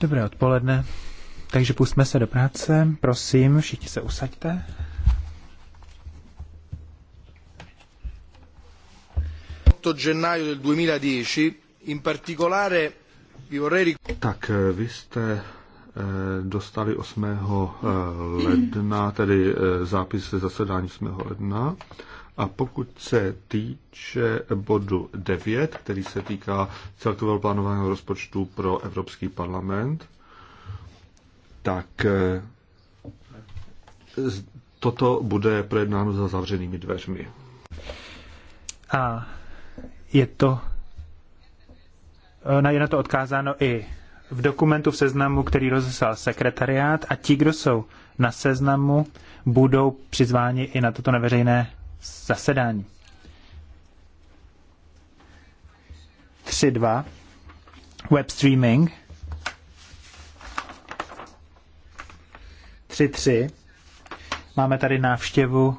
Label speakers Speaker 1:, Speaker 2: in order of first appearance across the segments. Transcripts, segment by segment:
Speaker 1: Dobré odpoledne. Takže pustme se do práce. Prosím, všichni se usaďte.
Speaker 2: 2010,
Speaker 3: Tak, eh, vy jste eh, dostali 8. Eh, ledna, tedy zápis ze zasedání 8. ledna. A pokud se týče bodu 9, který se týká celkového plánovaného rozpočtu pro Evropský parlament, tak eh, toto bude projednáno za zavřenými dveřmi.
Speaker 1: A je to, eh, je na to odkázáno i v dokumentu v seznamu, který rozeslal sekretariát a ti, kdo jsou na seznamu, budou přizváni i na toto neveřejné zasedání. 3.2 web streaming 3.3 máme tady návštěvu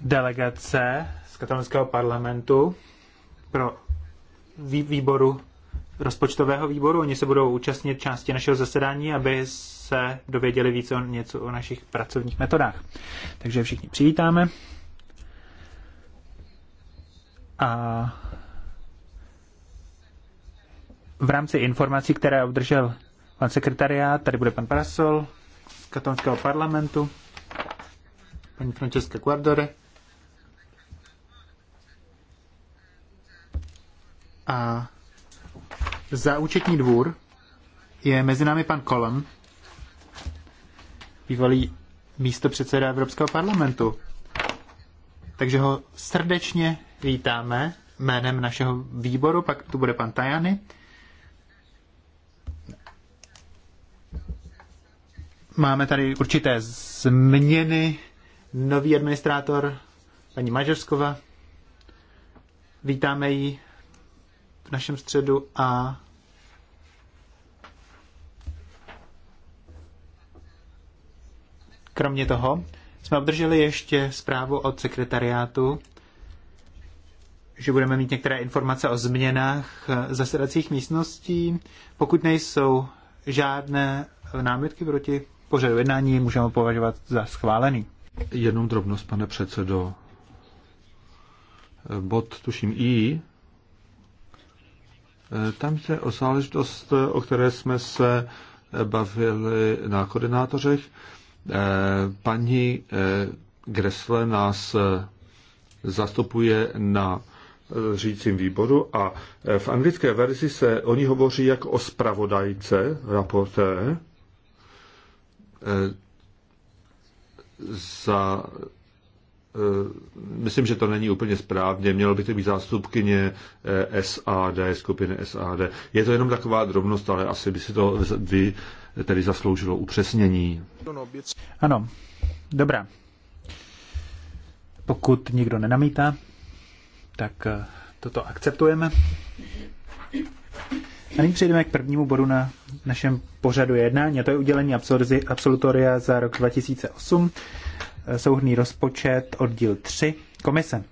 Speaker 1: delegace z katalonského parlamentu pro výboru rozpočtového výboru. Oni se budou účastnit části našeho zasedání, aby se dověděli více o něco o našich pracovních metodách. Takže všichni přivítáme. A v rámci informací, které obdržel pan sekretariát, tady bude pan Prasol z katolického parlamentu, paní Francesca Guardore, a za účetní dvůr je mezi námi pan Kolem, bývalý místo předseda Evropského parlamentu. Takže ho srdečně vítáme jménem našeho výboru, pak tu bude pan Tajany. Máme tady určité změny. Nový administrátor, paní Mažerskova. Vítáme ji v našem středu a kromě toho jsme obdrželi ještě zprávu od sekretariátu, že budeme mít některé informace o změnách zasedacích místností. Pokud nejsou žádné námitky proti pořadu jednání, můžeme považovat za schválený. Jenom drobnost, pane předsedo.
Speaker 3: Bod, tuším, I tam jde o záležitost, o které jsme se bavili na koordinátořech. Eh, paní eh, Gresle nás eh, zastupuje na řídícím výboru a v anglické verzi se o ní hovoří jako o spravodajce, raporté, za Eh, myslím, že to není úplně správně. Mělo by to být zástupkyně eh, SAD, skupiny SAD. Je to jenom taková drobnost, ale asi by si to vy tedy zasloužilo upřesnění.
Speaker 1: Ano, dobrá. Pokud nikdo nenamítá, tak eh, toto akceptujeme. A nyní přejdeme k prvnímu bodu na našem pořadu jednání, a to je udělení absolutoria za rok 2008 souhrný rozpočet, oddíl 3, komise.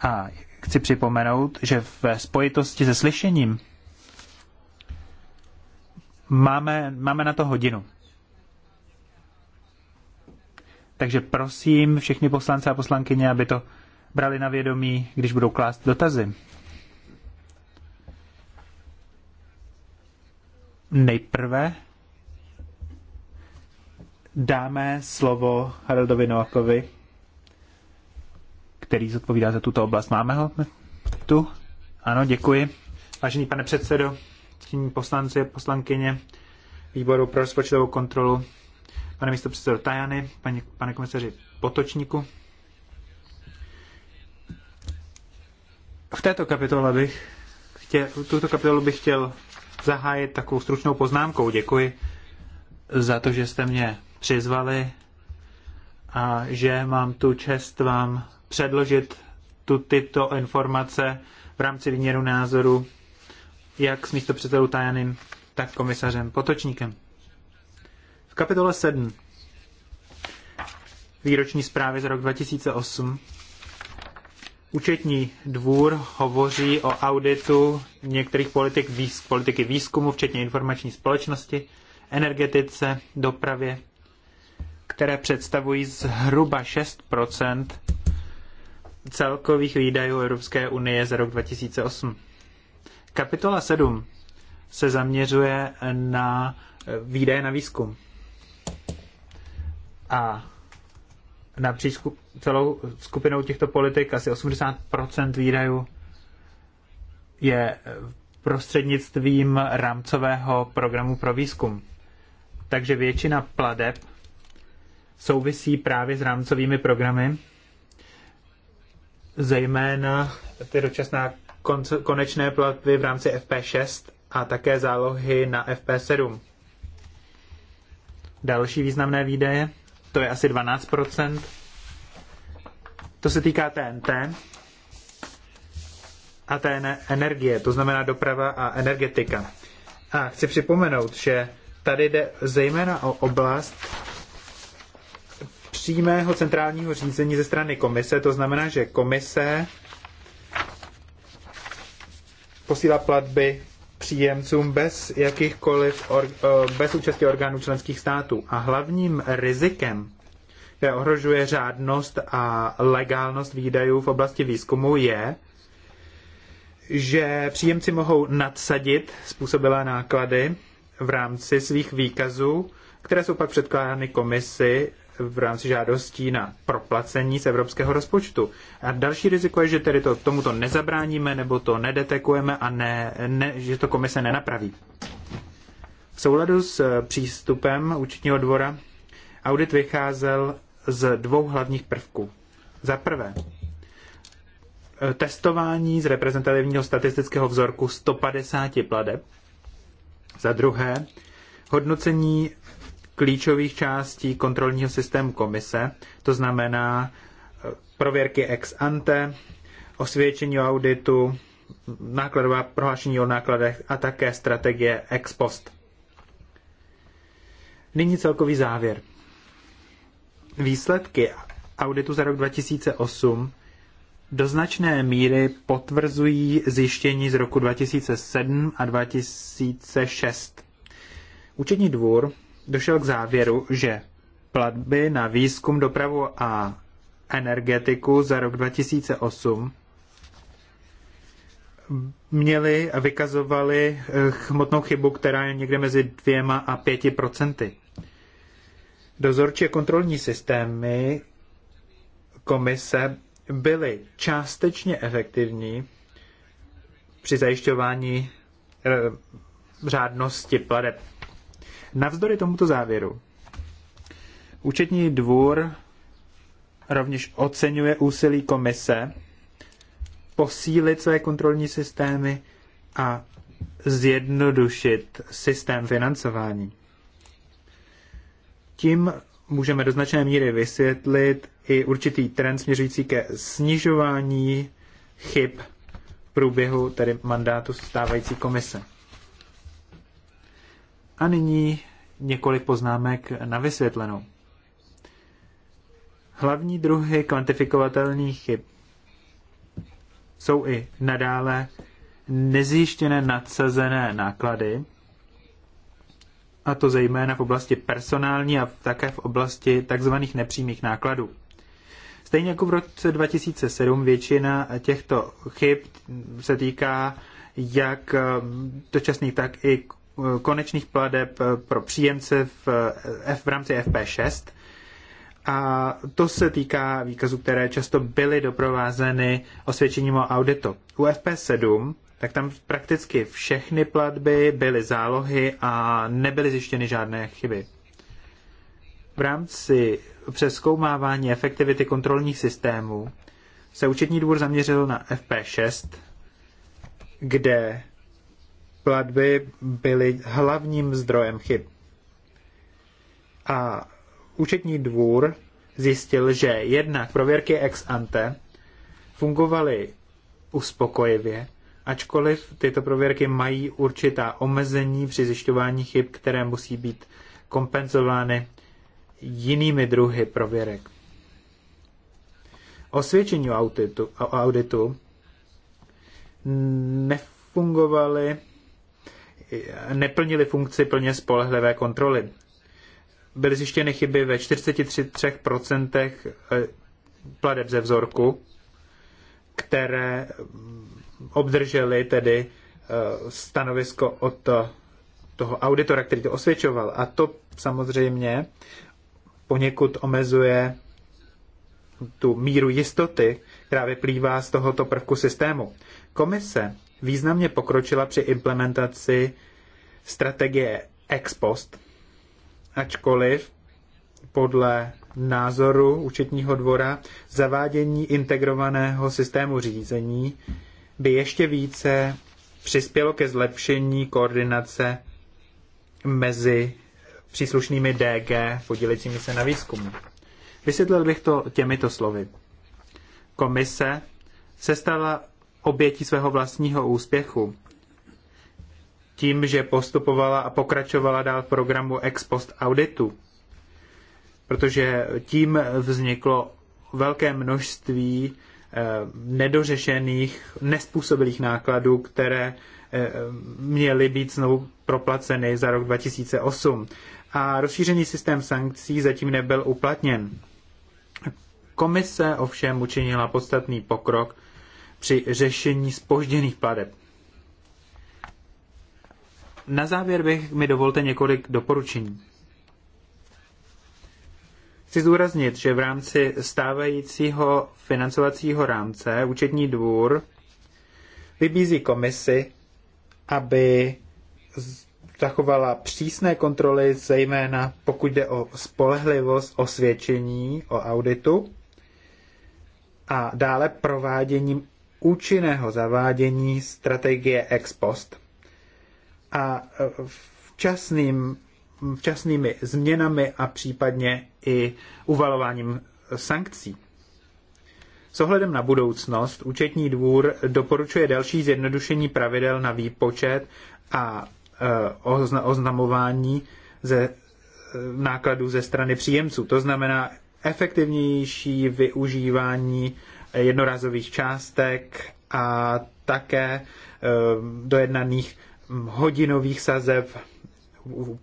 Speaker 1: A chci připomenout, že ve spojitosti se slyšením máme, máme na to hodinu. Takže prosím všechny poslance a poslankyně, aby to brali na vědomí, když budou klást dotazy. Nejprve dáme slovo Haraldovi Noakovi, který zodpovídá za tuto oblast. Máme ho tu? Ano, děkuji. Vážený pane předsedo, ctění poslanci, poslankyně výboru pro rozpočtovou kontrolu, pane místo předsedo Tajany, paní, pane komisaři Potočníku. V této kapitole bych chtěl, tuto kapitolu bych chtěl zahájit takovou stručnou poznámkou. Děkuji za to, že jste mě přizvali a že mám tu čest vám předložit tu, tyto informace v rámci výměru názoru jak s předsedou Tajanem, tak komisařem Potočníkem. V kapitole 7 výroční zprávy za rok 2008 Účetní dvůr hovoří o auditu některých politik, výz, politiky výzkumu, včetně informační společnosti, energetice, dopravě, které představují zhruba 6 celkových výdajů Evropské unie za rok 2008. Kapitola 7 se zaměřuje na eh, výdaje na výzkum. A napříč celou skupinou těchto politik asi 80% výdajů je prostřednictvím rámcového programu pro výzkum. Takže většina pladeb souvisí právě s rámcovými programy, zejména ty dočasná konečné platby v rámci FP6 a také zálohy na FP7. Další významné výdaje to je asi 12%. To se týká TNT a té energie, to znamená doprava a energetika. A chci připomenout, že tady jde zejména o oblast přímého centrálního řízení ze strany komise, to znamená, že komise posílá platby příjemcům bez jakýchkoliv, or, eh, bez účasti orgánů členských států. A hlavním rizikem, které ohrožuje řádnost a legálnost výdajů v oblasti výzkumu, je, že příjemci mohou nadsadit způsobilé náklady v rámci svých výkazů, které jsou pak předkládány komisi v rámci žádostí na proplacení z evropského rozpočtu. A další riziko je, že tedy to, tomuto nezabráníme nebo to nedetekujeme a ne, ne, že to komise nenapraví. V souladu s eh, přístupem účetního dvora audit vycházel z dvou hlavních prvků. Za prvé, eh, testování z reprezentativního statistického vzorku 150 pladeb. Za druhé, hodnocení klíčových částí kontrolního systému komise, to znamená eh, prověrky ex ante, osvědčení o auditu, nákladová prohlášení o nákladech a také strategie ex post. Nyní celkový závěr. Výsledky auditu za rok 2008 do značné míry potvrzují zjištění z roku 2007 a 2006. Účetní dvůr došel k závěru, že platby na výzkum, dopravu a energetiku za rok 2008 měli a vykazovali eh, hmotnou chybu, která je někde mezi dvěma a pěti procenty. Dozorčí a kontrolní systémy komise byly částečně efektivní při zajišťování eh, řádnosti pladeb. Navzdory tomuto závěru, účetní dvůr rovněž oceňuje úsilí komise posílit své kontrolní systémy a zjednodušit systém financování. Tím můžeme do značné míry vysvětlit i určitý trend směřující ke snižování chyb v průběhu tedy mandátu stávající komise. A nyní několik poznámek na vysvětlenou. Hlavní druhy kvantifikovatelných chyb jsou i nadále nezjištěné nadsazené náklady, a to zejména v oblasti personální a také v oblasti tzv. nepřímých nákladů. Stejně jako v roce 2007 většina těchto chyb se týká jak eh, dočasných, tak i konečných pladeb eh, pro příjemce v, eh, F, v rámci FP6. A to se týká výkazů, které často byly doprovázeny osvědčením o auditu. U FP7 tak tam prakticky všechny platby byly zálohy a nebyly zjištěny žádné chyby. V rámci přeskoumávání efektivity kontrolních systémů se účetní dvůr zaměřil na FP6, kde platby byly hlavním zdrojem chyb. A účetní dvůr zjistil, že jednak prověrky ex ante fungovaly uspokojivě, ačkoliv tyto prověrky mají určitá omezení při zjišťování chyb, které musí být kompenzovány jinými druhy prověrek. Osvědčení auditu, auditu nefungovaly neplnili funkci plně spolehlivé kontroly. Byly zjištěny chyby ve 43% eh, pladeb ze vzorku, které obdrželi tedy eh, stanovisko od toho auditora, který to osvědčoval. A to samozřejmě poněkud omezuje tu míru jistoty, která vyplývá z tohoto prvku systému. Komise významně pokročila při implementaci strategie ex post, ačkoliv podle názoru účetního dvora zavádění integrovaného systému řízení by ještě více přispělo ke zlepšení koordinace mezi příslušnými DG podílejícími se na výzkumu. Vysvětlil bych to těmito slovy. Komise se stala obětí svého vlastního úspěchu. Tím, že postupovala a pokračovala dál v programu ex post auditu, protože tím vzniklo velké množství eh, nedořešených, nespůsobilých nákladů, které eh, měly být znovu proplaceny za rok 2008. A rozšířený systém sankcí zatím nebyl uplatněn. Komise ovšem učinila podstatný pokrok při řešení spožděných pladeb. Na závěr bych mi dovolte několik doporučení. Chci zúraznit, že v rámci stávajícího financovacího rámce účetní dvůr vybízí komisi, aby zachovala přísné kontroly, zejména pokud jde o spolehlivost osvědčení o auditu a dále prováděním účinného zavádění strategie ex post a e, včasným, včasnými změnami a případně i uvalováním sankcí. S ohledem na budoucnost účetní dvůr doporučuje další zjednodušení pravidel na výpočet a e, oznamování ze e, nákladů ze strany příjemců. To znamená efektivnější využívání jednorázových částek a také eh, dojednaných hodinových sazeb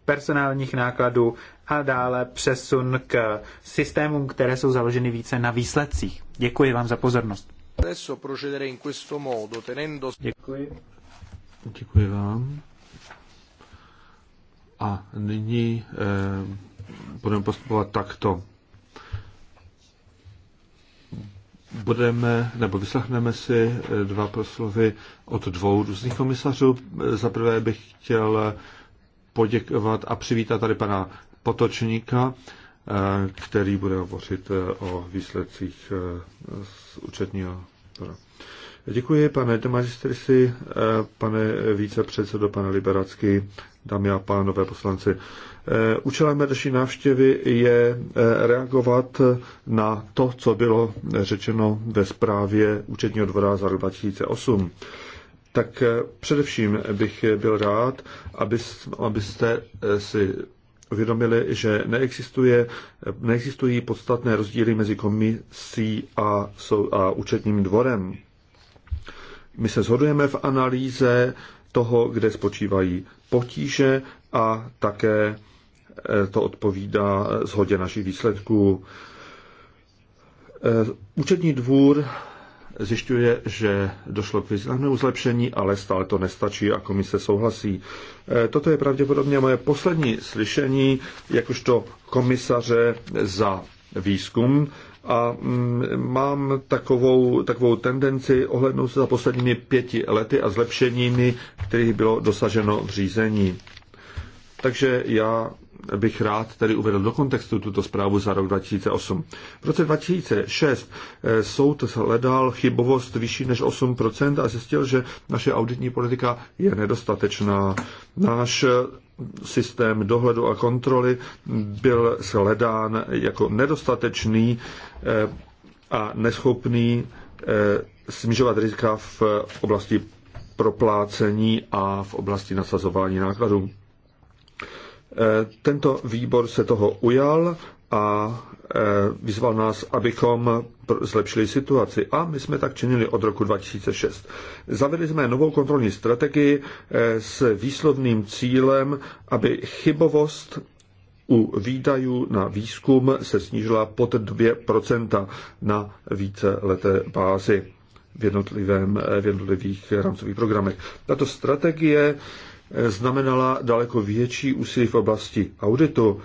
Speaker 1: personálních nákladů a dále přesun k systémům, které jsou založeny více na výsledcích. Děkuji vám za pozornost. Děkuji. Děkuji vám.
Speaker 3: A nyní eh, budeme postupovat takto. budeme, nebo vyslechneme si eh, dva proslovy od dvou různých komisařů. Eh, za prvé bych chtěl eh, poděkovat a přivítat tady pana Potočníka, který bude hovořit o výsledcích z účetního dvora. Děkuji, pane demagistrisi, pane vícepředsedo, pane Liberacký, dámy a pánové poslanci. Eh, účelem naší návštěvy je eh, reagovat na to, co bylo eh, řečeno ve zprávě účetního dvora za rok 2008. Tak především bych byl rád, abyste si uvědomili, že neexistuje, neexistují podstatné rozdíly mezi komisí a, a účetním dvorem. My se shodujeme v analýze toho, kde spočívají potíže a také Eh, to odpovídá shodě našich výsledků. Eh, účetní dvůr zjišťuje, že došlo k významnému zlepšení, ale stále to nestačí a komise souhlasí. Eh, toto je pravděpodobně moje poslední slyšení jakožto komisaře za výzkum a mm, mám takovou, takovou tendenci ohlednout se za posledními pěti lety a zlepšeními, kterých bylo dosaženo v řízení. Takže já bych rád tedy uvedl do kontextu tuto zprávu za rok 2008. V roce 2006 eh, soud hledal chybovost vyšší než 8% a zjistil, že naše auditní politika je nedostatečná. Náš eh, systém dohledu a kontroly byl shledán jako nedostatečný eh, a neschopný snižovat rizika v oblasti proplácení a v oblasti nasazování nákladů. Eh, tento výbor se toho ujal a eh, vyzval nás, abychom zlepšili situaci. A my jsme tak činili od roku 2006. Zavedli jsme novou kontrolní strategii eh, s výslovným cílem, aby chybovost u výdajů na výzkum se snížila pod 2% na více leté bázi v, jednotlivém, v jednotlivých rámcových programech. Tato strategie Eh, znamenala daleko větší úsilí v oblasti auditu.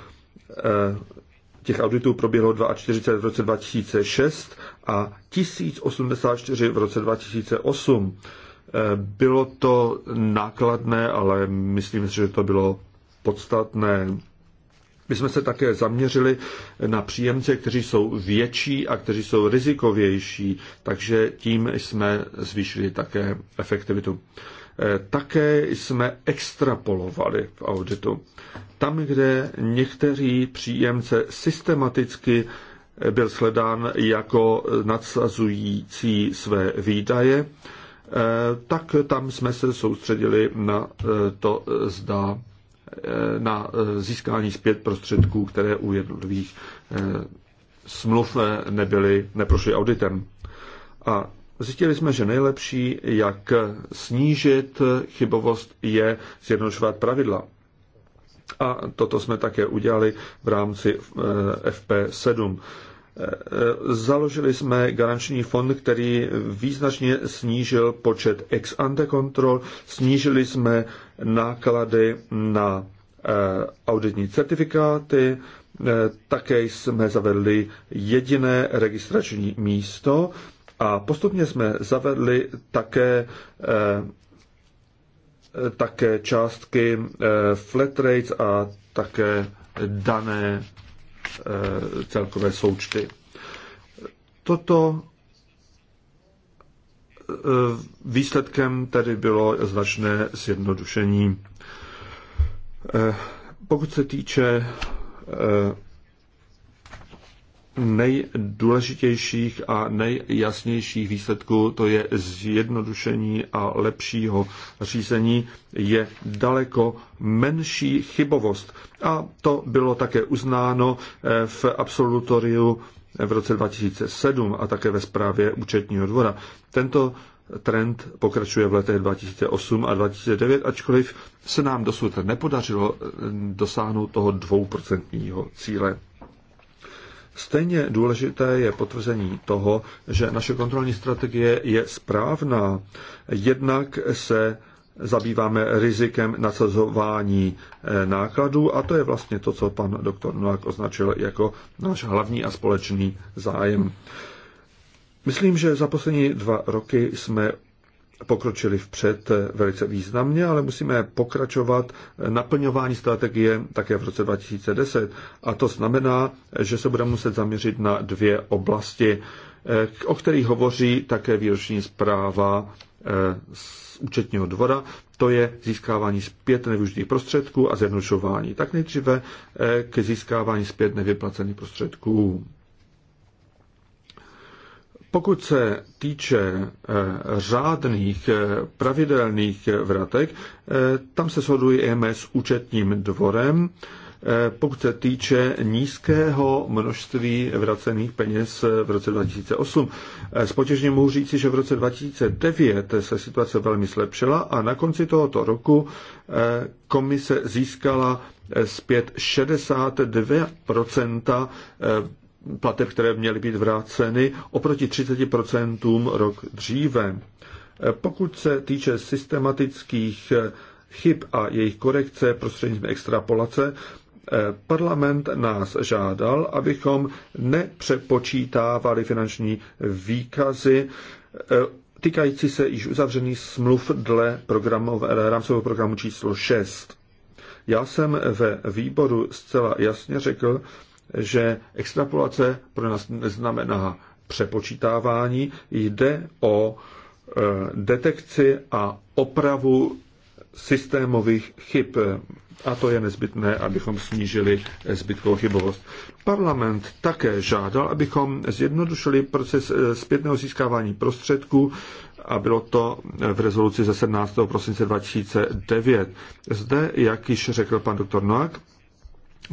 Speaker 3: Eh, těch auditů proběhlo 42 v roce 2006 a 1084 v roce 2008. Eh, bylo to nákladné, ale myslím si, že to bylo podstatné. My jsme se také zaměřili na příjemce, kteří jsou větší a kteří jsou rizikovější, takže tím jsme zvýšili také efektivitu. Eh, také jsme extrapolovali v auditu. Tam, kde někteří příjemce systematicky eh, byl sledán jako nadsazující své výdaje, eh, tak tam jsme se soustředili na to, zda na získání zpět prostředků, které u jednotlivých smluv nebyly, neprošly auditem. A Zjistili jsme, že nejlepší, jak snížit chybovost, je zjednodušovat pravidla. A toto jsme také udělali v rámci eh, FP7. Eh, založili jsme garanční fond, který význačně snížil počet ex ante kontrol, snížili jsme náklady na eh, auditní certifikáty, také jsme zavedli jediné registrační místo, a postupně jsme zavedli také eh, také částky eh, flat rates a také dané eh, celkové součty. Toto výsledkem tedy bylo značné zjednodušení. Pokud se týče nejdůležitějších a nejjasnějších výsledků, to je zjednodušení a lepšího řízení, je daleko menší chybovost. A to bylo také uznáno eh, v absolutoriu v roce 2007 a také ve zprávě účetního dvora. Tento trend pokračuje v letech 2008 a 2009, ačkoliv se nám dosud nepodařilo eh, dosáhnout toho dvouprocentního cíle. Stejně důležité je potvrzení toho, že naše kontrolní strategie je správná. Jednak se zabýváme rizikem nasazování eh, nákladů a to je vlastně to, co pan doktor Novák označil jako náš hlavní a společný zájem. Myslím, že za poslední dva roky jsme pokročili vpřed velice významně, ale musíme pokračovat naplňování strategie také v roce 2010. A to znamená, že se budeme muset zaměřit na dvě oblasti, o kterých hovoří také výroční zpráva eh, z účetního dvora, to je získávání zpět nevyužitých prostředků a zjednodušování. Tak nejdříve eh, k získávání zpět nevyplacených prostředků. Pokud se týče eh, řádných eh, pravidelných eh, vratek, tam se shodujeme s účetním dvorem. Pokud se týče nízkého množství vracených peněz v roce 2008, spotěžně mohu říci, že v roce 2009 se situace velmi zlepšila a na konci tohoto roku komise získala zpět 62 plateb, které měly být vráceny, oproti 30% rok dříve. Pokud se týče systematických chyb a jejich korekce prostřednictvím extrapolace, parlament nás žádal, abychom nepřepočítávali finanční výkazy eh, týkající se již uzavřených smluv dle eh, rámcového programu číslo 6. Já jsem ve výboru zcela jasně řekl, že extrapolace pro nás neznamená přepočítávání, jde o e, detekci a opravu systémových chyb. A to je nezbytné, abychom snížili zbytkovou chybovost. Parlament také žádal, abychom zjednodušili proces e, zpětného získávání prostředků a bylo to v rezoluci ze 17. prosince 2009. Zde, jak již řekl pan doktor Noak,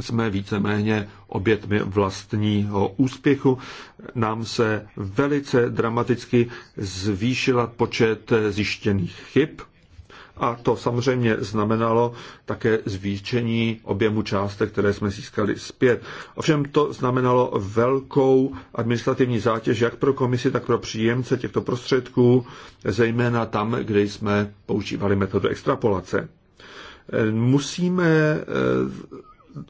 Speaker 3: jsme víceméně obětmi vlastního úspěchu. Nám se velice dramaticky zvýšila počet zjištěných chyb a to samozřejmě znamenalo také zvýšení objemu částek, které jsme získali zpět. Ovšem to znamenalo velkou administrativní zátěž jak pro komisi, tak pro příjemce těchto prostředků, zejména tam, kde jsme používali metodu extrapolace. Musíme eh,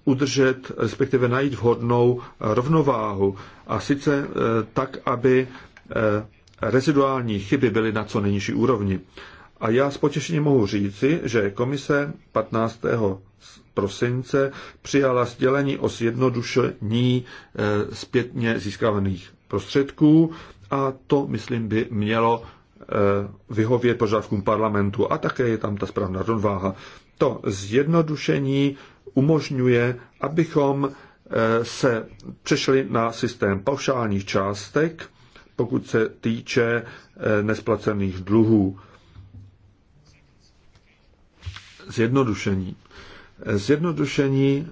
Speaker 3: udržet, respektive najít vhodnou rovnováhu. A sice eh, tak, aby eh, reziduální chyby byly na co nejnižší úrovni. A já s potěšením mohu říci, že komise 15. prosince přijala sdělení o zjednodušení eh, zpětně získávaných prostředků a to, myslím, by mělo vyhovět požadavkům parlamentu a také je tam ta správná rovnováha. To zjednodušení umožňuje, abychom eh, se přešli na systém paušálních částek, pokud se týče eh, nesplacených dluhů. Zjednodušení. Zjednodušení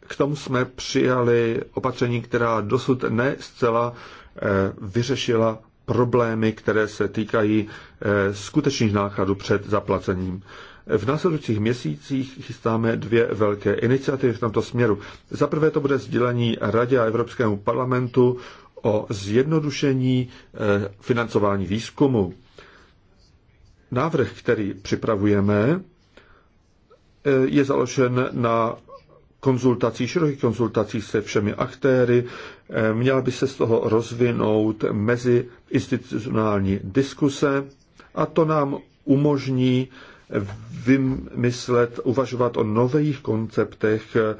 Speaker 3: k tomu jsme přijali opatření, která dosud ne zcela eh, vyřešila problémy, které se týkají skutečných nákladů před zaplacením. V následujících měsících chystáme dvě velké iniciativy v tomto směru. Za prvé to bude sdělení Radě a Evropskému parlamentu o zjednodušení eh, financování výzkumu. Návrh, který připravujeme, eh, je založen na konzultací, širokých konzultací se všemi aktéry. Eh, měla by se z toho rozvinout mezi institucionální diskuse a to nám umožní vymyslet, uvažovat o nových konceptech eh,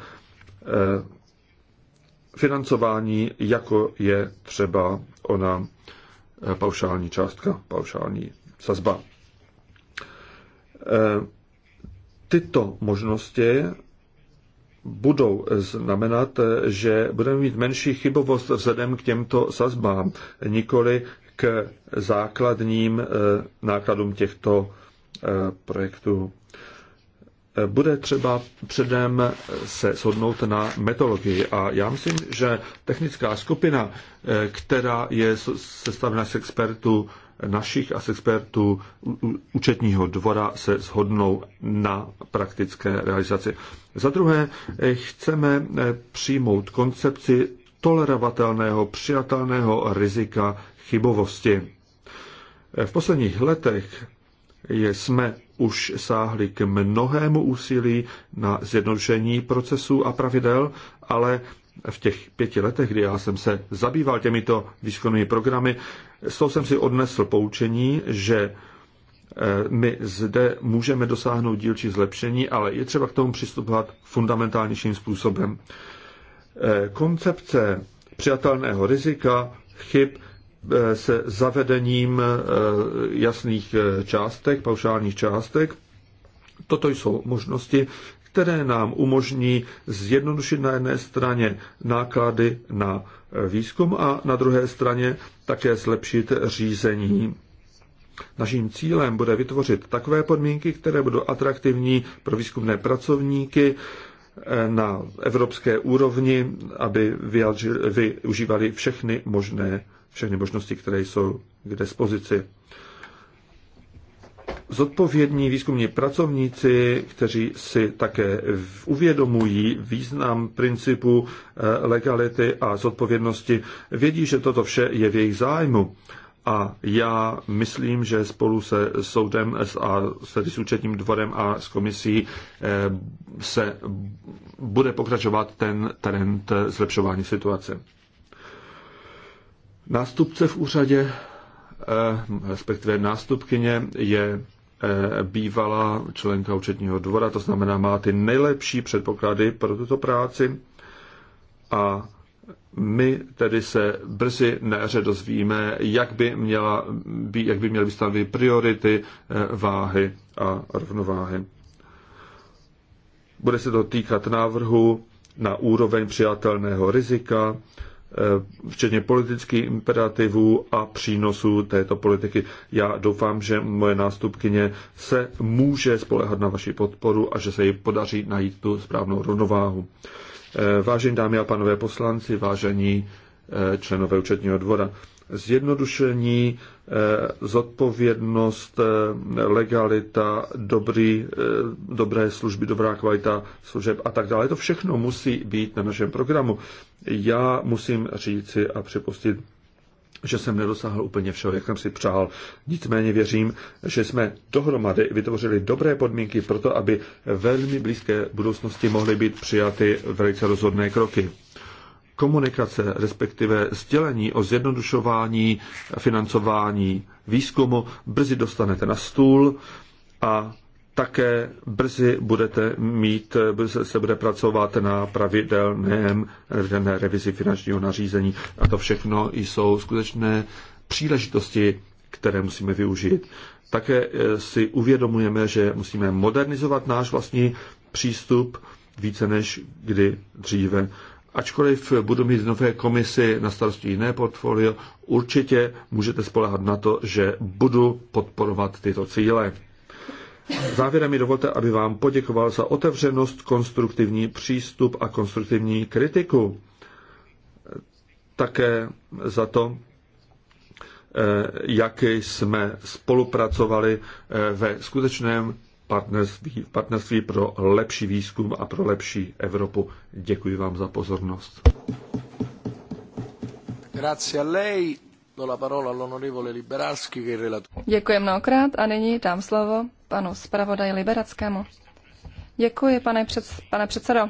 Speaker 3: financování, jako je třeba ona eh, paušální částka, paušální sazba. Eh, tyto možnosti budou znamenat, že budeme mít menší chybovost vzhledem k těmto sazbám, nikoli k základním nákladům těchto Eh, projektu. Eh, bude třeba předem se shodnout na metodologii a já myslím, že technická skupina, eh, která je sestavena z expertů našich a z expertů účetního dvora se shodnou na praktické realizaci. Za druhé, chceme přijmout koncepci tolerovatelného, přijatelného rizika chybovosti. V posledních letech jsme už sáhli k mnohému úsilí na zjednodušení procesů a pravidel, ale v těch pěti letech, kdy já jsem se zabýval těmito výzkumnými programy, z toho jsem si odnesl poučení, že e, my zde můžeme dosáhnout dílčí zlepšení, ale je třeba k tomu přistupovat fundamentálnějším způsobem. E, koncepce přijatelného rizika, chyb Eh, se zavedením eh, jasných eh, částek, paušálních částek. Toto jsou možnosti, které nám umožní zjednodušit na jedné straně náklady na výzkum a na druhé straně také zlepšit řízení. Naším cílem bude vytvořit takové podmínky, které budou atraktivní pro výzkumné pracovníky na evropské úrovni, aby využívali všechny možné všechny možnosti, které jsou k dispozici. Zodpovědní výzkumní pracovníci, kteří si také uvědomují význam principu eh, legality a zodpovědnosti, vědí, že toto vše je v jejich zájmu. A já myslím, že spolu se soudem a se účetním dvorem a s komisí eh, se bude pokračovat ten trend zlepšování situace. Nástupce v úřadě, eh, respektive nástupkyně, je eh, bývalá členka účetního dvora, to znamená, má ty nejlepší předpoklady pro tuto práci a my tedy se brzy na jaře dozvíme, jak by, měla, jak by měly být stanovy priority, eh, váhy a rovnováhy. Bude se to týkat návrhu na úroveň přijatelného rizika, Eh, včetně politických imperativů a přínosů této politiky. Já doufám, že moje nástupkyně se může spolehat na vaši podporu a že se jí podaří najít tu správnou rovnováhu. Eh, vážení dámy a pánové poslanci, vážení eh, členové účetního dvora, zjednodušení, eh, zodpovědnost, eh, legalita, dobrý, eh, dobré služby, dobrá kvalita služeb a tak dále. To všechno musí být na našem programu. Já musím říci a připustit, že jsem nedosáhl úplně všeho, jak jsem si přál. Nicméně věřím, že jsme dohromady vytvořili dobré podmínky pro to, aby velmi blízké budoucnosti mohly být přijaty velice rozhodné kroky komunikace, respektive sdělení o zjednodušování financování výzkumu brzy dostanete na stůl a také brzy budete mít, se bude pracovat na pravidelném pravidelné revizi finančního nařízení. A to všechno jsou skutečné příležitosti, které musíme využít. Také eh, si uvědomujeme, že musíme modernizovat náš vlastní přístup více než kdy dříve ačkoliv budu mít nové komisy na starosti jiné portfolio, určitě můžete spolehat na to, že budu podporovat tyto cíle. Závěrem mi dovolte, aby vám poděkoval za otevřenost, konstruktivní přístup a konstruktivní kritiku. Také za to, eh, jak jsme spolupracovali eh, ve skutečném partnerství, partnerství pro lepší výzkum a pro lepší Evropu. Děkuji vám za pozornost.
Speaker 4: Děkuji mnohokrát a nyní dám slovo panu zpravodaji Liberackému. Děkuji, pane, před, pane předsedo.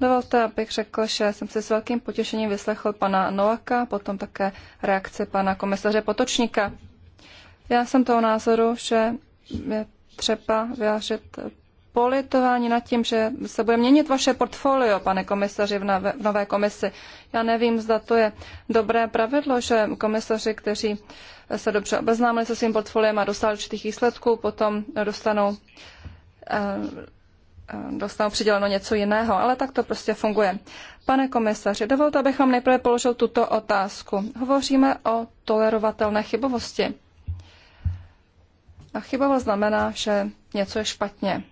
Speaker 4: Dovolte, abych řekl, že jsem si s velkým potěšením vyslechl pana Noaka, potom také reakce pana komisaře Potočníka. Já jsem toho názoru, že je třeba vyjádřit politování nad tím, že se bude měnit vaše portfolio, pane komisaři, v nové komisi. Já nevím, zda to je dobré pravidlo, že komisaři, kteří se dobře obeznámili se svým portfoliem a dostali určitých výsledků, potom dostanou, eh, eh, dostanou přiděleno něco jiného, ale tak to prostě funguje. Pane komisaři, dovolte, abych vám nejprve položil tuto otázku. Hovoříme o tolerovatelné chybovosti. A chybovost znamená, že něco je špatně.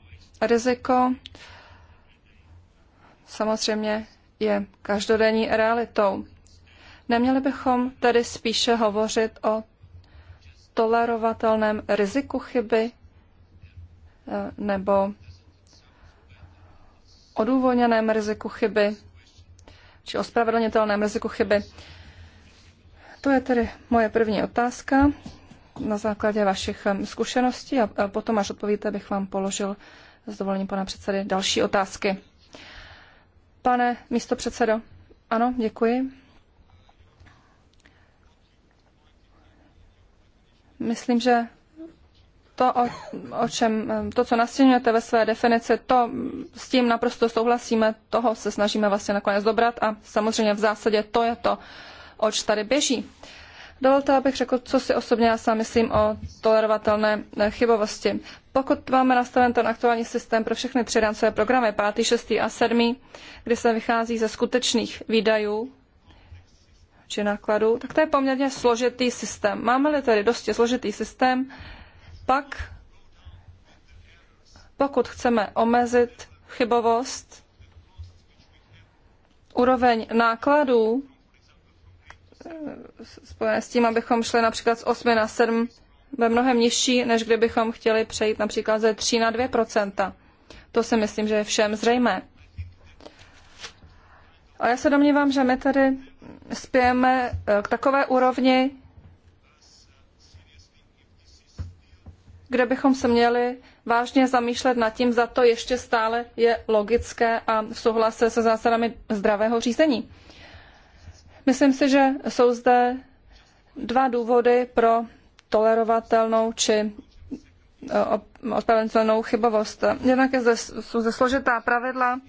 Speaker 4: Riziko samozřejmě je každodenní realitou. Neměli bychom tedy spíše hovořit o tolerovatelném riziku chyby eh, nebo odůvodněném riziku chyby či ospravedlnitelném riziku chyby. To je tedy moje první otázka na základě vašich zkušeností a potom, až odpovíte, bych vám položil s dovolením pana předsedy další otázky. Pane místo předsedo, ano, děkuji. Myslím, že to, o, o čem, to, co nastěňujete ve své definici, to s tím naprosto souhlasíme, toho se snažíme vlastně nakonec dobrat a samozřejmě v zásadě to je to, oč tady běží. Uh, Dovolte, abych řekl, co si osobně já sám myslím o tolerovatelné eh, chybovosti. Pokud máme nastaven ten aktuální systém pro všechny tři rámcové programy, 5., 6. a 7., kdy se vychází ze skutečných výdajů či nákladů, tak to je poměrně složitý systém. Máme-li tedy dosti složitý systém, pak pokud chceme omezit chybovost, úroveň nákladů, spojené s tím, abychom šli například z 8 na 7 ve mnohem nižší, než kdybychom chtěli přejít například ze 3 na 2 To si myslím, že je všem zřejmé. A já se domnívám, že my tady spějeme eh, k takové úrovni, kde bychom se měli vážně zamýšlet nad tím, za to ještě stále je logické a v souhlase se zásadami zdravého řízení. Myslím si, že jsou zde dva důvody pro tolerovatelnou či eh, odpravenitelnou chybovost. Jednak je zde, jsou zde složitá pravidla,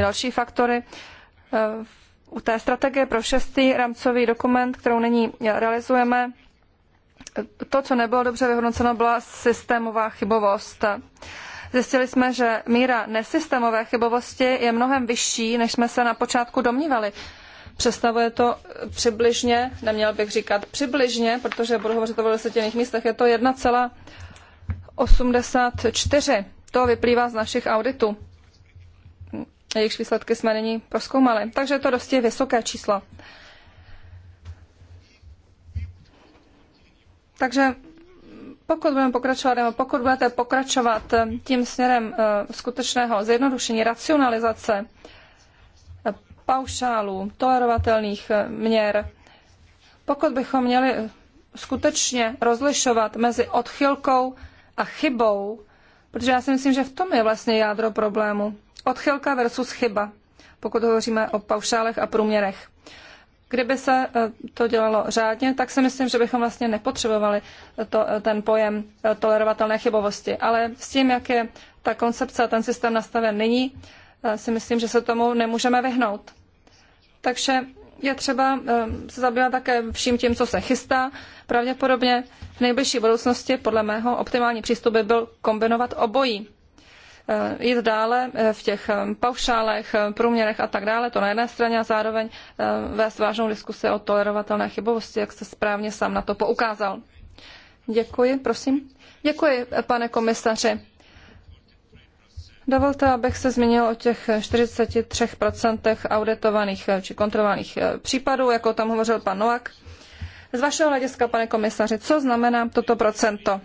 Speaker 4: další faktory. Eh, u té strategie pro šestý rámcový dokument, kterou nyní realizujeme, eh, to, co nebylo dobře vyhodnoceno, byla systémová chybovost. Zjistili jsme, že míra nesystémové chybovosti je mnohem vyšší, než jsme se na počátku domnívali. Představuje to přibližně, neměl bych říkat přibližně, protože budu hovořit o desetinných místech, je to 1,84. To vyplývá z našich auditů. Jejichž výsledky jsme nyní proskoumali. Takže je to dosti vysoké číslo. Takže pokud budeme pokračovat, nebo pokud budete pokračovat eh, tím směrem eh, skutečného zjednodušení, racionalizace eh, paušálů, tolerovatelných měr, pokud bychom měli skutečně rozlišovat mezi odchylkou a chybou, protože já si myslím, že v tom je vlastně jádro problému. Odchylka versus chyba, pokud hovoříme o paušálech a průměrech. Kdyby se eh, to dělalo řádně, tak si myslím, že bychom vlastně nepotřebovali eh, to, eh, ten pojem tolerovatelné chybovosti. Ale s tím, jak je ta koncepce a ten systém nastaven nyní, si myslím, že se tomu nemůžeme vyhnout. Takže je třeba se zabývat také vším tím, co se chystá. Pravděpodobně v nejbližší budoucnosti, podle mého, optimální přístup by byl kombinovat obojí. Eh, jít dále eh, v těch eh, paušálech, průměrech a tak dále, to na jedné straně a zároveň vést vážnou diskusi o tolerovatelné chybovosti, jak jste správně sám na to poukázal. Děkuji, prosím. Děkuji, pane komisaři. Dovolte, abych se zmínil o těch 43% auditovaných či kontrolovaných případů, jako tam hovořil pan Noak. Z vašeho hlediska, pane komisaři, co znamená toto procento?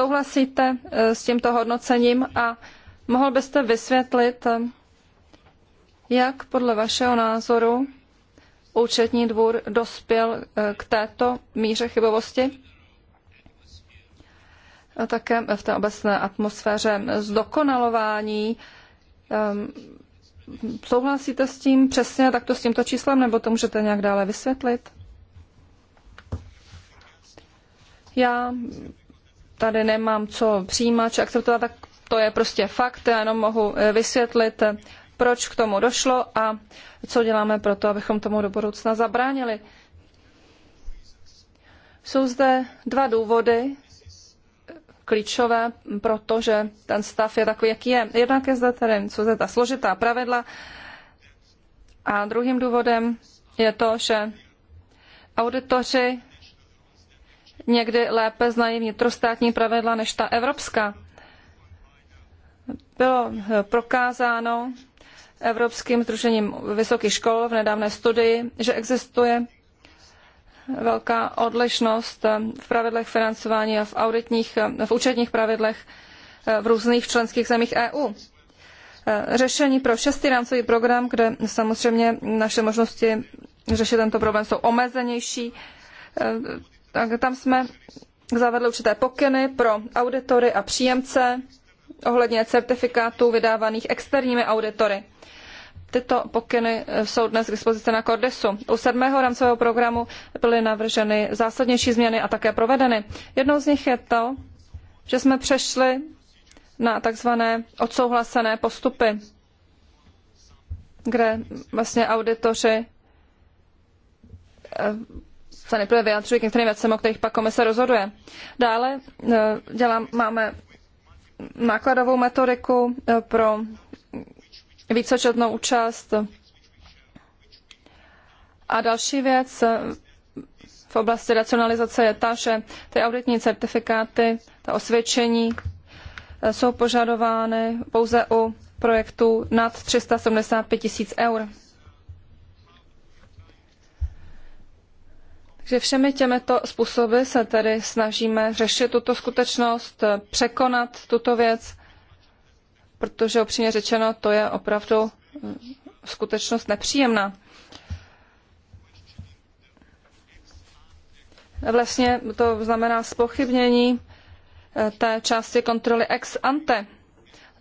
Speaker 4: souhlasíte eh, s tímto hodnocením a mohl byste vysvětlit, eh, jak podle vašeho názoru účetní dvůr dospěl eh, k této míře chybovosti? A také v té obecné atmosféře zdokonalování. Ehm, souhlasíte s tím přesně takto s tímto číslem, nebo to můžete nějak dále vysvětlit? Já tady nemám co přijímat či akceptovat, tak to je prostě fakt. Já jenom mohu eh, vysvětlit, eh, proč k tomu došlo a co děláme pro to, abychom tomu do budoucna zabránili. Jsou zde dva důvody eh, klíčové, protože ten stav je takový, jaký je. Jednak je zde tedy, co zde ta složitá pravidla a druhým důvodem je to, že auditoři někdy lépe znají vnitrostátní pravidla než ta evropská. Bylo eh, prokázáno Evropským združením vysokých škol v nedávné studii, že existuje velká odlišnost eh, v pravidlech financování a v, auditních, eh, v účetních pravidlech v různých členských zemích EU. Řešení pro šestý rámcový program, kde samozřejmě naše možnosti řešit tento problém jsou omezenější, tak tam jsme zavedli určité pokyny pro auditory a příjemce ohledně certifikátů vydávaných externími auditory. Tyto pokyny eh, jsou dnes k dispozici na Cordesu. U sedmého rámcového programu byly navrženy zásadnější změny a také provedeny. Jednou z nich je to, že jsme přešli na takzvané odsouhlasené postupy, kde vlastně auditoři eh, se nejprve vyjadřují k některým věcem, o kterých pak komise rozhoduje. Dále e, dělám, máme nákladovou metodiku e, pro vícečetnou účast. A další věc e, v oblasti racionalizace je ta, že ty auditní certifikáty, ta osvědčení jsou požadovány pouze u projektů nad 375 tisíc eur. že všemi těmito způsoby se tedy snažíme řešit tuto skutečnost, překonat tuto věc, protože opřímně řečeno, to je opravdu mm, skutečnost nepříjemná. Vlastně to znamená spochybnění eh, té části kontroly ex ante.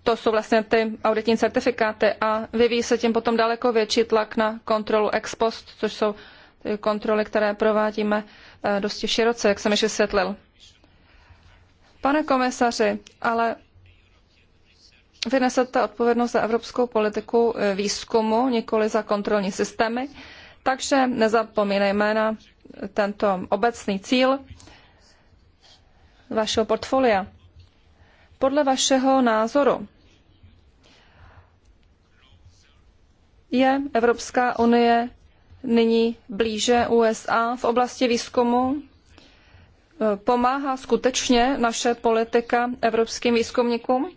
Speaker 4: To jsou vlastně ty auditní certifikáty a vyvíjí se tím potom daleko větší tlak na kontrolu ex post, což jsou kontroly, které provádíme eh, dosti široce, jak jsem již vysvětlil. Pane komisaři, ale vy nesete odpovědnost za evropskou politiku eh, výzkumu, nikoli za kontrolní systémy, takže nezapomínejme na tento obecný cíl vašeho portfolia. Podle vašeho názoru je Evropská unie nyní blíže USA v oblasti výzkumu. Pomáhá skutečně naše politika evropským výzkumníkům?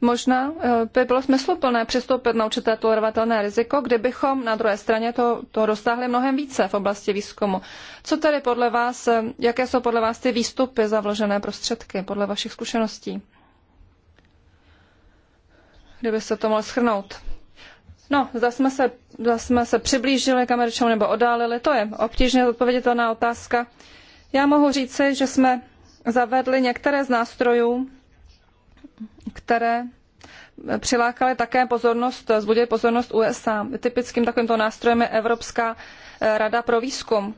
Speaker 4: Možná eh, by bylo smysluplné přistoupit na určité tolerovatelné riziko, kdybychom na druhé straně to, to roztáhli mnohem více v oblasti výzkumu. Co tedy podle vás, eh, jaké jsou podle vás ty výstupy za vložené prostředky, podle vašich zkušeností? Kdybyste se to mohl schrnout. No, zda jsme se, zda jsme se přiblížili k Američanům nebo odálili, to je obtížně zodpověditelná otázka. Já mohu říci, že jsme zavedli některé z nástrojů, které přilákaly také pozornost, zbudili pozornost USA. Typickým takovýmto nástrojem je Evropská eh, rada pro výzkum.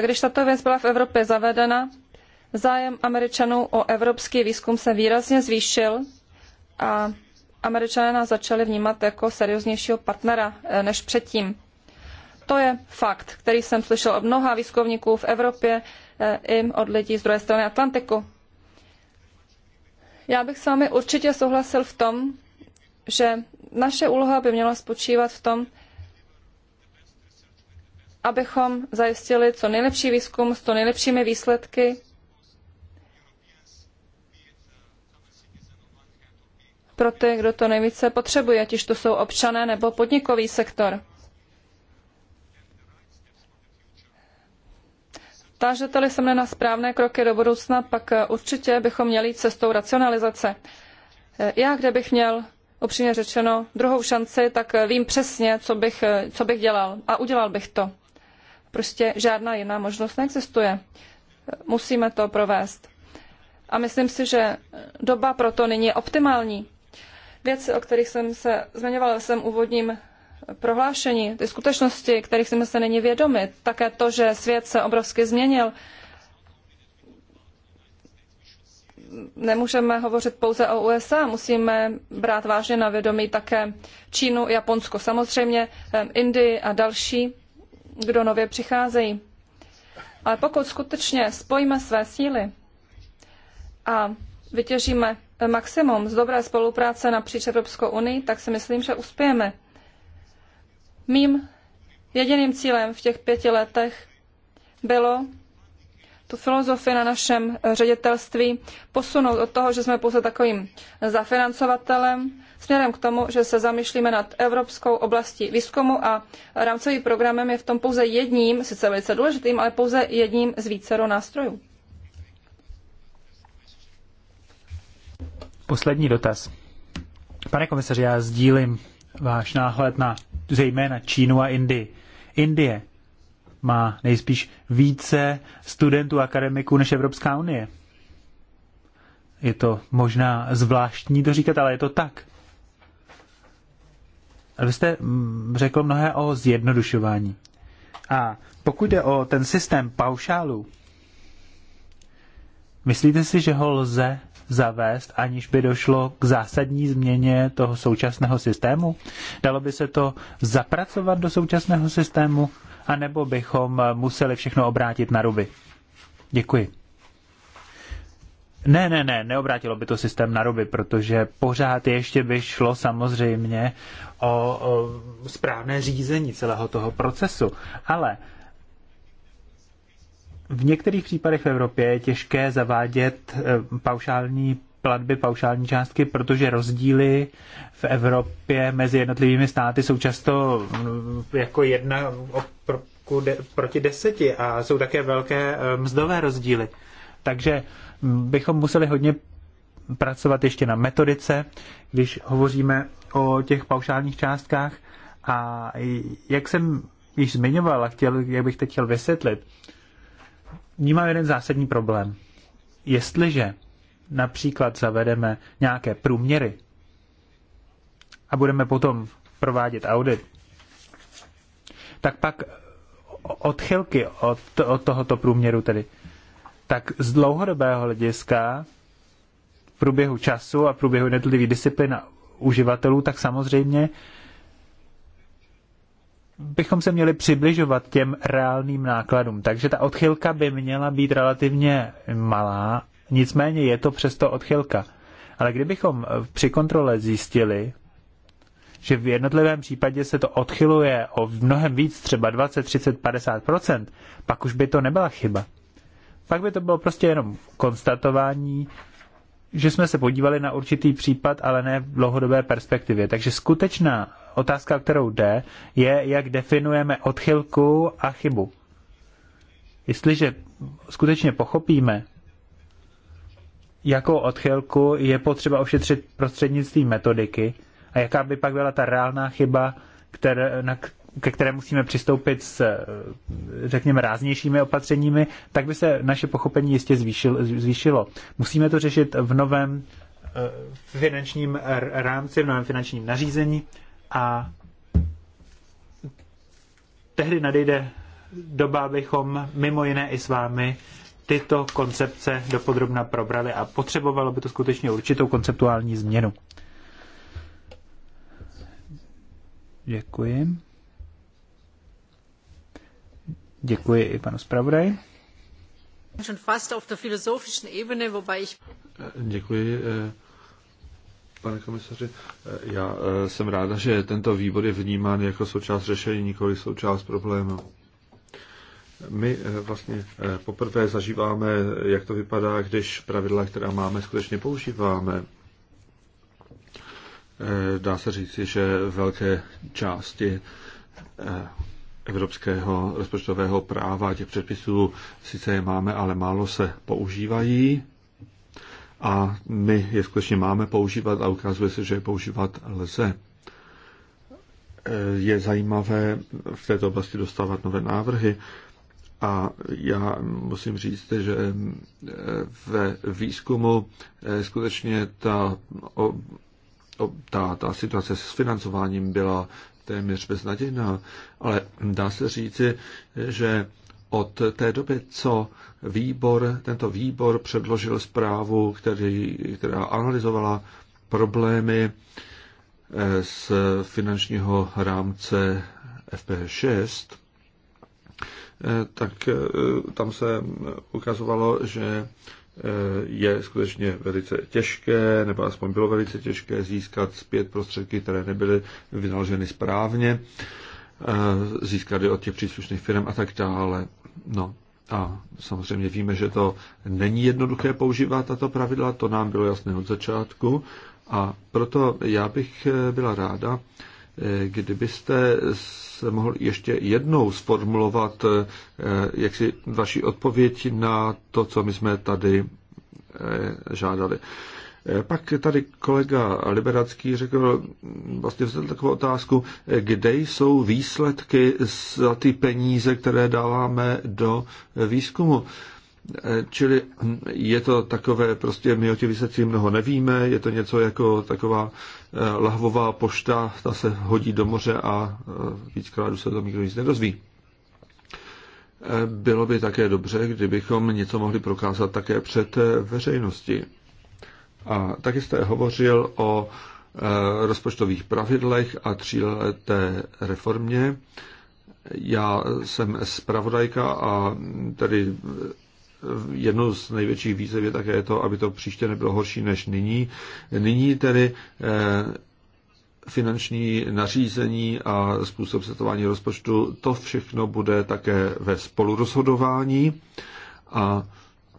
Speaker 4: Když tato věc byla v Evropě zavedena, zájem Američanů o evropský výzkum se výrazně zvýšil a američané nás začali vnímat jako serióznějšího partnera eh, než předtím. To je fakt, který jsem slyšel od mnoha výzkumníků v Evropě eh, i od lidí z druhé strany Atlantiku. Já bych s vámi určitě souhlasil v tom, že naše úloha by měla spočívat v tom, abychom zajistili co nejlepší výzkum s co nejlepšími výsledky pro ty, kdo to nejvíce potřebuje, ať to jsou občané nebo podnikový sektor. Tážete-li se mne na správné kroky do budoucna, pak eh, určitě bychom měli jít cestou racionalizace. Eh, já, kde bych měl upřímně řečeno druhou šanci, tak eh, vím přesně, co bych, co bych dělal. A udělal bych to. Prostě žádná jiná možnost neexistuje. Musíme to provést. A myslím si, že doba pro to není optimální věci, o kterých jsem se zmiňovala ve svém úvodním prohlášení, ty skutečnosti, kterých jsme se není vědomi, také to, že svět se obrovsky změnil, nemůžeme hovořit pouze o USA, musíme brát vážně na vědomí také Čínu, Japonsko, samozřejmě Indii a další, kdo nově přicházejí. Ale pokud skutečně spojíme své síly a vytěžíme maximum z dobré spolupráce napříč Evropskou unii, tak si myslím, že uspějeme. Mým jediným cílem v těch pěti letech bylo tu filozofii na našem ředitelství posunout od toho, že jsme pouze takovým zafinancovatelem, směrem k tomu, že se zamýšlíme nad evropskou oblastí výzkumu a rámcovým programem je v tom pouze jedním, sice velice důležitým, ale pouze jedním z vícero nástrojů.
Speaker 1: poslední dotaz. Pane komisaři, já sdílím váš náhled na zejména Čínu a Indii. Indie má nejspíš více studentů akademiků než Evropská unie. Je to možná zvláštní to říkat, ale je to tak. Vy jste mm, řekl mnohé o zjednodušování. A pokud jde o ten systém paušálů, myslíte si, že ho lze zavést, aniž by došlo k zásadní změně toho současného systému? Dalo by se to zapracovat do současného systému, anebo bychom museli všechno obrátit na ruby? Děkuji. Ne, ne, ne, neobrátilo by to systém na ruby, protože pořád ještě by šlo samozřejmě o, o správné řízení celého toho procesu. Ale v některých případech v Evropě je těžké zavádět eh, paušální platby, paušální částky, protože rozdíly v Evropě mezi jednotlivými státy jsou často mm, jako jedna proti deseti a jsou také velké eh, mzdové rozdíly. Takže mm, bychom museli hodně pracovat ještě na metodice, když hovoříme o těch paušálních částkách. A jak jsem již zmiňoval a chtěl, jak bych teď chtěl vysvětlit, vnímám jeden zásadní problém. Jestliže například zavedeme nějaké průměry a budeme potom provádět audit, tak pak odchylky od, od tohoto průměru tedy, tak z dlouhodobého hlediska v průběhu času a v průběhu jednotlivých disciplin a uživatelů, tak samozřejmě bychom se měli přibližovat těm reálným nákladům. Takže ta odchylka by měla být relativně malá, nicméně je to přesto odchylka. Ale kdybychom eh, při kontrole zjistili, že v jednotlivém případě se to odchyluje o mnohem víc, třeba 20, 30, 50 pak už by to nebyla chyba. Pak by to bylo prostě jenom konstatování, že jsme se podívali na určitý případ, ale ne v dlouhodobé perspektivě. Takže skutečná otázka, o kterou jde, je, jak definujeme odchylku a chybu. Jestliže skutečně pochopíme, jakou odchylku je potřeba ošetřit prostřednictvím metodiky a jaká by pak byla ta reálná chyba, které, na, ke které musíme přistoupit s, řekněme, ráznějšími opatřeními, tak by se naše pochopení jistě zvýšil, zvýšilo. Musíme to řešit v novém eh, finančním rámci, v novém finančním nařízení a tehdy nadejde doba, abychom mimo jiné i s vámi tyto koncepce dopodrobna probrali a potřebovalo by to skutečně určitou konceptuální změnu. Děkuji. Děkuji i panu zpravodaji. Děkuji.
Speaker 3: Pane komisaři, eh, já eh, jsem ráda, že tento výbor je vnímán jako součást řešení, nikoli součást problému. My eh, vlastně poprvé zažíváme, jak to vypadá, když pravidla, která máme, skutečně používáme. Dá se říci, že velké části evropského rozpočtového práva těch předpisů sice je máme, ale málo se používají a my je skutečně máme používat a ukazuje se, že je používat lze. E, je zajímavé v této oblasti dostávat nové návrhy a já musím říct, že e, ve výzkumu e, skutečně ta, o, o, ta, ta situace s financováním byla téměř beznadějná, ale dá se říci, že od té doby, co výbor, tento výbor předložil zprávu, který, která analyzovala problémy eh, z finančního rámce FP6, eh, tak eh, tam se ukazovalo, že je skutečně velice těžké, nebo aspoň bylo velice těžké získat zpět prostředky, které nebyly vynaloženy správně. Eh, získali od těch příslušných firm a tak dále. No a samozřejmě víme, že to není jednoduché používat tato pravidla, to nám bylo jasné od začátku a proto já bych eh, byla ráda, eh, kdybyste se mohl ještě jednou sformulovat jak si vaši odpověď na to, co my jsme tady žádali. Eh, pak tady kolega Liberacký řekl, vlastně vzal takovou otázku, eh, kde jsou výsledky za ty peníze, které dáváme do eh, výzkumu. Čili hm, je to takové, prostě my o těch výsledcích mnoho nevíme, je to něco jako taková lahvová pošta, ta se hodí do moře a víckrát se to nikdo nic nedozví. Bylo by také dobře, kdybychom něco mohli prokázat také před veřejností. A taky jste hovořil o e, rozpočtových pravidlech a tříleté reformě. Já jsem zpravodajka a tedy jednou z největších výzev je také to, aby to příště nebylo horší než nyní. Nyní tedy e, finanční nařízení a způsob setování rozpočtu, to všechno bude také ve spolurozhodování a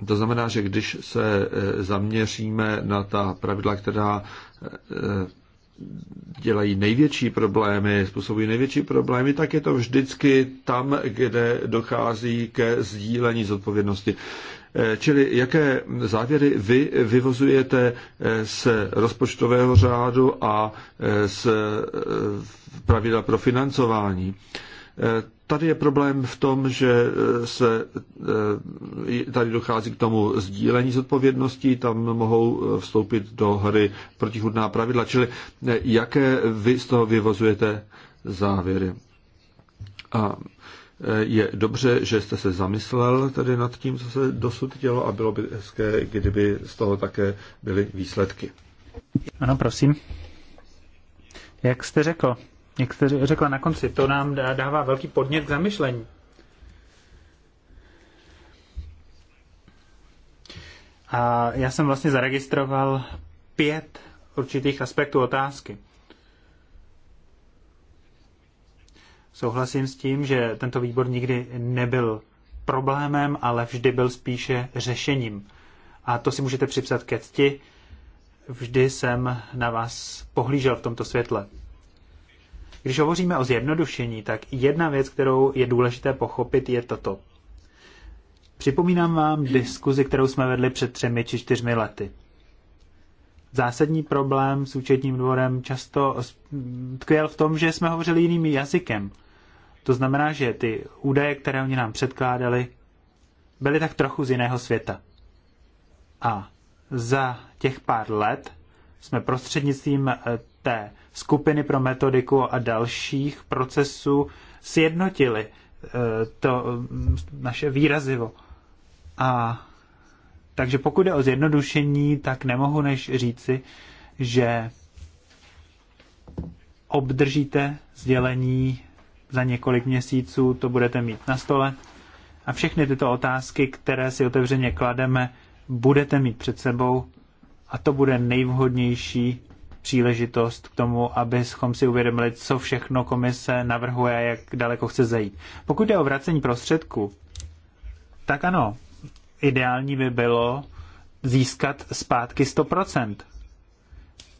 Speaker 3: to znamená, že když se e, zaměříme na ta pravidla, která e, dělají největší problémy, způsobují největší problémy, tak je to vždycky tam, kde dochází ke sdílení zodpovědnosti. E, čili jaké závěry vy vyvozujete z rozpočtového řádu a z pravidla pro financování? Tady je problém v tom, že eh, se eh, tady dochází k tomu sdílení zodpovědností, tam mohou eh, vstoupit do hry protichudná pravidla, čili jaké vy z toho vyvozujete závěry. A je dobře, že jste se zamyslel tedy nad tím, co se dosud dělo a bylo by hezké, kdyby z toho také byly výsledky.
Speaker 1: Ano, prosím. Jak jste řekl, jak jste řekla na konci, to nám dává velký podnět k zamyšlení. A já jsem vlastně zaregistroval pět určitých aspektů otázky. Souhlasím s tím, že tento výbor nikdy nebyl problémem, ale vždy byl spíše řešením. A to si můžete připsat ke cti. Vždy jsem na vás pohlížel v tomto světle. Když hovoříme o zjednodušení, tak jedna věc, kterou je důležité pochopit, je toto. Připomínám vám diskuzi, kterou jsme vedli před třemi či čtyřmi lety. Zásadní problém s účetním dvorem často tkvěl v tom, že jsme hovořili jiným jazykem. To znamená, že ty údaje, které oni nám předkládali, byly tak trochu z jiného světa. A za těch pár let jsme prostřednictvím eh, té skupiny pro metodiku a dalších procesů sjednotili eh, to mm, naše výrazivo. A takže pokud jde o zjednodušení, tak nemohu než říci, že obdržíte sdělení za několik měsíců, to budete mít na stole. A všechny tyto otázky, které si otevřeně klademe, budete mít před sebou a to bude nejvhodnější příležitost k tomu, abychom si uvědomili, co všechno komise navrhuje a jak daleko chce zajít. Pokud jde o vracení prostředků, tak ano, ideální by bylo získat zpátky 100%.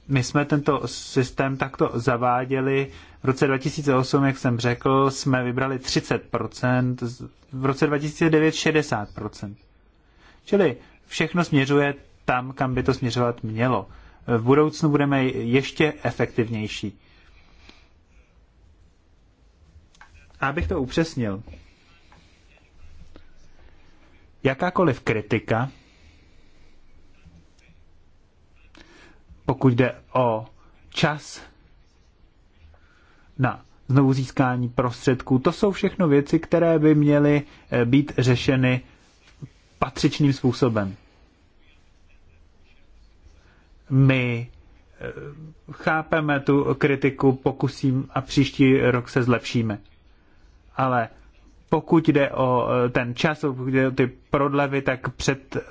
Speaker 1: My jsme tento systém takto zaváděli. V roce 2008, jak jsem řekl, jsme vybrali 30%, v roce 2009 60%. Čili všechno směřuje tam, kam by to směřovat mělo v budoucnu budeme ještě efektivnější. Abych to upřesnil, jakákoliv kritika, pokud jde o čas na znovu získání prostředků, to jsou všechno věci, které by měly eh, být řešeny patřičným způsobem. My eh, chápeme tu kritiku, pokusím a příští rok se zlepšíme. Ale pokud jde o eh, ten čas, pokud jde o ty prodlevy, tak před eh,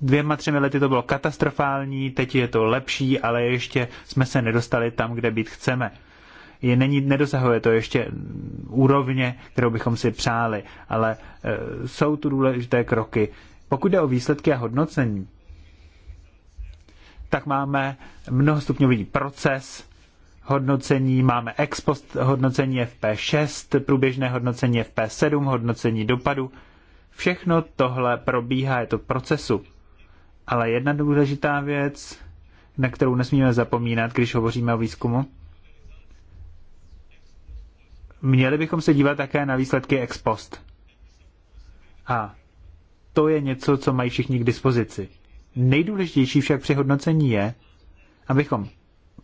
Speaker 1: dvěma, třemi lety to bylo katastrofální, teď je to lepší, ale ještě jsme se nedostali tam, kde být chceme. Je, není, nedosahuje to ještě úrovně, kterou bychom si přáli, ale e, jsou tu důležité kroky. Pokud jde o výsledky a hodnocení, tak máme mnohostupňový proces hodnocení, máme ex post hodnocení FP6, průběžné hodnocení FP7, hodnocení dopadu. Všechno tohle probíhá, je to procesu. Ale jedna důležitá věc, na kterou nesmíme zapomínat, když hovoříme o výzkumu, měli bychom se dívat také na výsledky ex post. A to je něco, co mají všichni k dispozici. Nejdůležitější však při hodnocení je, abychom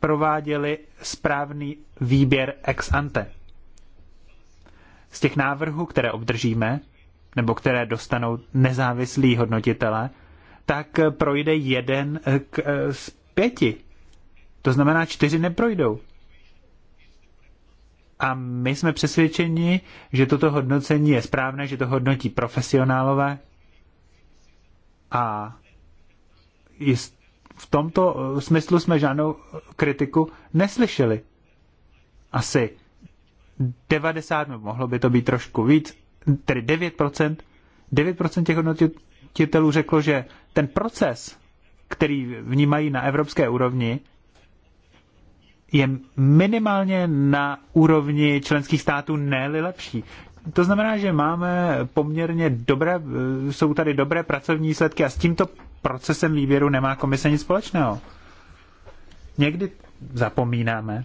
Speaker 1: prováděli správný výběr ex ante. Z těch návrhů, které obdržíme, nebo které dostanou nezávislí hodnotitele, tak projde jeden k, eh, z pěti. To znamená, čtyři neprojdou. A my jsme přesvědčeni, že toto hodnocení je správné, že to hodnotí profesionálové a v tomto eh, smyslu jsme žádnou kritiku neslyšeli. Asi 90, mohlo by to být trošku víc, tedy 9%, 9% těch hodnotitelů řeklo, že ten proces, který vnímají na evropské úrovni, je minimálně na úrovni členských států ne lepší. To znamená, že máme poměrně dobré, eh, jsou tady dobré pracovní výsledky a s tímto procesem výběru nemá komise nic společného. Někdy zapomínáme,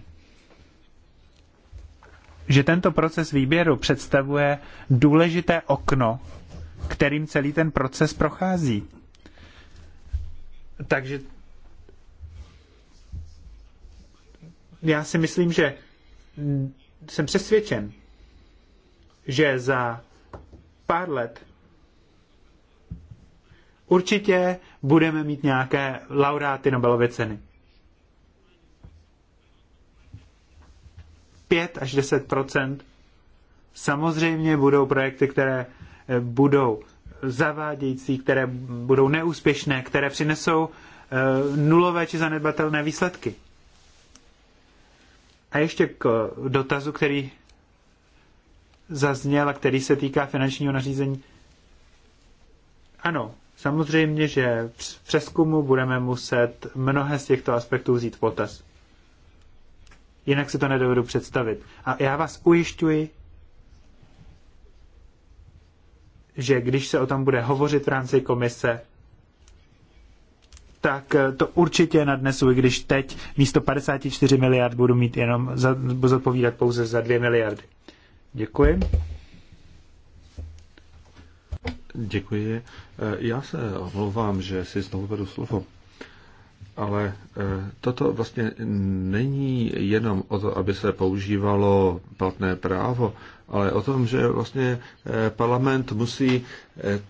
Speaker 1: že tento proces výběru představuje důležité okno, kterým celý ten proces prochází. Takže já si myslím, že jsem přesvědčen, že za pár let určitě budeme mít nějaké laureáty Nobelovy ceny. 5 až 10 Samozřejmě budou projekty, které eh, budou zavádějící, které budou neúspěšné, které přinesou eh, nulové či zanedbatelné výsledky. A ještě k eh, dotazu, který zazněl a který se týká finančního nařízení. Ano, Samozřejmě, že v přeskumu budeme muset mnohé z těchto aspektů vzít v potaz. Jinak si to nedovedu představit. A já vás ujišťuji, že když se o tom bude hovořit v rámci komise, tak to určitě nadnesu, i když teď místo 54 miliard budu mít jenom, za, budu zodpovídat pouze za 2 miliardy. Děkuji.
Speaker 3: Děkuji. E, já se omlouvám, že si znovu vedu slovo, ale e, toto vlastně není jenom o to, aby se používalo platné právo, ale o tom, že vlastně e, parlament musí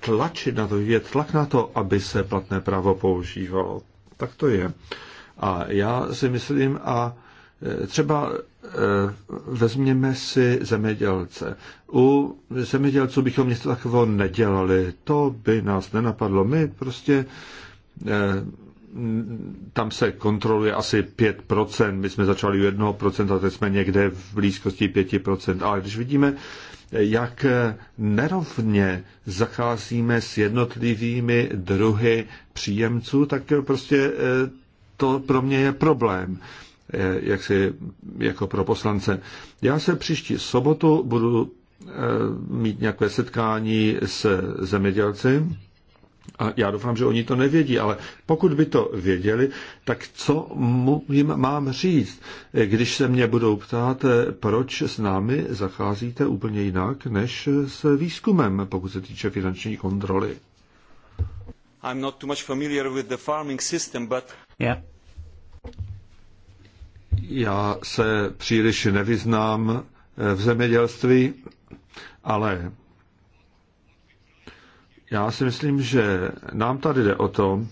Speaker 3: tlačit na to, je tlak na to, aby se platné právo používalo. Tak to je. A já si myslím, a Eh, třeba eh, vezměme si zemědělce. U zemědělců bychom něco takového nedělali. To by nás nenapadlo. My prostě eh, tam se kontroluje asi 5%, my jsme začali u 1%, a teď jsme někde v blízkosti 5%, ale když vidíme, jak nerovně zacházíme s jednotlivými druhy příjemců, tak prostě to pro mě je problém. Eh, jak si, jako pro poslance. Já se příští sobotu budu eh, mít nějaké setkání s zemědělci. A já doufám, že oni to nevědí, ale pokud by to věděli, tak co mu jim mám říct, eh, když se mě budou ptát, proč s námi zacházíte úplně jinak než s výzkumem, pokud se týče finanční kontroly? I'm not too much familiar with the farming system, but... Yeah. Já se příliš nevyznám eh, v zemědělství, ale já si myslím, že nám tady jde o to,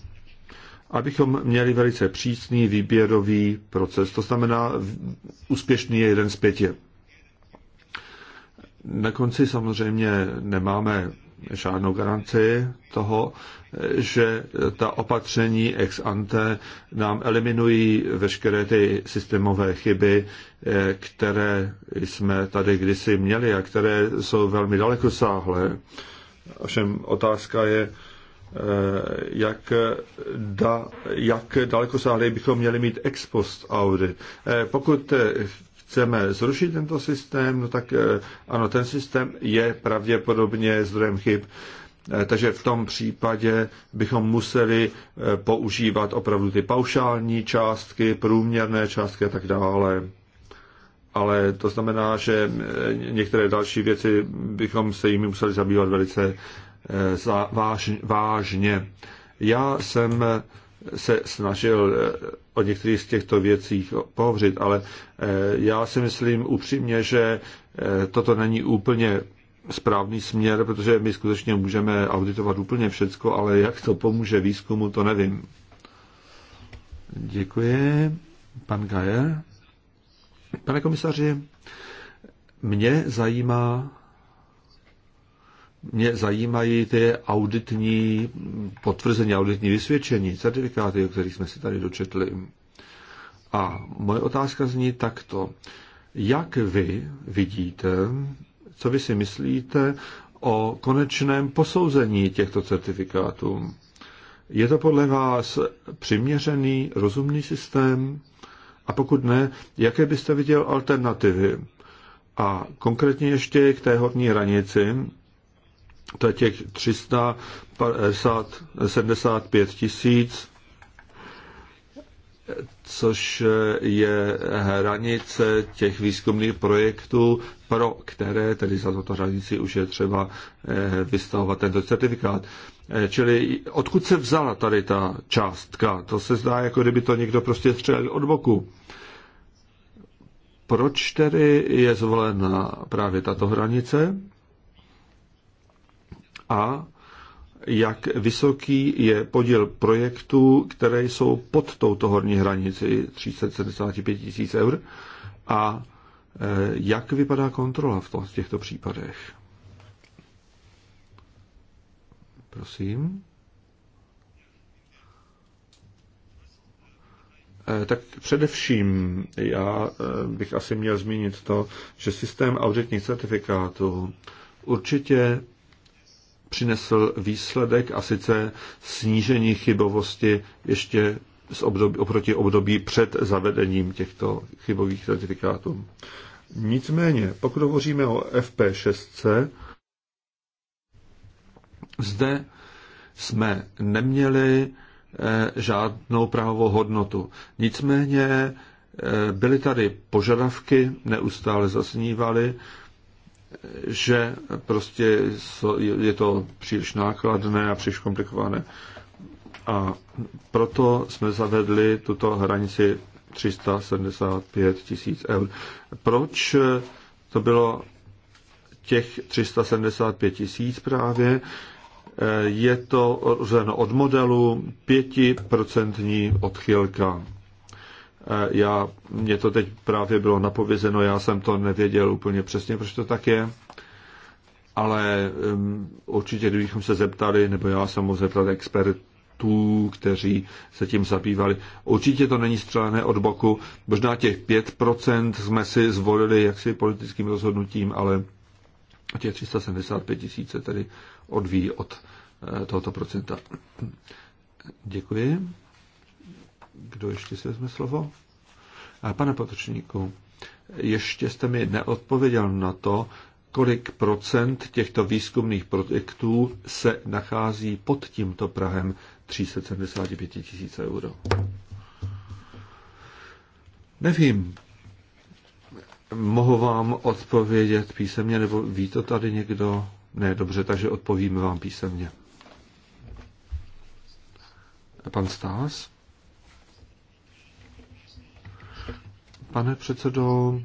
Speaker 3: abychom měli velice přísný výběrový proces. To znamená, úspěšný je jeden z pěti. Na konci samozřejmě nemáme žádnou garanci toho, že ta opatření ex ante nám eliminují veškeré ty systémové chyby, eh, které jsme tady kdysi měli a které jsou velmi dalekosáhlé. Ovšem otázka je, eh, jak, da, jak daleko sáhli bychom měli mít ex post audit. Eh, pokud chceme zrušit tento systém, no tak ano, ten systém je pravděpodobně zdrojem chyb. Eh, takže v tom případě bychom museli eh, používat opravdu ty paušální částky, průměrné částky a tak dále. Ale to znamená, že eh, některé další věci bychom se jimi museli zabývat velice vážně. Já jsem se snažil o některých z těchto věcí pohovřit, ale já si myslím upřímně, že toto není úplně správný směr, protože my skutečně můžeme auditovat úplně všecko, ale jak to pomůže výzkumu, to nevím. Děkuji. Pan Gajer. Pane komisaři, mě zajímá, mě zajímají ty auditní potvrzení, auditní vysvědčení, certifikáty, o kterých jsme si tady dočetli. A moje otázka zní takto. Jak vy vidíte co vy si myslíte o konečném posouzení těchto certifikátů. Je to podle vás přiměřený, rozumný systém? A pokud ne, jaké byste viděl alternativy? A konkrétně ještě k té horní hranici, to je těch 375 tisíc což je hranice těch výzkumných projektů, pro které tedy za toto hranici už je třeba eh, vystavovat tento certifikát. Eh, čili odkud se vzala tady ta částka? To se zdá, jako kdyby to někdo prostě střelil od boku. Proč tedy je zvolena právě tato hranice? A jak vysoký je podíl projektů, které jsou pod touto horní hranici 375 tisíc eur a e, jak vypadá kontrola v těchto případech. Prosím. E, tak především já e, bych asi měl zmínit to, že systém auditních certifikátů určitě přinesl výsledek a sice snížení chybovosti ještě z období, oproti období před zavedením těchto chybových certifikátů. Nicméně, pokud hovoříme o FP6, zde jsme neměli eh, žádnou právovou hodnotu. Nicméně eh, byly tady požadavky, neustále zasnívaly, že prostě je to příliš nákladné a příliš komplikované. A proto jsme zavedli tuto hranici 375 tisíc eur. Proč to bylo těch 375 tisíc právě? Je to rozhodno od modelu 5% odchylka. E, já, mě to teď právě bylo napovězeno, já jsem to nevěděl úplně přesně, proč to tak je, ale um, určitě, kdybychom se zeptali, nebo já jsem mohl zeptat expertů, kteří se tím zabývali, určitě to není střelené od boku, možná těch 5% jsme si zvolili jaksi politickým rozhodnutím, ale těch 375 tisíc se tedy odvíjí od e, tohoto procenta. Děkuji. Kdo ještě si vezme slovo? A pane Potočníku, ještě jste mi neodpověděl na to, kolik procent těchto výzkumných projektů se nachází pod tímto Prahem 375 tisíc euro. Nevím. Mohu vám odpovědět písemně, nebo ví to tady někdo? Ne, dobře, takže odpovíme vám písemně. Pan Stás? Pane předsedo,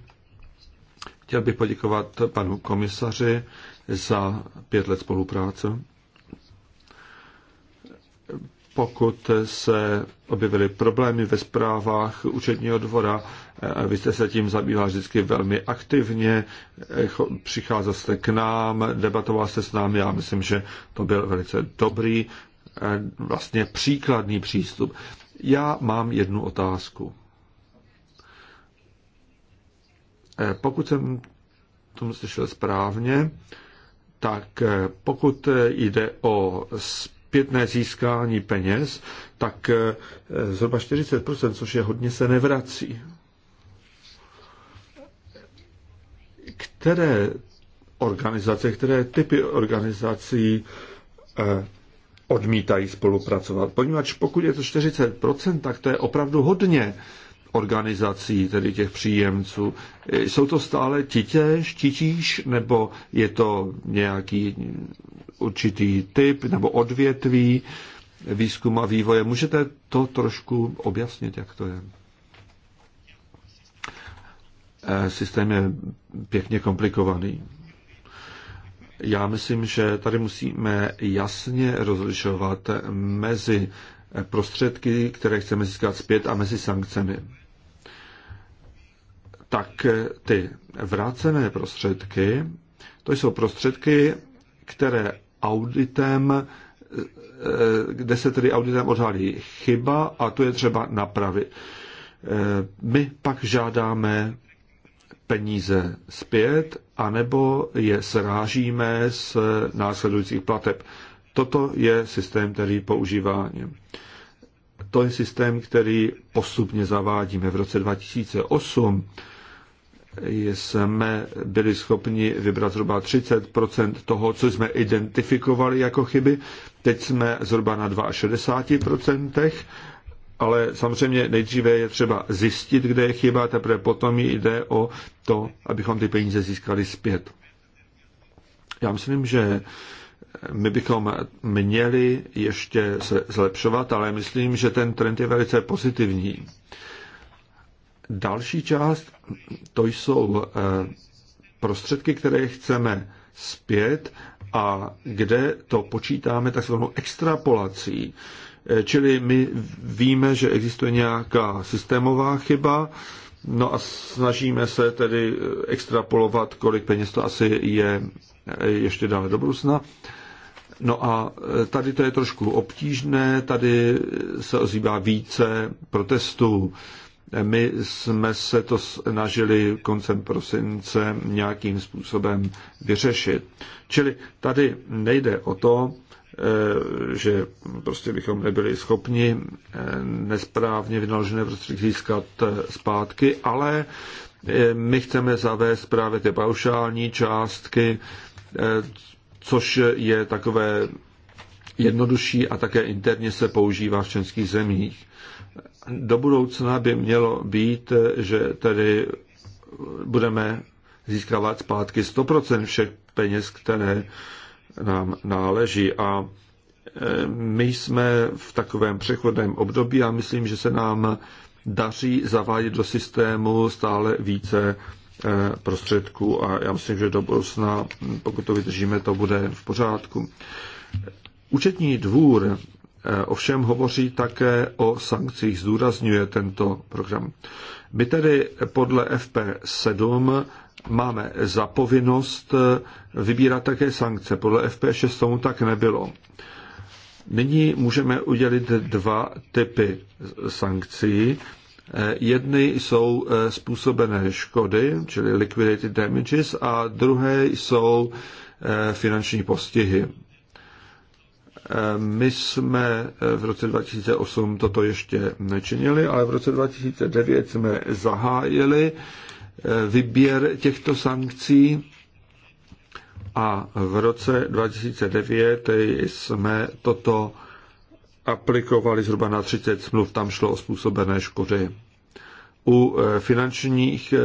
Speaker 3: chtěl bych poděkovat panu komisaři za pět let spolupráce. Pokud se objevily problémy ve zprávách účetního dvora, vy jste se tím zabýval vždycky velmi aktivně, přicházel jste k nám, debatoval jste s námi, já myslím, že to byl velice dobrý, eh, vlastně příkladný přístup. Já mám jednu otázku. Eh, pokud jsem tomu slyšel správně, tak eh, pokud eh, jde o zpětné získání peněz, tak zhruba 40%, což je hodně, se nevrací. Které organizace, které typy organizací odmítají spolupracovat? Poněvadž pokud je to 40%, tak to je opravdu hodně organizací, tedy těch příjemců. Jsou to stále titěž, titíž, nebo je to nějaký určitý typ nebo odvětví výzkum a vývoje? Můžete to trošku objasnit, jak to je? Eh, systém je pěkně komplikovaný. Já myslím, že tady musíme jasně rozlišovat mezi prostředky, které chceme získat zpět a mezi sankcemi tak ty vrácené prostředky, to jsou prostředky, které auditem, kde se tedy auditem odhalí chyba a to je třeba napravit. My pak žádáme peníze zpět, anebo je srážíme z následujících plateb. Toto je systém, který používáme. To je systém, který postupně zavádíme. V roce 2008 jsme byli schopni vybrat zhruba 30 toho, co jsme identifikovali jako chyby. Teď jsme zhruba na 62 ale samozřejmě nejdříve je třeba zjistit, kde je chyba, teprve potom jde o to, abychom ty peníze získali zpět. Já myslím, že my bychom měli ještě se zlepšovat, ale myslím, že ten trend je velice pozitivní. Další část to jsou eh, prostředky, které chceme zpět a kde to počítáme takzvanou extrapolací. Eh, čili my víme, že existuje nějaká systémová chyba, no a snažíme se tedy eh, extrapolovat, kolik peněz to asi je ještě dále do brusna. No a tady to je trošku obtížné, tady se ozývá více protestů. My jsme se to snažili koncem prosince nějakým způsobem vyřešit. Čili tady nejde o to, eh, že prostě bychom nebyli schopni eh, nesprávně vynaložené prostředky získat eh, zpátky, ale my chceme zavést právě ty paušální částky, což je takové jednodušší a také interně se používá v českých zemích do budoucna by mělo být, že tedy budeme získávat zpátky 100% všech peněz, které nám náleží. A eh, my jsme v takovém přechodném období a myslím, že se nám daří zavádět do systému stále více eh, prostředků a já myslím, že do budoucna, pokud to vydržíme, to bude v pořádku. Účetní dvůr ovšem hovoří také o sankcích, zdůrazňuje tento program. My tedy podle FP7 máme zapovinnost vybírat také sankce. Podle FP6 tomu tak nebylo. Nyní můžeme udělit dva typy sankcí. Jedny jsou eh, způsobené škody, čili liquidated damages, a druhé jsou eh, finanční postihy, my jsme v roce 2008 toto ještě nečinili, ale v roce 2009 jsme zahájili eh, výběr těchto sankcí a v roce 2009 jsme toto aplikovali zhruba na 30 smluv, tam šlo o způsobené škody. U eh, finančních eh,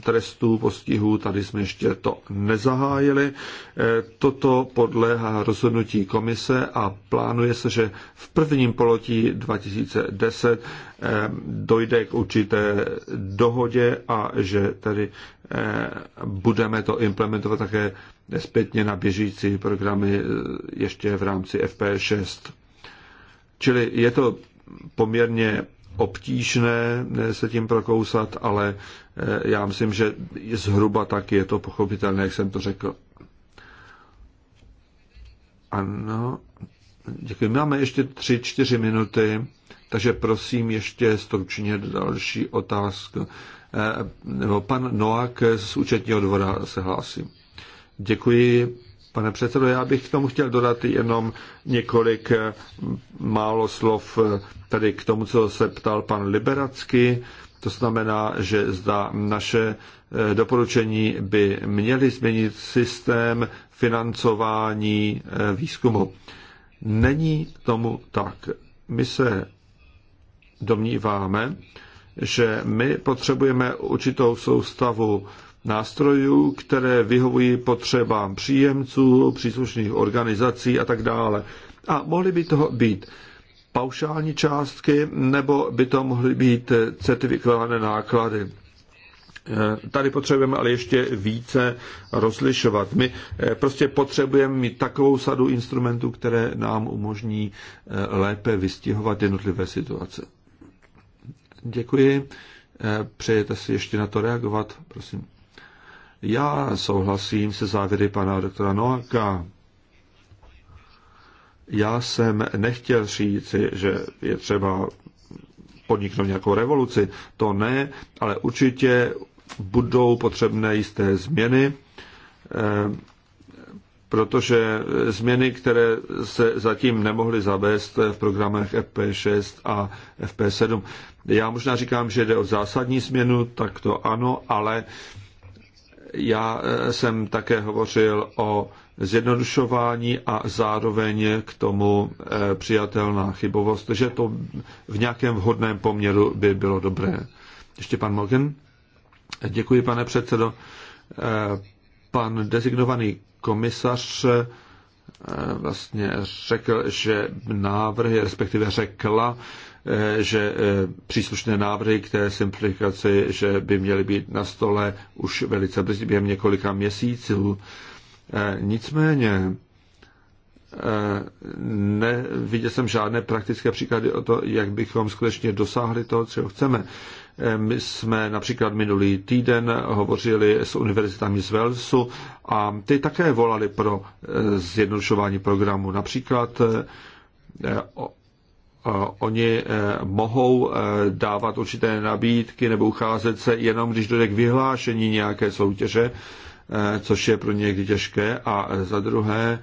Speaker 3: trestů, postihů, tady jsme ještě to nezahájili. Eh, toto podléhá rozhodnutí komise a plánuje se, že v prvním polotí 2010 eh, dojde k určité dohodě a že tady eh, budeme to implementovat také zpětně na běžící programy ještě v rámci FP6. Čili je to poměrně obtížné se tím prokousat, ale Eh, já myslím, že zhruba tak je to pochopitelné, jak jsem to řekl. Ano, děkuji. Máme ještě tři, čtyři minuty, takže prosím ještě stručně další otázku. Eh, nebo pan Noak z účetního dvora se hlásí. Děkuji, pane předsedo. Já bych k tomu chtěl dodat jenom několik eh, málo slov tady k tomu, co se ptal pan Liberacký. To znamená, že zda naše eh, doporučení by měly změnit systém financování eh, výzkumu. Není tomu tak. My se domníváme, že my potřebujeme určitou soustavu nástrojů, které vyhovují potřebám příjemců, příslušných organizací a tak dále. A mohly by toho být paušální částky, nebo by to mohly být certifikované náklady. Eh, tady potřebujeme ale ještě více rozlišovat. My eh, prostě potřebujeme mít takovou sadu instrumentů, které nám umožní eh, lépe vystihovat jednotlivé situace. Děkuji. Přejete si ještě na to reagovat? Prosím. Já souhlasím se závěry pana doktora Noaka. Já jsem nechtěl říct, že je třeba podniknout nějakou revoluci, to ne, ale určitě budou potřebné jisté změny, eh, protože změny, které se zatím nemohly zavést v programech FP6 a FP7. Já možná říkám, že jde o zásadní změnu, tak to ano, ale já eh, jsem také hovořil o zjednodušování a zároveň k tomu eh, přijatelná chybovost, že to v nějakém vhodném poměru by bylo dobré. Ještě pan Mogen. Děkuji, pane předsedo. Eh, pan designovaný komisař vlastně řekl, že návrhy, respektive řekla, Eh, že eh, příslušné návrhy k té simplifikaci, že by měly být na stole už velice brzy během několika měsíců. Eh, nicméně neviděl jsem žádné praktické příklady o to, jak bychom skutečně dosáhli toho, co chceme. My jsme například minulý týden hovořili s univerzitami z Walesu a ty také volali pro zjednodušování programu. Například oni eh, mohou eh, dávat určité nabídky nebo ucházet se jenom, když dojde k vyhlášení nějaké soutěže, eh, což je pro ně někdy těžké. A za druhé,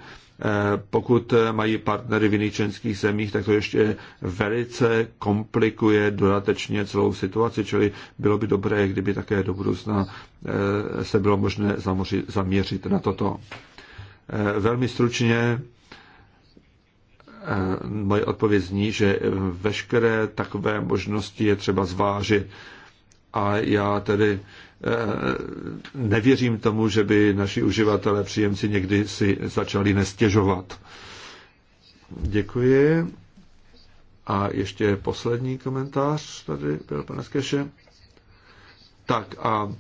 Speaker 3: pokud mají partnery v jiných členských zemích, tak to ještě velice komplikuje dodatečně celou situaci, čili bylo by dobré, kdyby také do budoucna se bylo možné zaměřit na toto. Velmi stručně moje odpověď zní, že veškeré takové možnosti je třeba zvážit. A já tedy eh, nevěřím tomu, že by naši uživatelé, příjemci někdy si začali nestěžovat. Děkuji. A ještě poslední komentář tady byl pana Skeše. Tak a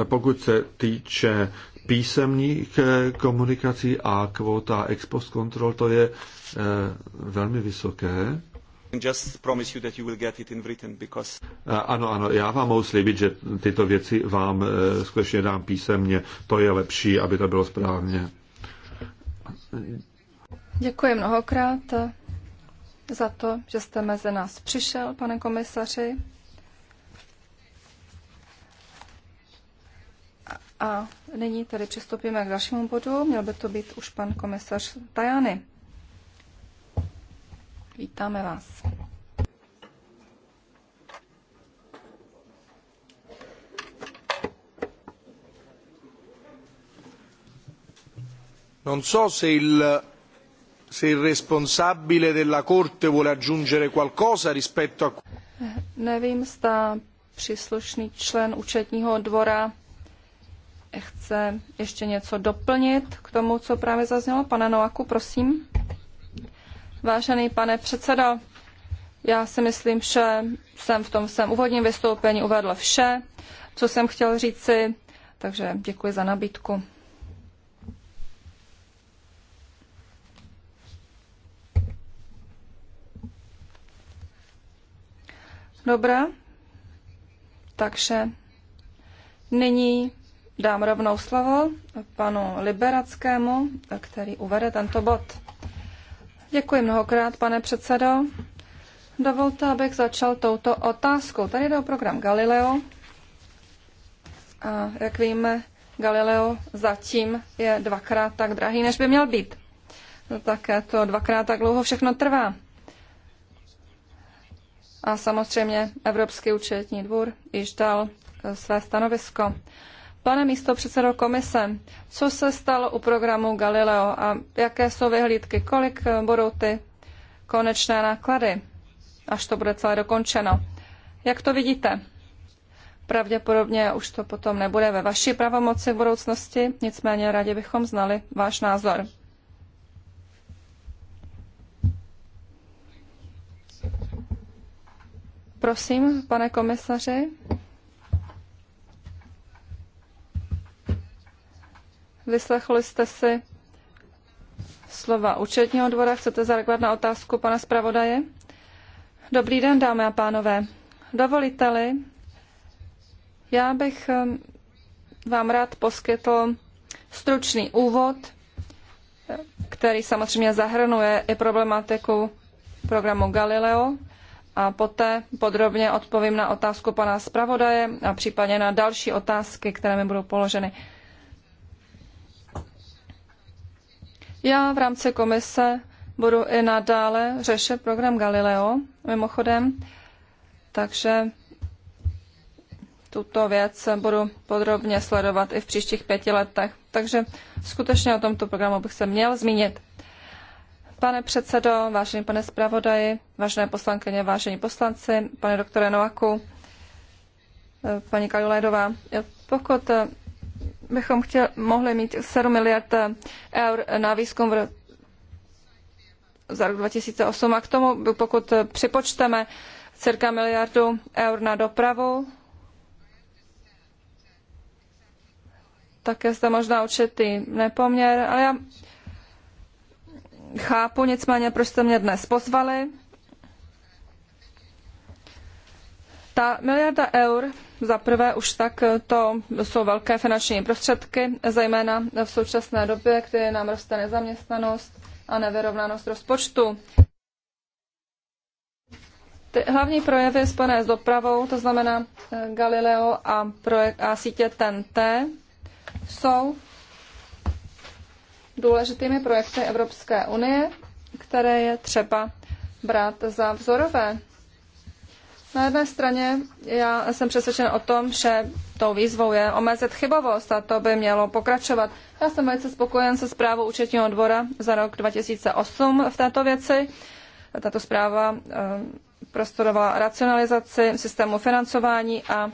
Speaker 3: eh, pokud se týče písemných eh, komunikací a kvota ex post kontrol, to je eh, velmi vysoké. Eh, ano, ano, já vám mohu slíbit, že tyto věci vám skutečně dám písemně. To je lepší, aby to bylo správně.
Speaker 4: Děkuji mnohokrát za to, že jste mezi nás přišel, pane komisaři. A nyní tedy přistoupíme k dalšímu bodu. Měl by to být už pan komisař Tajany. Vítáme vás.
Speaker 2: Non so se il, se il responsabile della Corte vuole aggiungere qualcosa rispetto a...
Speaker 4: Nevím, sta příslušný člen účetního dvora chce ještě něco doplnit k tomu, co právě zaznělo. Pane Noaku, prosím. Vážený pane předsedo, já si myslím, že jsem v tom svém úvodním vystoupení uvedl vše, co jsem chtěl říci, takže děkuji za nabídku. Dobrá, takže nyní dám rovnou slovo panu Liberackému, který uvede tento bod. Děkuji mnohokrát, pane předsedo. Dovolte, abych začal touto otázkou. Tady jde o program Galileo. A jak víme, Galileo zatím je dvakrát tak drahý, než by měl být. Také to dvakrát tak dlouho všechno trvá. A samozřejmě Evropský účetní dvůr již dal své stanovisko. Pane místo předsedo komise, co se stalo u programu Galileo a jaké jsou vyhlídky, kolik eh, budou ty konečné náklady, až to bude celé dokončeno? Jak to vidíte? Pravděpodobně už to potom nebude ve vaší pravomoci v budoucnosti, nicméně rádi bychom znali váš názor. Prosím, pane komisaři. Vyslechli jste si slova účetního dvora. Chcete zareagovat na otázku pana zpravodaje? Dobrý den, dámy a pánové. Dovolíte-li, já bych ehm, vám rád poskytl stručný úvod, který samozřejmě zahrnuje i problematiku programu Galileo a poté podrobně odpovím na otázku pana zpravodaje a případně na další otázky, které mi budou položeny. Já v rámci komise budu i nadále řešit program Galileo, mimochodem, takže tuto věc budu podrobně sledovat i v příštích pěti letech. Takže skutečně o tomto programu bych se měl zmínit. Pane předsedo, vážený pane zpravodaji, vážené poslankyně, vážení poslanci, pane doktore Noaku, paní Kajulajová, pokud bychom chtěl, mohli mít 7 miliard eh, eur na výzkum v za rok 2008 a k tomu, pokud připočteme cirka miliardu eur na dopravu, tak je zde možná určitý nepoměr, ale já chápu nicméně, proč jste mě dnes pozvali. Ta miliarda eur za prvé už tak eh, to jsou velké finanční prostředky, zejména v současné době, kdy nám roste nezaměstnanost a nevyrovnanost rozpočtu. Ty hlavní projevy spojené s dopravou, to znamená eh, Galileo a, projekt, a sítě TNT, jsou důležitými projekty Evropské unie, které je třeba brát za vzorové. Na jedné straně já jsem přesvědčen o tom, že tou výzvou je omezit chybovost a to by mělo pokračovat. Já jsem velice spokojen se zprávou účetního dvora za rok 2008 v této věci. Tato zpráva eh, prostorovala racionalizaci systému financování a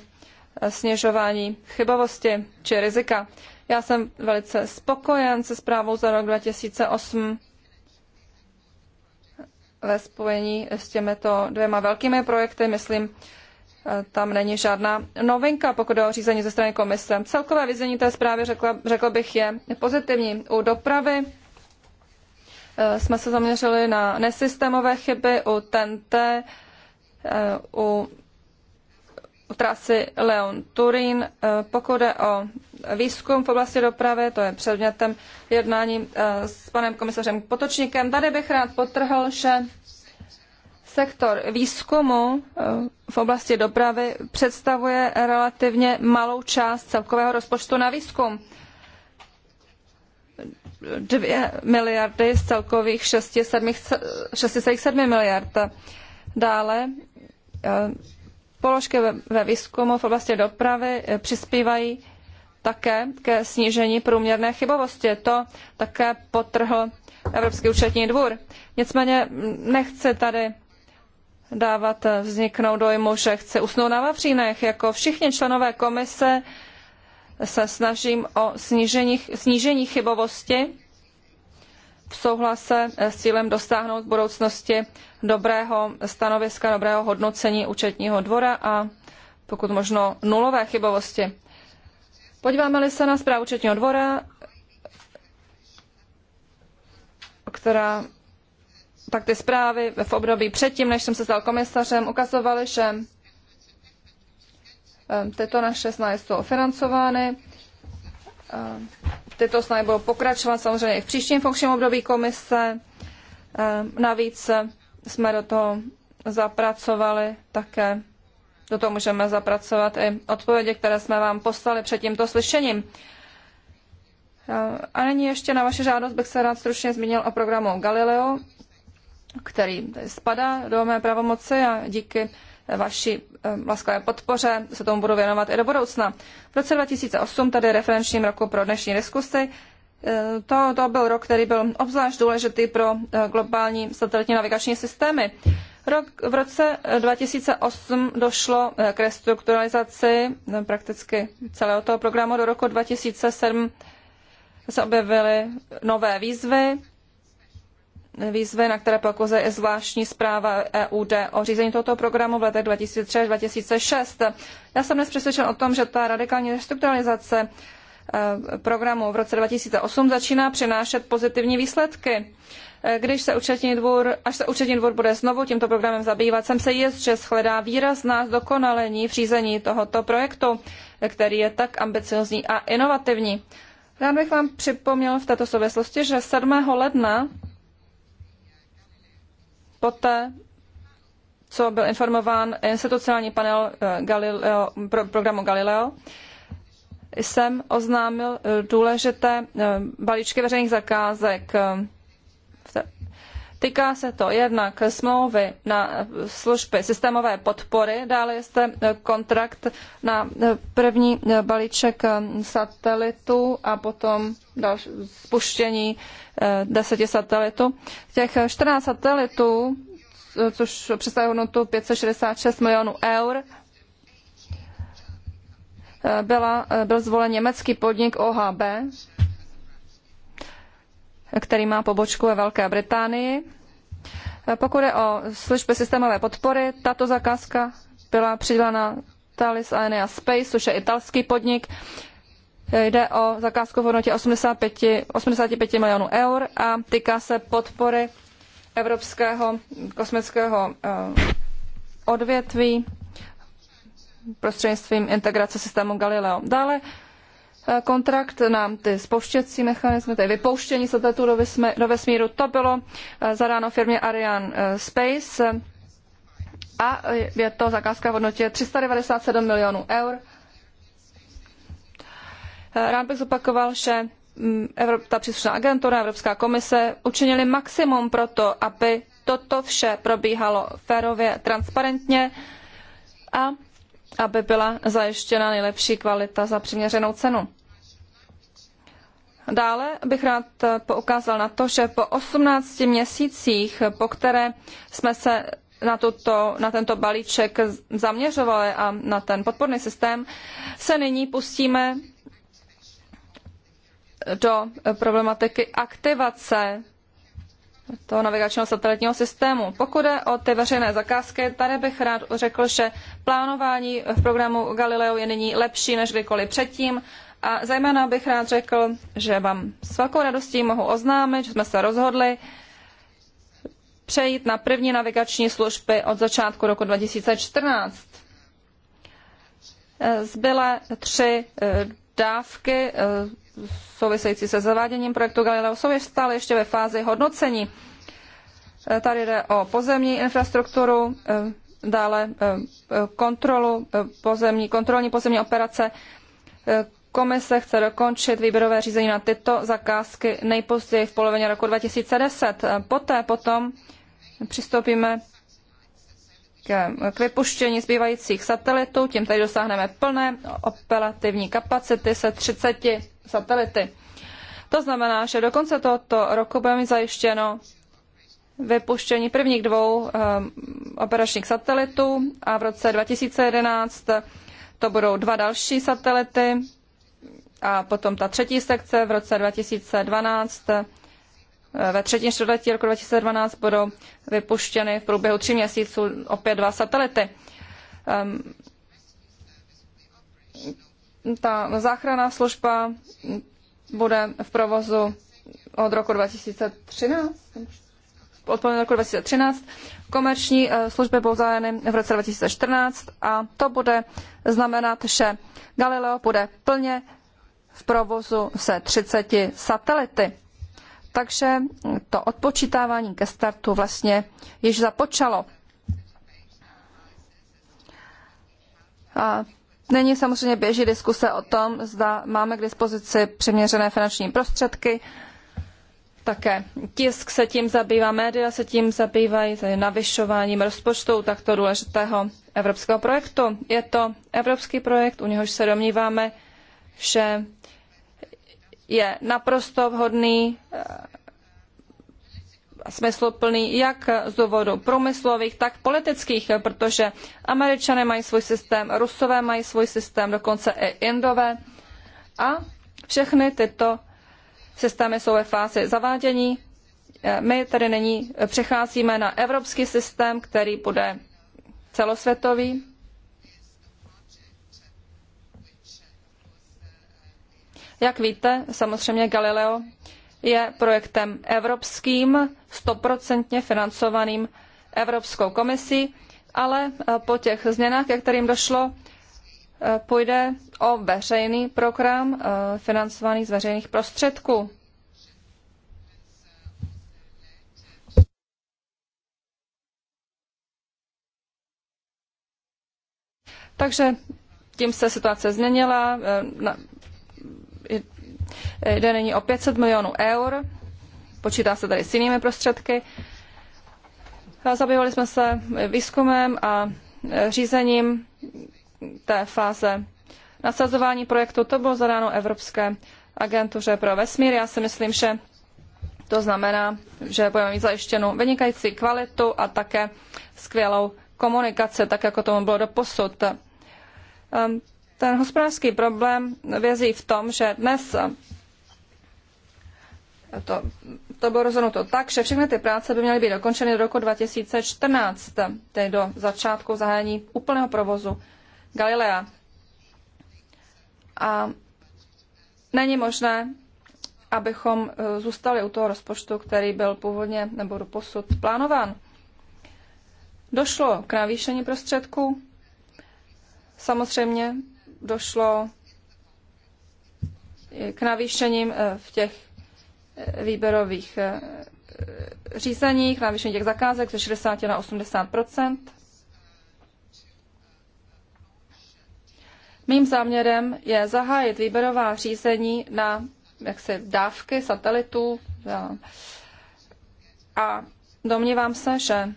Speaker 4: eh, snižování chybovosti či rizika. Já jsem velice spokojen se zprávou za rok 2008 ve spojení s těmito dvěma velkými projekty, myslím, eh, tam není žádná novinka, pokud je o řízení ze strany komise. Celkové vizení té zprávy, řekla, řekl bych, je pozitivní. U dopravy eh, jsme se zaměřili na nesystémové chyby, u TNT, eh, u trasy Leon-Turín. Eh, pokud je o výzkum v oblasti dopravy, to je předmětem jednání eh, s panem komisařem Potočníkem. Tady bych rád potrhl, že sektor výzkumu eh, v oblasti dopravy představuje relativně malou část celkového rozpočtu na výzkum. 2 miliardy z celkových 6,7 miliard. Dále položky ve výzkumu v oblasti dopravy eh, přispívají také ke snížení průměrné chybovosti. To také potrhl Evropský účetní dvůr. Nicméně mm, nechci tady dávat eh, vzniknout dojmu, že chci usnout na vavřínech. Jako všichni členové komise se snažím o snížení, snížení chybovosti v souhlase s cílem dosáhnout v budoucnosti dobrého stanoviska, dobrého hodnocení účetního dvora a pokud možno nulové chybovosti. Podíváme-li se na zprávu účetního dvora, která tak ty zprávy v období předtím, než jsem se stal komisařem, ukazovaly, že eh, tyto naše snahy jsou financovány Eh, tyto snahy budou pokračovat samozřejmě i v příštím funkčním období komise. Eh, navíc jsme do toho zapracovali také, do toho můžeme zapracovat i odpovědi, které jsme vám poslali před tímto slyšením. Eh, a nyní ještě na vaši žádost bych se rád stručně zmínil o programu Galileo, který spadá do mé pravomoci a díky vaší eh, laskavé podpoře se tomu budu věnovat i do budoucna. V roce 2008, tady referenčním roku pro dnešní diskusy, eh, to, to byl rok, který byl obzvlášť důležitý pro eh, globální satelitní navigační systémy. Rok, v roce 2008 došlo k restrukturalizaci prakticky celého toho programu. Do roku 2007 se objevily nové výzvy, výzvy, na které pokozuje i zvláštní zpráva EUD o řízení tohoto programu v letech 2003 2006. Já jsem dnes přesvědčen o tom, že ta radikální restrukturalizace eh, programu v roce 2008 začíná přinášet pozitivní výsledky. Eh, když se účetní dvůr, až se účetní dvůr bude znovu tímto programem zabývat, jsem se jist, že shledá výrazná zdokonalení v řízení tohoto projektu, který je tak ambiciozní a inovativní. Rád bych vám připomněl v této souvislosti, že 7. ledna Poté, co byl informován institucionální panel eh, Galileo, programu Galileo, jsem oznámil eh, důležité eh, balíčky veřejných zakázek Týká se to jednak smlouvy na služby systémové podpory, dále je zde kontrakt na první balíček satelitů a potom další spuštění eh, deseti satelitů. Těch 14 satelitů, což představuje hodnotu 566 milionů eur, eh, byla, eh, byl zvolen německý podnik OHB který má pobočku ve Velké Británii. Pokud je o služby systémové podpory, tato zakázka byla přidělena Thales Aenea Space, což je italský podnik. Jde o zakázku v hodnotě 85, 85 milionů eur a týká se podpory evropského kosmického eh, odvětví prostřednictvím integrace systému Galileo. Dále Eh, kontrakt na ty spouštěcí mechanismy, tedy vypouštění satelitů do vesmíru. To bylo eh, zadáno firmě Ariane eh, Space a je to zakázka v hodnotě 397 milionů eur. Rád bych zopakoval, že mm, ta příslušná agentura, Evropská komise učinili maximum pro to, aby toto vše probíhalo férově, transparentně a aby byla zajištěna nejlepší kvalita za přiměřenou cenu. Dále bych rád poukázal na to, že po 18 měsících, po které jsme se na, tuto, na tento balíček zaměřovali a na ten podporný systém, se nyní pustíme do problematiky aktivace toho navigačního satelitního systému. Pokud je o ty veřejné zakázky, tady bych rád řekl, že plánování v programu Galileo je nyní lepší než kdykoliv předtím. A zejména bych rád řekl, že vám s velkou radostí mohu oznámit, že jsme se rozhodli přejít na první navigační služby od začátku roku 2014. Zbylé tři eh, dávky eh, související se zaváděním projektu Galileo jsou stále ještě ve fázi hodnocení. Eh, tady jde o pozemní infrastrukturu, eh, dále kontrolu pozemní, kontrolní pozemní operace. Komise chce dokončit výběrové řízení na tyto zakázky nejpozději v polovině roku 2010. Poté potom přistoupíme k, vypuštění zbývajících satelitů. Tím tady dosáhneme plné operativní kapacity se 30 satelity. To znamená, že do konce tohoto roku mít zajištěno vypuštění prvních dvou um, operačních satelitů a v roce 2011 to budou dva další satelity a potom ta třetí sekce v roce 2012 Eh, ve třetím čtvrtletí roku 2012 budou vypuštěny v průběhu tří měsíců opět dva satelity. Ehm, ta záchranná služba bude v provozu od roku 2013, od roku 2013. Komerční eh, služby budou zájeny v roce 2014 a to bude znamenat, že Galileo bude plně v provozu se 30 satelity. Takže to odpočítávání ke startu vlastně již započalo. A není samozřejmě běží diskuse o tom, zda máme k dispozici přiměřené finanční prostředky. Také tisk se tím zabývá, média se tím zabývají, navyšováním rozpočtu takto důležitého evropského projektu. Je to evropský projekt, u něhož se domníváme, že je naprosto vhodný eh, smysluplný jak z důvodu průmyslových, tak politických, protože američané mají svůj systém, rusové mají svůj systém, dokonce i indové. A všechny tyto systémy jsou ve fázi zavádění. Eh, my tedy nyní přecházíme na evropský systém, který bude celosvětový Jak víte, samozřejmě Galileo je projektem evropským, stoprocentně financovaným Evropskou komisí, ale eh, po těch změnách, ke kterým došlo, eh, půjde o veřejný program eh, financovaný z veřejných prostředků. Takže tím se situace změnila. Jde nyní o 500 milionů eur, počítá se tady s jinými prostředky. Zabývali jsme se výzkumem a e, řízením té fáze nasazování projektu. To bylo zadáno Evropské agentuře pro vesmír. Já si myslím, že to znamená, že budeme mít zajištěnou vynikající kvalitu a také skvělou komunikaci, tak jako tomu bylo do posud. Ehm, ten hospodářský problém vězí v tom, že dnes to, to bylo rozhodnuto tak, že všechny ty práce by měly být dokončeny do roku 2014, tedy do začátku zahájení úplného provozu Galilea. A není možné, abychom eh, zůstali u toho rozpočtu, který byl původně nebo do posud plánován. Došlo k navýšení prostředků. Samozřejmě došlo k navýšením eh, v těch eh, výběrových eh, řízeních, navýšení těch zakázek ze 60 na 80 Mým záměrem je zahájit výběrová řízení na jaksi dávky satelitů a domnívám se, že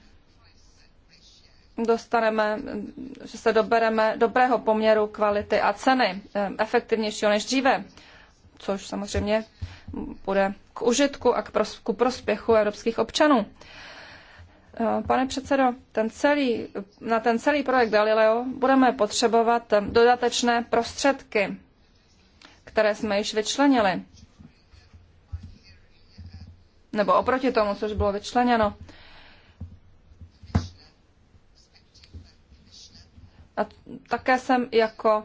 Speaker 4: dostaneme, že se dobereme dobrého poměru kvality a ceny, eh, efektivnějšího než dříve, což samozřejmě bude k užitku a k, pros- ku prospěchu evropských občanů. Eh, pane předsedo, ten celý, na ten celý projekt Galileo budeme potřebovat eh, dodatečné prostředky, které jsme již vyčlenili. Nebo oproti tomu, což bylo vyčleněno. A také jsem jako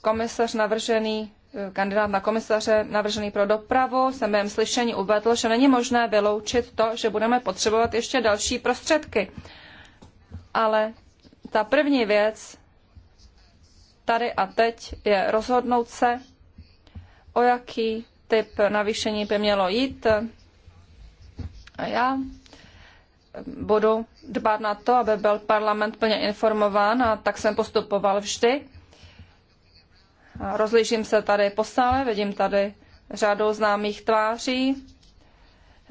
Speaker 4: komisař navržený, eh, kandidát na komisaře navržený pro dopravu, jsem během slyšení uvedl, že není možné vyloučit to, že budeme potřebovat ještě další prostředky. Ale ta první věc tady a teď je rozhodnout se, o jaký typ navýšení by mělo jít. A já budu dbát na to, aby byl parlament plně informován a tak jsem postupoval vždy. Rozlížím se tady po sále, vidím tady řadu známých tváří,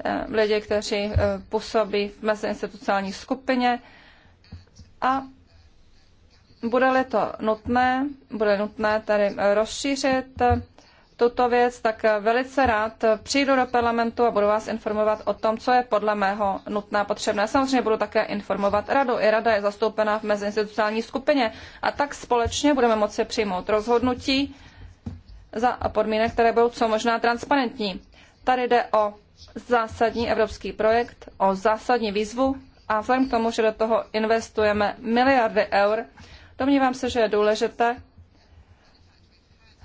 Speaker 4: eh, lidi, kteří eh, působí v meziinstitucionální skupině a bude-li to nutné, bude nutné tady rozšířit eh, tuto věc, tak eh, velice rád eh, přijdu do parlamentu a budu vás informovat o tom, co je podle mého a potřebné. Samozřejmě budu také informovat radu. I rada je zastoupena v meziinstitucionální skupině a tak společně budeme moci přijmout rozhodnutí za podmínek, které budou co možná transparentní. Tady jde o zásadní evropský projekt, o zásadní výzvu a vzhledem k tomu, že do toho investujeme miliardy eur, domnívám se, že je důležité,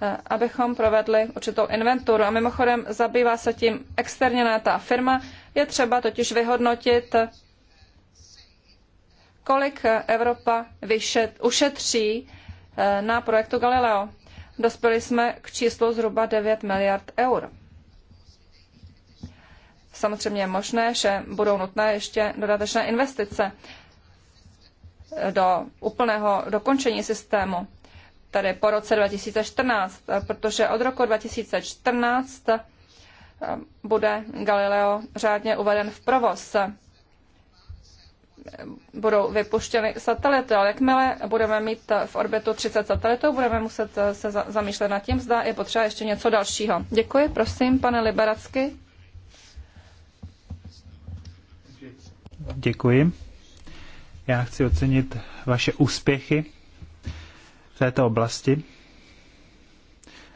Speaker 4: Eh, abychom provedli určitou inventuru. A mimochodem zabývá se tím externě najatá firma. Je třeba totiž vyhodnotit, kolik Evropa vyšet, ušetří eh, na projektu Galileo. Dospěli jsme k číslu zhruba 9 miliard eur. Samozřejmě je možné, že budou nutné ještě dodatečné investice do úplného dokončení systému tedy po roce 2014, protože od roku 2014 eh, bude Galileo řádně uveden v provoz. Budou vypuštěny satelity, ale jakmile budeme mít v orbitu 30 satelitů, budeme muset eh, se zamýšlet nad tím, zda je potřeba ještě něco dalšího. Děkuji, prosím, pane Liberacky.
Speaker 1: Děkuji. Já chci ocenit vaše úspěchy v této oblasti.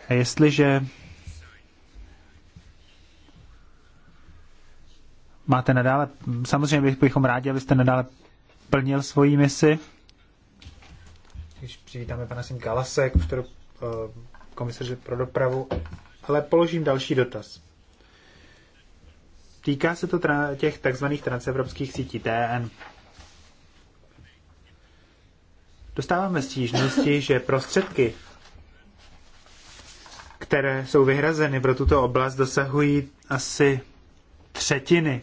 Speaker 1: A jestliže máte nadále, samozřejmě bychom rádi, abyste nadále plnil svoji misi. Když přivítáme pana Simkalase, jakožto eh, komisaře pro dopravu, ale položím další dotaz. Týká se to těch takzvaných transevropských sítí TN dostáváme stížnosti, že prostředky, které jsou vyhrazeny pro tuto oblast, dosahují asi třetiny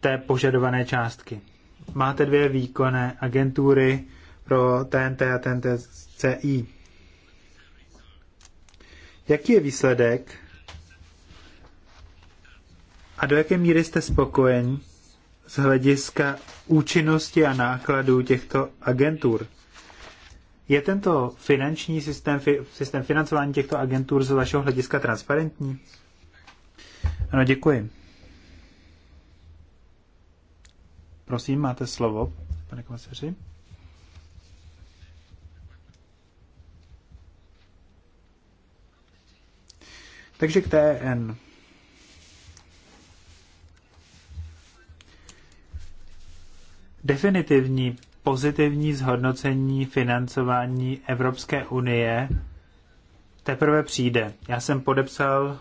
Speaker 1: té požadované částky. Máte dvě výkonné agentury pro TNT a TNT CI. Jaký je výsledek? A do jaké míry jste spokojeni z hlediska účinnosti a nákladů těchto agentur. Je tento finanční systém, systém financování těchto agentur z vašeho hlediska transparentní? Ano, děkuji. Prosím, máte slovo, pane komisaři. Takže k TN. definitivní pozitivní zhodnocení financování Evropské unie teprve přijde. Já jsem podepsal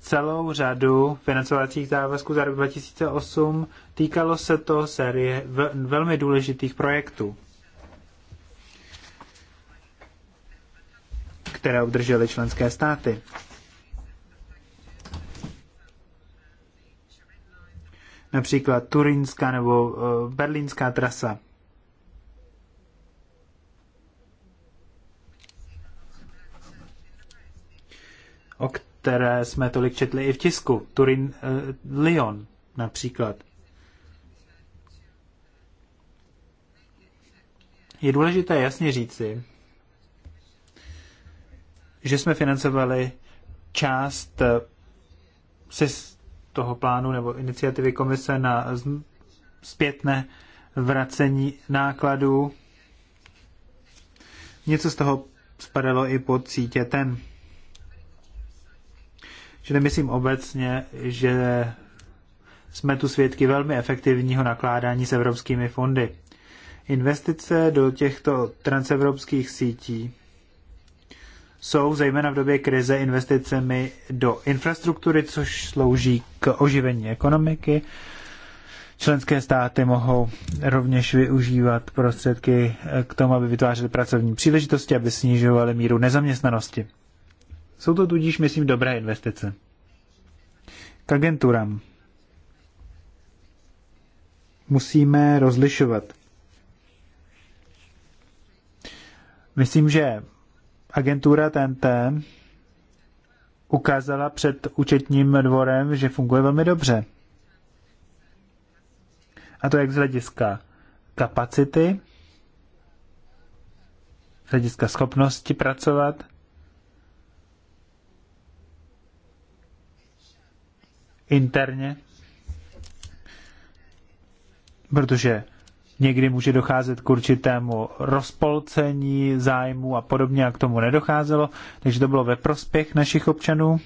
Speaker 1: celou řadu financovacích závazků za rok 2008. Týkalo se to série velmi důležitých projektů, které obdržely členské státy. například Turinská nebo eh, Berlínská trasa. o které jsme tolik četli i v tisku. Turin, eh, Lyon například. Je důležité jasně říci, že jsme financovali část eh, se toho plánu nebo iniciativy komise na zpětné vracení nákladů. Něco z toho spadalo i pod sítě ten. Že nemyslím obecně, že jsme tu svědky velmi efektivního nakládání s evropskými fondy. Investice do těchto transevropských sítí jsou zejména v době krize investicemi do infrastruktury, což slouží k oživení ekonomiky. Členské státy mohou rovněž využívat prostředky k tomu, aby vytvářely pracovní příležitosti, aby snižovaly míru nezaměstnanosti. Jsou to tudíž, myslím, dobré investice. K agenturám musíme rozlišovat. Myslím, že agentura TNT ukázala před účetním dvorem, že funguje velmi dobře. A to jak z hlediska kapacity, z hlediska schopnosti pracovat, interně, protože Někdy může docházet k určitému rozpolcení zájmu a podobně, a k tomu nedocházelo, takže to bylo ve prospěch našich občanů.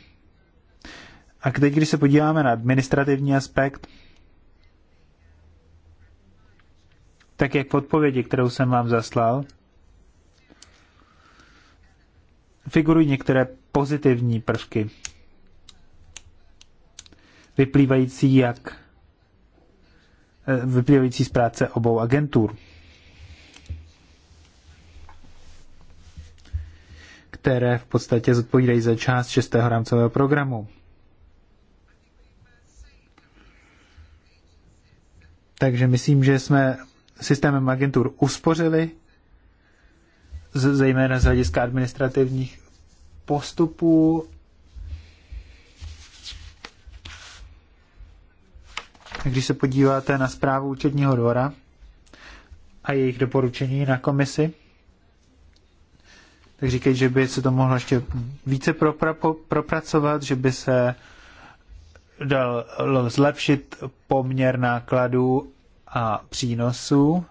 Speaker 1: A teď, když se podíváme na administrativní aspekt, tak jak v odpovědi, kterou jsem vám zaslal, figurují některé pozitivní prvky, vyplývající jak vyplývající z práce obou agentur. které v podstatě zodpovídají za část šestého rámcového programu. Takže myslím, že jsme systémem agentur uspořili, zejména z hlediska administrativních postupů když se podíváte na zprávu účetního dvora a jejich doporučení na komisi, tak říkají, že by se to mohlo ještě více propra, propracovat, že by se dalo zlepšit poměr nákladů a přínosů,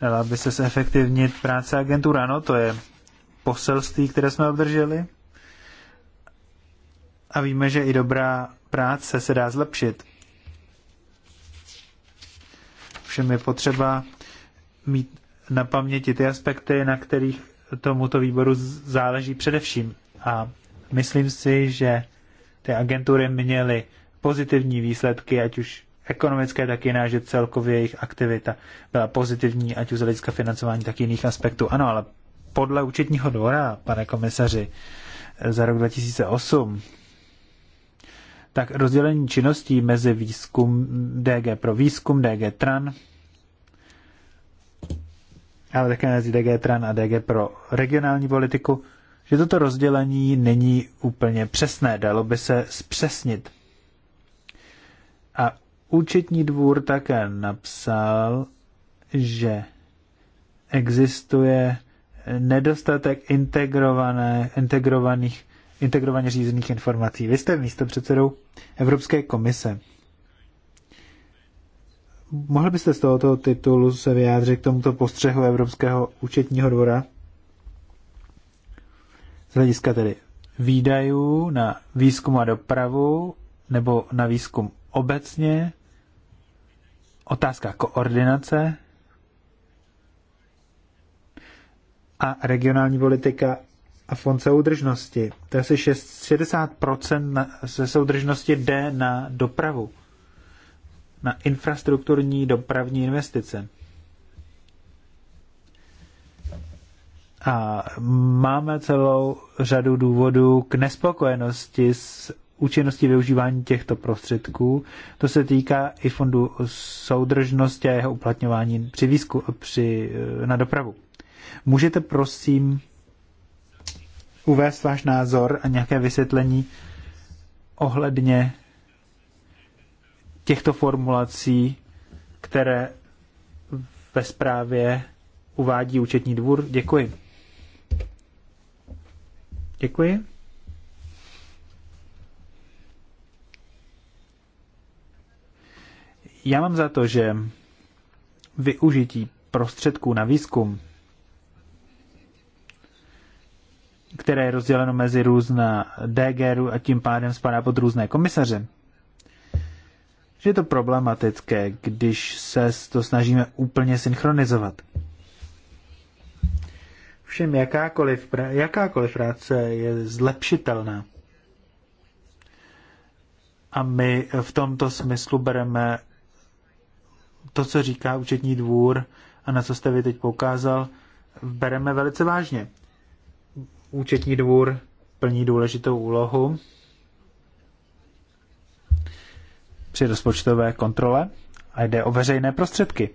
Speaker 1: dala by se zefektivnit práce agentů. Ano, to je poselství, které jsme obdrželi. A víme, že i dobrá práce se dá zlepšit. Ovšem je potřeba mít na paměti ty aspekty, na kterých tomuto výboru záleží především. A myslím si, že ty agentury měly pozitivní výsledky, ať už ekonomické, tak jiné, že celkově jejich aktivita byla pozitivní, ať už z hlediska financování, tak jiných aspektů. Ano, ale podle účetního dvora, pane komisaři, za rok 2008 tak rozdělení činností mezi výzkum DG pro výzkum, DG TRAN, ale také mezi DG TRAN a DG pro regionální politiku, že toto rozdělení není úplně přesné, dalo by se zpřesnit. A účetní dvůr také napsal, že existuje nedostatek integrovaných integrovaně řízených informací. Vy jste místo předsedou Evropské komise. Mohl byste z tohoto titulu se vyjádřit k tomuto postřehu Evropského účetního dvora? Z hlediska tedy výdajů na výzkum a dopravu nebo na výzkum obecně, otázka koordinace a regionální politika a fond soudržnosti. To je asi 60% ze soudržnosti jde na dopravu, na infrastrukturní dopravní investice. A máme celou řadu důvodů k nespokojenosti s účinností využívání těchto prostředků. To se týká i fondu soudržnosti a jeho uplatňování při výzku, při, eh, na dopravu. Můžete prosím uvést váš názor a nějaké vysvětlení ohledně těchto formulací, které ve zprávě uvádí účetní dvůr. Děkuji. Děkuji. Já mám za to, že využití prostředků na výzkum které je rozděleno mezi různá DGRu a tím pádem spadá pod různé komisaře. Že je to problematické, když se to snažíme úplně synchronizovat. Všem jakákoliv, jakákoliv práce je zlepšitelná. A my v tomto smyslu bereme to, co říká účetní dvůr a na co jste vy teď poukázal, bereme velice vážně. Účetní dvůr plní důležitou úlohu při rozpočtové kontrole a jde o veřejné prostředky.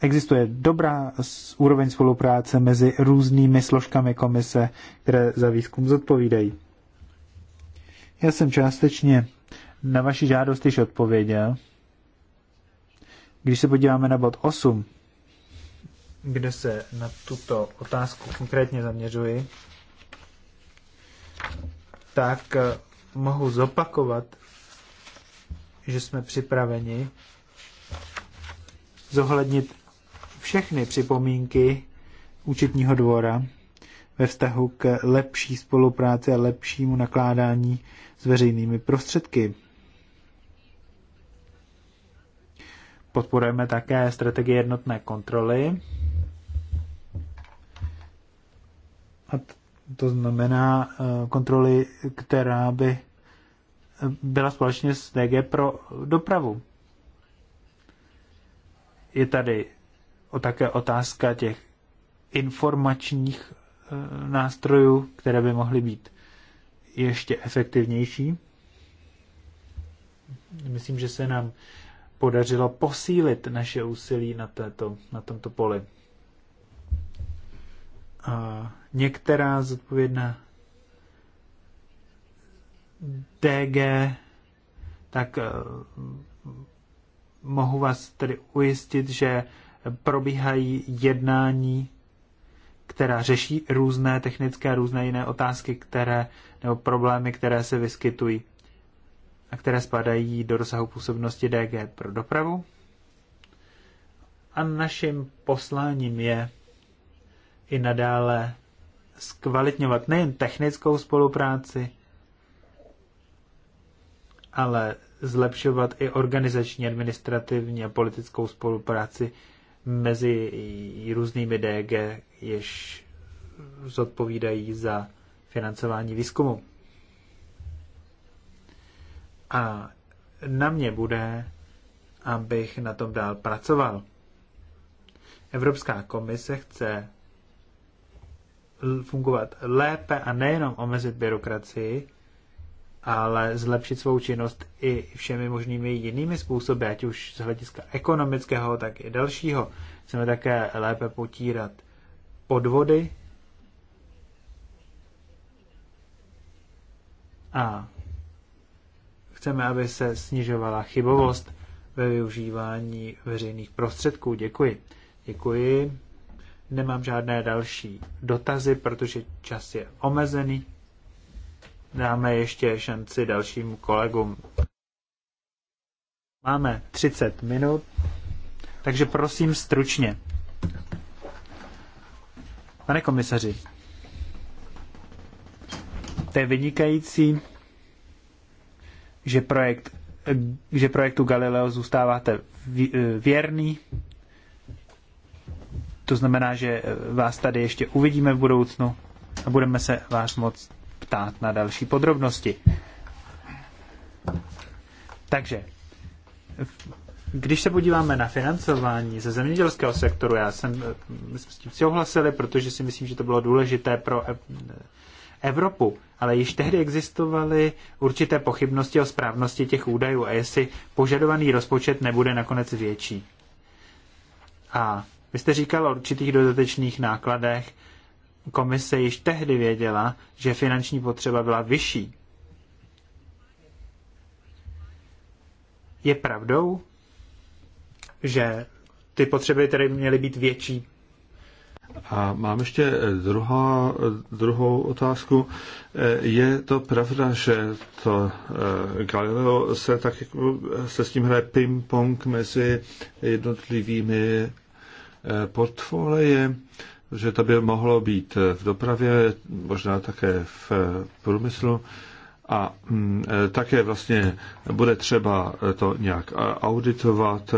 Speaker 1: Existuje dobrá úroveň spolupráce mezi různými složkami komise, které za výzkum zodpovídají. Já jsem částečně na vaši žádost již odpověděl. Když se podíváme na bod 8 kde se na tuto otázku konkrétně zaměřuji, tak eh, mohu zopakovat, že jsme připraveni zohlednit všechny připomínky účetního dvora ve vztahu k lepší spolupráci a lepšímu nakládání s veřejnými prostředky. Podporujeme také strategie jednotné kontroly A to znamená eh, kontroly, která by eh, byla společně s DG pro dopravu. Je tady o také otázka těch informačních eh, nástrojů, které by mohly být ještě efektivnější. Myslím, že se nám podařilo posílit naše úsilí na, této, na tomto poli. A některá zodpovědná DG, tak eh, mohu vás tedy ujistit, že probíhají jednání, která řeší různé technické, různé jiné otázky, které, nebo problémy, které se vyskytují a které spadají do rozsahu působnosti DG pro dopravu. A naším posláním je i nadále zkvalitňovat nejen technickou spolupráci, ale zlepšovat i organizační, administrativní a politickou spolupráci mezi různými DG, jež zodpovídají za financování výzkumu. A na mě bude, abych na tom dál pracoval. Evropská komise chce fungovat lépe a nejenom omezit byrokracii, ale zlepšit svou činnost i všemi možnými jinými způsoby, ať už z hlediska ekonomického, tak i dalšího. Chceme také lépe potírat podvody a chceme, aby se snižovala chybovost ve využívání veřejných prostředků. Děkuji. Děkuji. Nemám žádné další dotazy, protože čas je omezený. Dáme ještě šanci dalším kolegům. Máme 30 minut, takže prosím stručně. Pane komisaři, to je vynikající, že, projekt, že projektu Galileo zůstáváte eh, věrný, to znamená, že eh, vás tady ještě uvidíme v budoucnu a budeme se vás moc ptát na další podrobnosti. Takže, když se podíváme na financování ze zemědělského sektoru, já jsem eh, my jsme s tím souhlasili, protože si myslím, že to bylo důležité pro eh, Evropu, ale již tehdy existovaly určité pochybnosti o správnosti těch údajů a jestli požadovaný rozpočet nebude nakonec větší. A vy jste říkal o určitých dodatečných nákladech. Komise již tehdy věděla, že finanční potřeba byla vyšší. Je pravdou, že ty potřeby tedy měly být větší.
Speaker 3: A mám ještě druhá, druhou otázku. Je to pravda, že to eh, Galileo se tak jako, se s tím hraje ping-pong mezi jednotlivými Eh, portfolie, že to by mohlo být v dopravě, možná také v eh, průmyslu a mm, eh, také vlastně bude třeba to nějak auditovat,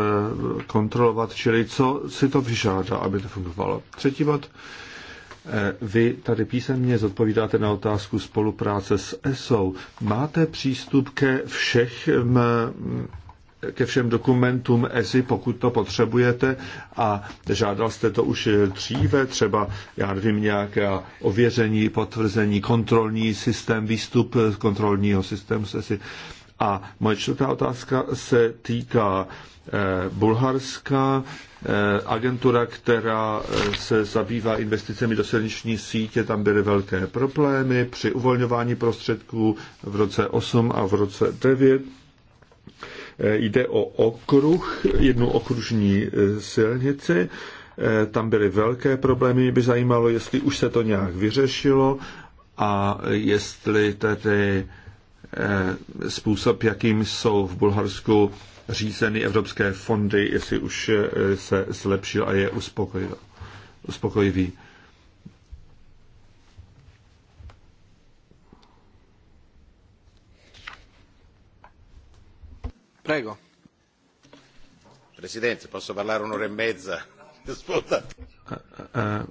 Speaker 3: kontrolovat, čili co si to vyžádá, aby to fungovalo. Třetí bod. Vy tady písemně zodpovídáte na otázku spolupráce s ESO. Máte přístup ke všech ke všem dokumentům ESI, pokud to potřebujete a žádal jste to už dříve, třeba, já nevím, nějaké ověření, potvrzení, kontrolní systém, výstup kontrolního systému z ESI. A moje čtvrtá otázka se týká eh, Bulharska, eh, agentura, která eh, se zabývá investicemi do silniční sítě, tam byly velké problémy při uvolňování prostředků v roce 8 a v roce 9 Eh, jde o okruh, jednu okružní eh, silnici. Eh, tam byly velké problémy. Mě by zajímalo, jestli už se to nějak vyřešilo a jestli tedy způsob, jakým jsou v Bulharsku řízeny evropské fondy, jestli už se zlepšil a je uspokojivý.
Speaker 2: Presidente, posso parlare un'ora e mezza?
Speaker 3: Eh, eh, eh,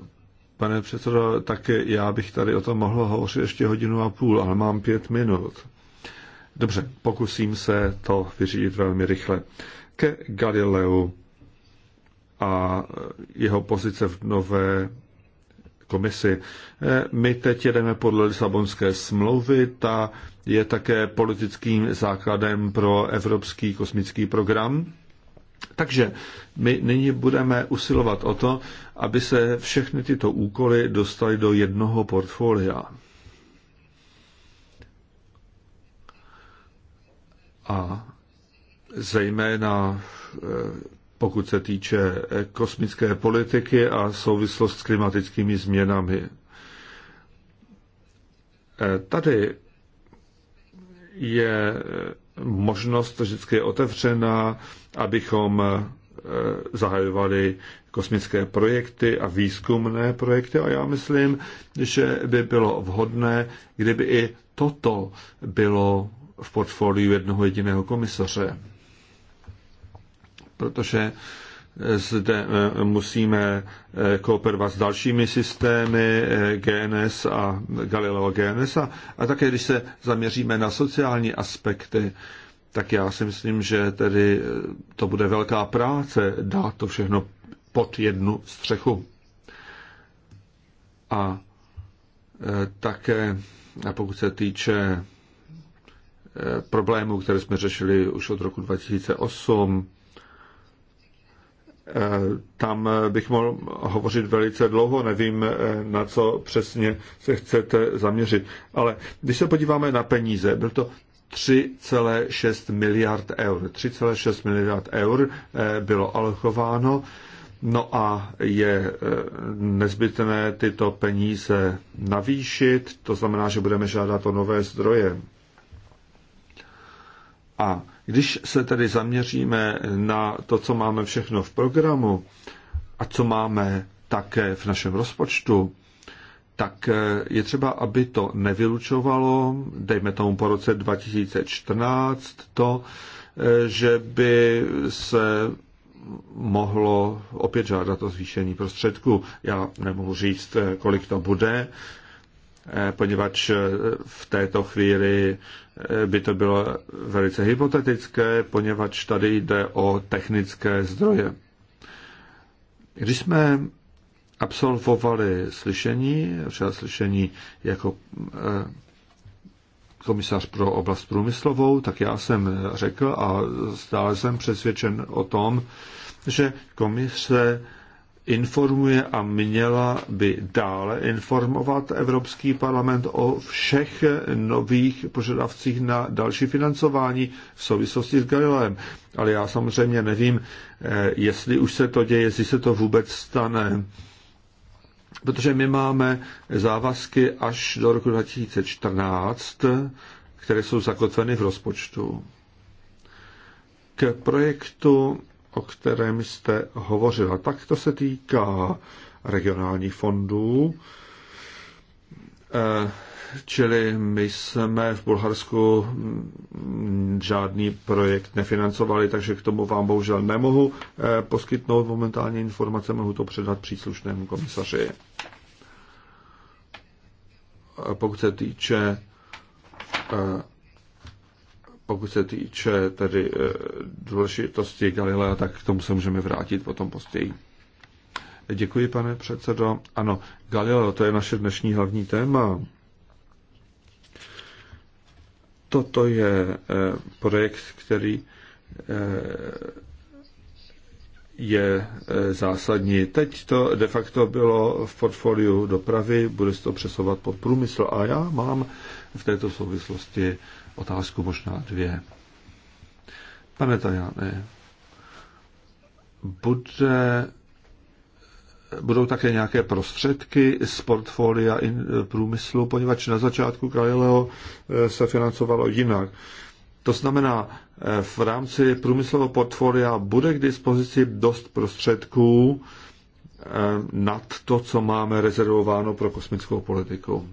Speaker 3: pane předsedo, tak já bych tady o tom mohl hovořit ještě hodinu a půl, ale mám pět minut. Dobře, pokusím se to vyřídit velmi rychle. Ke Galileu a jeho pozice v nové komisi. Eh, my teď jedeme podle Lisabonské smlouvy, ta je také politickým základem pro Evropský kosmický program. Takže my nyní budeme usilovat o to, aby se všechny tyto úkoly dostaly do jednoho portfolia. A zejména eh, pokud se týče eh, kosmické politiky a souvislost s klimatickými změnami. Eh, tady je eh, možnost vždycky otevřená, abychom zahajovali kosmické projekty a výzkumné projekty a já myslím, že by bylo vhodné, kdyby i toto bylo v portfoliu jednoho jediného komisaře protože zde eh, musíme eh, kooperovat s dalšími systémy eh, GNS a Galileo GNS a, a také když se zaměříme na sociální aspekty, tak já si myslím, že tedy to bude velká práce dát to všechno pod jednu střechu. A také, a pokud se týče problémů, které jsme řešili už od roku 2008, Eh, tam eh, bych mohl hovořit velice dlouho, nevím, eh, na co přesně se chcete zaměřit. Ale když se podíváme na peníze, byl to 3,6 miliard eur. 3,6 miliard eur bylo alokováno, no a je nezbytné tyto peníze navýšit, to znamená, že budeme žádat o nové zdroje. A když se tedy zaměříme na to, co máme všechno v programu a co máme také v našem rozpočtu, tak eh, je třeba, aby to nevylučovalo, dejme tomu po roce 2014, to, eh, že by se mohlo opět žádat o zvýšení prostředků. Já nemohu říct, eh, kolik to bude, Eh, poněvadž eh, v této chvíli eh, by to bylo velice hypotetické, poněvadž tady jde o technické zdroje. Když jsme absolvovali slyšení, třeba slyšení jako komisař pro oblast průmyslovou, tak já jsem řekl a stále jsem přesvědčen o tom, že komise informuje a měla by dále informovat Evropský parlament o všech nových požadavcích na další financování v souvislosti s Galileem. Ale já samozřejmě nevím, eh, jestli už se to děje, jestli se to vůbec stane. Protože my máme závazky až do roku 2014, které jsou zakotveny v rozpočtu. K projektu o kterém jste hovořila. Tak to se týká regionálních fondů. Eh, čili my jsme v Bulharsku mm, žádný projekt nefinancovali, takže k tomu vám bohužel nemohu eh, poskytnout momentálně informace, mohu to předat příslušnému komisaři. Pokud se týče eh, pokud se týče tedy eh, důležitosti Galilea, tak k tomu se můžeme vrátit potom později. Děkuji, pane předsedo. Ano, Galileo, to je naše dnešní hlavní téma. Toto je eh, projekt, který eh, je zásadní. Teď to de facto bylo v portfoliu dopravy, bude se to přesovat pod průmysl a já mám v této souvislosti otázku, možná dvě. Pane Tajane, bude, budou také nějaké prostředky z portfolia in, průmyslu, poněvadž na začátku Krajeleho eh, se financovalo jinak. To znamená, eh, v rámci průmyslového portfolia bude k dispozici dost prostředků eh, nad to, co máme rezervováno pro kosmickou politiku.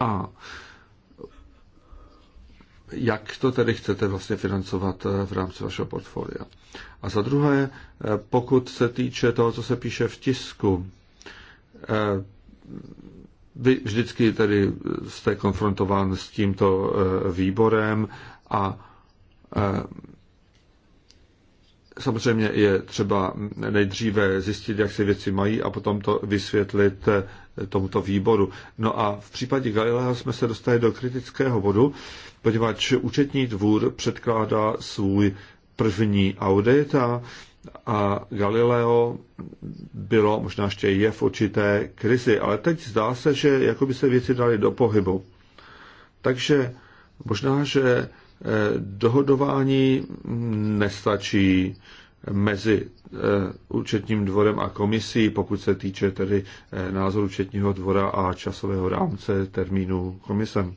Speaker 3: A jak to tedy chcete vlastně financovat eh, v rámci vašeho portfolia. A za druhé, eh, pokud se týče toho, co se píše v tisku, eh, vy vždycky tedy jste konfrontován s tímto výborem a Samozřejmě je třeba nejdříve zjistit, jak se věci mají a potom to vysvětlit eh, tomuto výboru. No a v případě Galilea jsme se dostali do kritického bodu, poněvadž účetní dvůr předkládá svůj první audit a, a Galileo bylo možná ještě je v určité krizi, ale teď zdá se, že jako by se věci daly do pohybu. Takže možná, že Eh, dohodování nestačí mezi eh, účetním dvorem a komisí, pokud se týče tedy eh, názoru účetního dvora a časového rámce termínu komisem.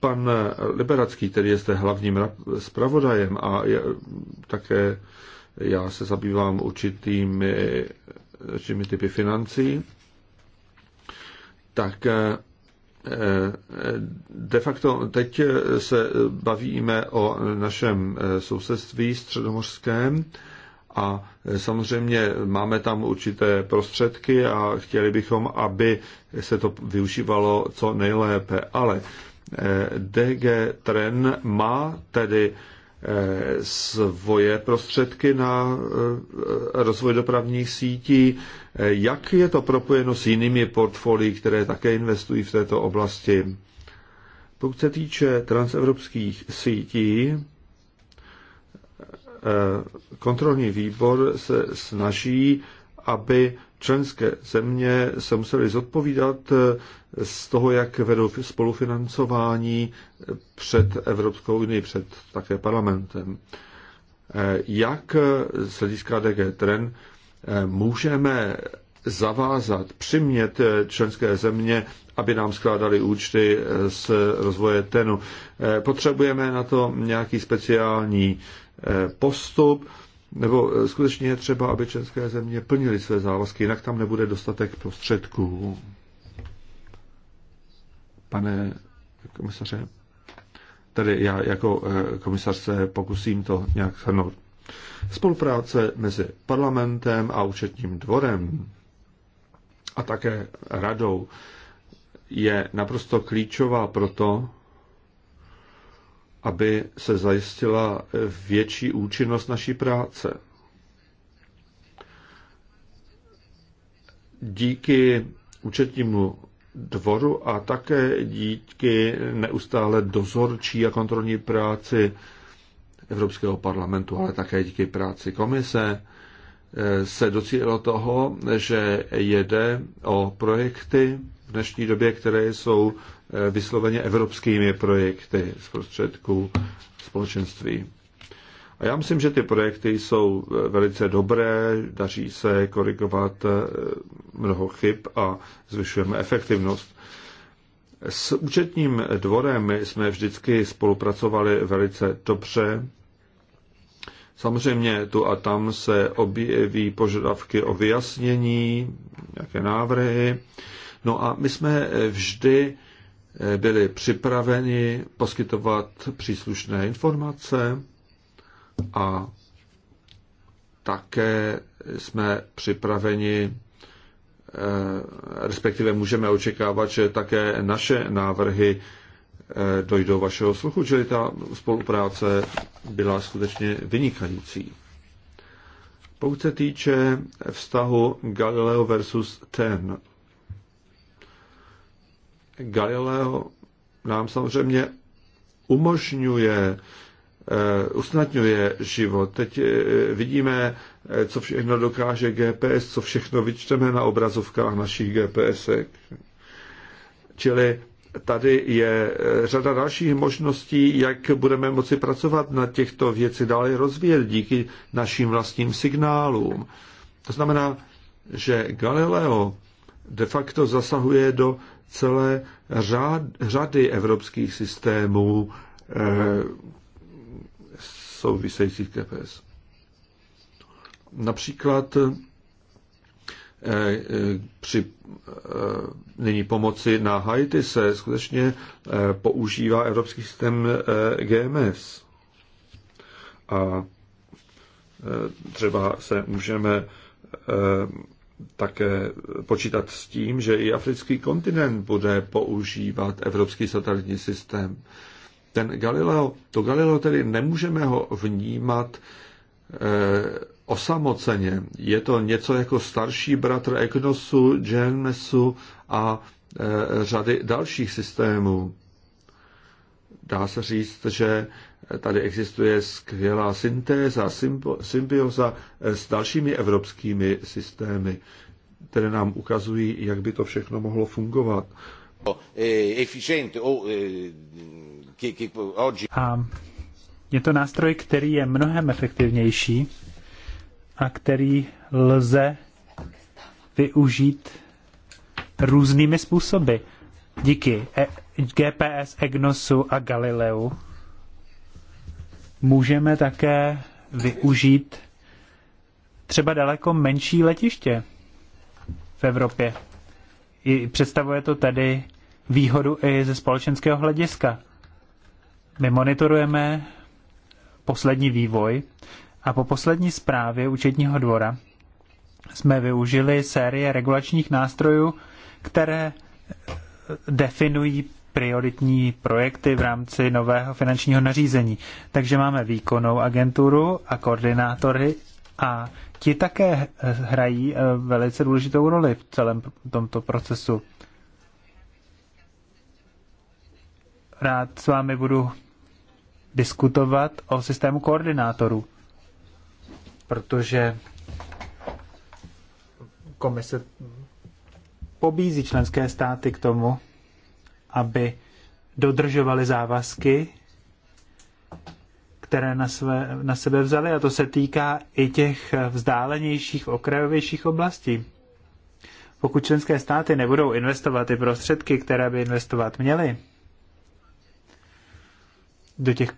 Speaker 3: Pan Liberacký, který je zde hlavním zpravodajem a je, také já se zabývám určitými, určitými typy financí, tak De facto teď se bavíme o našem sousedství středomořském a samozřejmě máme tam určité prostředky a chtěli bychom, aby se to využívalo co nejlépe. Ale eh, DG Tren má tedy svoje prostředky na eh, rozvoj dopravních sítí. Jak je to propojeno s jinými portfolií, které také investují v této oblasti? Pokud se týče transevropských sítí, eh, kontrolní výbor se snaží, aby členské země se musely zodpovídat eh, z toho, jak vedou spolufinancování před Evropskou unii, před také parlamentem. Eh, jak z hlediska DG Tren eh, můžeme zavázat, přimět eh, členské země, aby nám skládali účty z rozvoje TENu. Potřebujeme na to nějaký speciální postup, nebo skutečně je třeba, aby české země plnily své závazky, jinak tam nebude dostatek prostředků. Pane komisaře, tedy já jako eh, komisař se pokusím to nějak shrnout. Spolupráce mezi parlamentem a účetním dvorem a také radou je naprosto klíčová proto, aby se zajistila eh, větší účinnost naší práce. Díky účetnímu dvoru a také díky neustále dozorčí a kontrolní práci Evropského parlamentu, ale také díky práci komise eh, se docílilo toho, že jede o projekty v dnešní době, které jsou eh, vysloveně evropskými projekty z prostředků společenství. A já myslím, že ty projekty jsou eh, velice dobré, daří se korigovat eh, mnoho chyb a zvyšujeme efektivnost. S účetním dvorem jsme vždycky spolupracovali velice dobře. Samozřejmě tu a tam se objeví požadavky o vyjasnění, nějaké návrhy. No a my jsme eh, vždy byli připraveni poskytovat příslušné informace a také jsme připraveni, eh, respektive můžeme očekávat, že také naše návrhy eh, dojdou vašeho sluchu, čili ta spolupráce byla skutečně vynikající. Pokud se týče vztahu Galileo versus Ten, Galileo nám samozřejmě umožňuje Eh, usnadňuje život. Teď eh, vidíme, eh, co všechno dokáže GPS, co všechno vyčteme na obrazovkách našich GPS, Čili tady je řada dalších možností, jak budeme moci pracovat na těchto věci dále rozvíjet díky našim vlastním signálům. To znamená, že Galileo de facto zasahuje do celé řady evropských systémů, souvisejících kefes. Například eh, eh, při eh, nyní pomoci na Haiti se skutečně používá evropský systém GMS. A třeba se můžeme také počítat s tím, že i africký kontinent bude používat evropský satelitní systém. Ten Galileo, to Galileo tedy nemůžeme ho vnímat e, osamoceně. Je to něco jako starší bratr Egnosu, Germesu a e, řady dalších systémů. Dá se říct, že tady existuje skvělá syntéza, symbioza eh, s dalšími evropskými systémy, které nám ukazují, jak by to všechno mohlo fungovat
Speaker 2: efficiente a
Speaker 1: je to nástroj, který je mnohem efektivnější a který lze využít různými způsoby. Díky e, GPS, EGNOSu a Galileu můžeme také využít třeba daleko menší letiště v Evropě. I představuje to tedy výhodu i ze společenského hlediska. My monitorujeme poslední vývoj a po poslední zprávě účetního dvora jsme využili série regulačních nástrojů, které definují prioritní projekty v rámci nového finančního nařízení. Takže máme výkonnou agenturu a koordinátory a ti také hrají eh, velice důležitou roli v celém tomto procesu. Rád s vámi budu diskutovat o systému koordinátorů, protože komise pobízí členské státy k tomu, aby dodržovali závazky, které na, své, na sebe vzali a to se týká i těch vzdálenějších, okrajovějších oblastí. Pokud členské státy nebudou investovat ty prostředky, které by investovat měly, do těch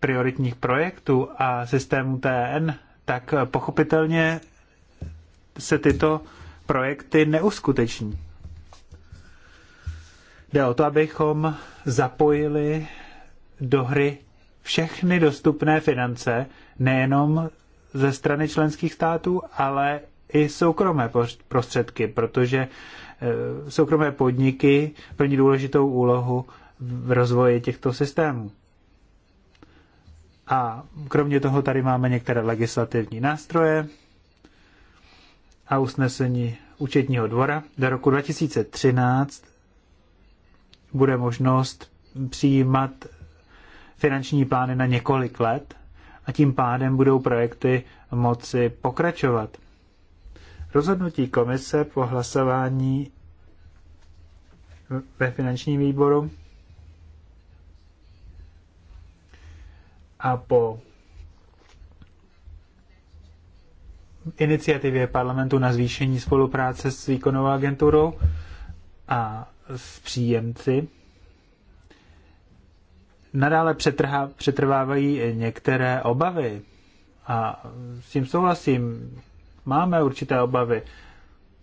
Speaker 1: prioritních projektů a systému TN, tak pochopitelně se tyto projekty neuskuteční. Jde o to, abychom zapojili do hry všechny dostupné finance, nejenom ze strany členských států, ale i soukromé prostředky, protože eh, soukromé podniky plní důležitou úlohu v rozvoji těchto systémů. A kromě toho tady máme některé legislativní nástroje a usnesení účetního dvora. Do roku 2013 bude možnost přijímat finanční plány na několik let a tím pádem budou projekty moci pokračovat. Rozhodnutí komise po hlasování ve finančním výboru a po iniciativě parlamentu na zvýšení spolupráce s výkonovou agenturou a s příjemci. Nadále přetrhá, přetrvávají některé obavy a s tím souhlasím. Máme určité obavy.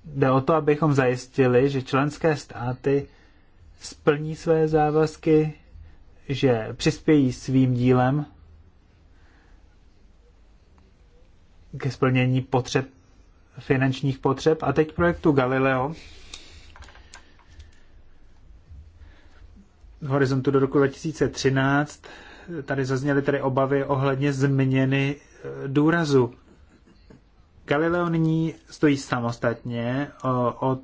Speaker 1: Jde o to, abychom zajistili, že členské státy splní své závazky, že přispějí svým dílem ke splnění potřeb, finančních potřeb. A teď projektu Galileo. V horizontu do roku 2013 tady zazněly tady obavy ohledně změny e, důrazu. Galileo nyní stojí samostatně, o, o,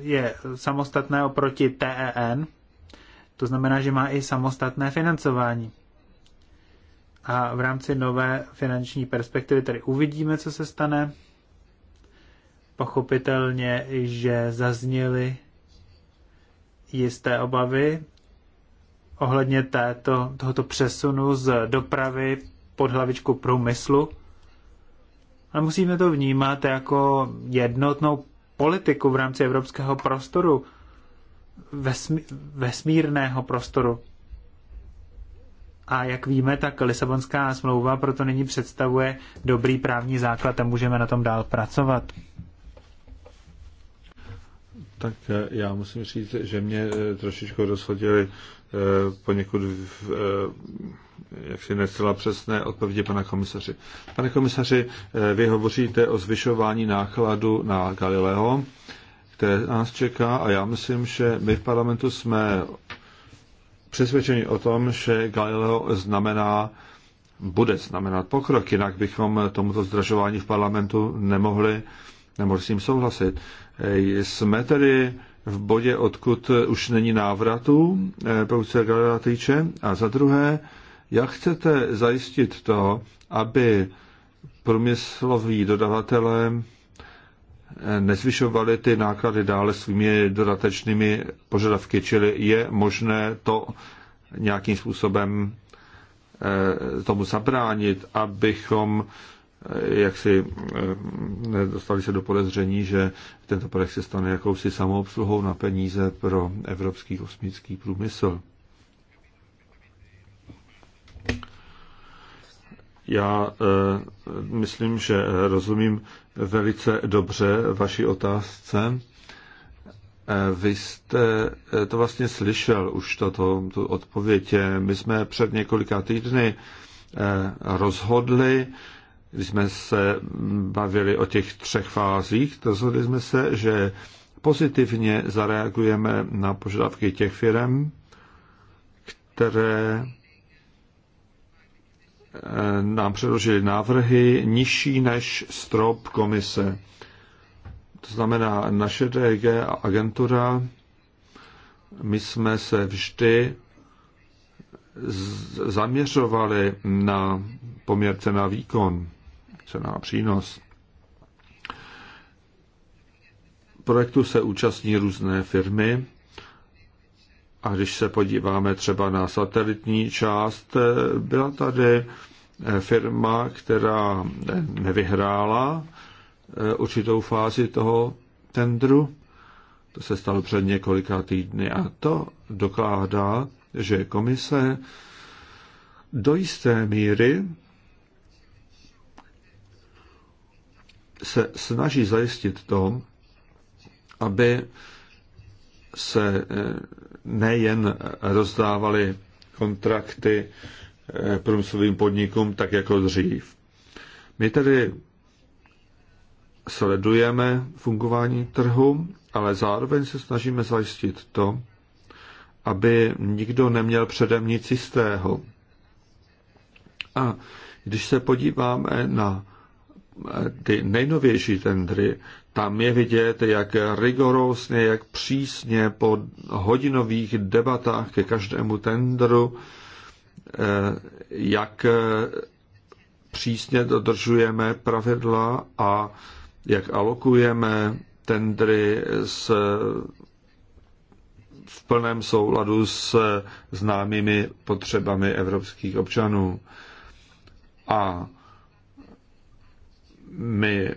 Speaker 1: je samostatné oproti TEN, to znamená, že má i samostatné financování. A v rámci nové finanční perspektivy tedy uvidíme, co se stane. Pochopitelně, že zazněly jisté obavy ohledně této, tohoto přesunu z dopravy pod hlavičku průmyslu. Ale musíme to vnímat jako jednotnou politiku v rámci evropského prostoru, vesmí, vesmírného prostoru. A jak víme, tak Lisabonská smlouva proto nyní představuje dobrý právní základ a můžeme na tom dál pracovat.
Speaker 3: Tak eh, já musím říct, že mě eh, trošičku rozhodili eh, poněkud v, jaksi necela přesné odpovědi pana komisaři. Pane komisaři, vy hovoříte o zvyšování nákladu na Galileo, které nás čeká a já myslím, že my v parlamentu jsme přesvědčeni o tom, že Galileo znamená, bude znamenat pokrok, jinak bychom tomuto zdražování v parlamentu nemohli, nemohli s ním souhlasit. Jsme tedy v bodě, odkud už není návratu, eh, pokud se Galileo týče, a za druhé, jak chcete zajistit to, aby průmysloví dodavatelé nezvyšovali ty náklady dále svými dodatečnými požadavky, čili je možné to nějakým způsobem eh, tomu zabránit, abychom eh, jak si eh, dostali se do podezření, že tento projekt se stane jakousi samoobsluhou na peníze pro evropský kosmický průmysl. Já e, myslím, že rozumím velice dobře vaší otázce. E, vy jste e, to vlastně slyšel už, toto tu odpověď. My jsme před několika týdny rozhodli, když jsme se bavili o těch třech fázích, rozhodli jsme se, že pozitivně zareagujeme na požadavky těch firm, které Eh, nám předložili návrhy nižší než strop komise. To znamená, naše DG a agentura, my jsme se vždy zaměřovali na poměr cena výkon, cena přínos. Projektu se účastní různé firmy a když se podíváme třeba na satelitní část, eh, byla tady eh, firma, která eh, nevyhrála určitou fázi toho tendru. To se stalo před několika týdny a to dokládá, že komise do jisté míry se snaží zajistit to, aby se nejen rozdávali kontrakty eh, průmyslovým podnikům, tak jako dřív. My tedy sledujeme fungování trhu, ale zároveň se snažíme zajistit to, aby nikdo neměl předem nic jistého. A když se podíváme na eh, ty nejnovější tendry, tam je vidět, jak rigorózně, jak přísně po hodinových debatách ke každému tendru, eh, jak eh, přísně dodržujeme pravidla a jak alokujeme tendry s, v plném souladu s známými potřebami evropských občanů. A my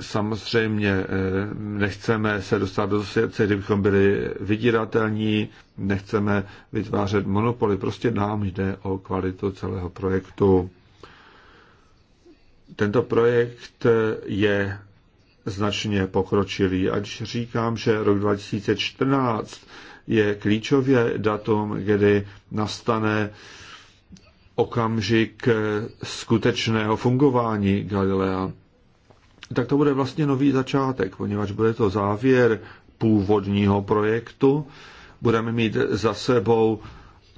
Speaker 3: samozřejmě eh, nechceme se dostat do situace, kdybychom byli vydíratelní, nechceme vytvářet monopoly, prostě nám jde o kvalitu celého projektu. Tento projekt je značně pokročilý. Ať říkám, že rok 2014 je klíčově datum, kdy nastane okamžik skutečného fungování Galilea tak to bude vlastně nový začátek, poněvadž bude to závěr původního projektu. Budeme mít za sebou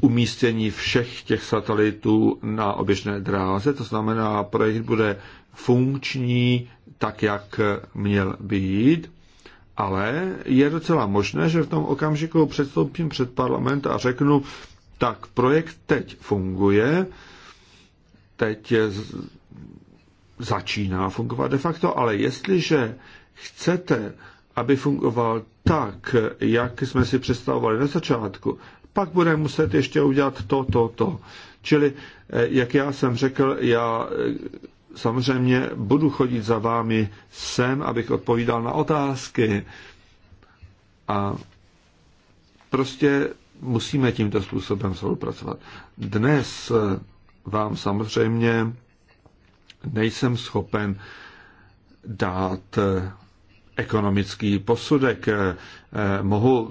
Speaker 3: umístění všech těch satelitů na oběžné dráze, to znamená, projekt bude funkční tak, jak měl být, ale je docela možné, že v tom okamžiku předstoupím před parlament a řeknu, tak projekt teď funguje, teď začíná fungovat de facto, ale jestliže chcete, aby fungoval tak, jak jsme si představovali na začátku, pak bude muset ještě udělat to, to, to. Čili, eh, jak já jsem řekl, já eh, samozřejmě budu chodit za vámi sem, abych odpovídal na otázky. A prostě musíme tímto způsobem spolupracovat. Dnes eh, vám samozřejmě nejsem schopen dát eh, ekonomický posudek. Eh, eh, mohu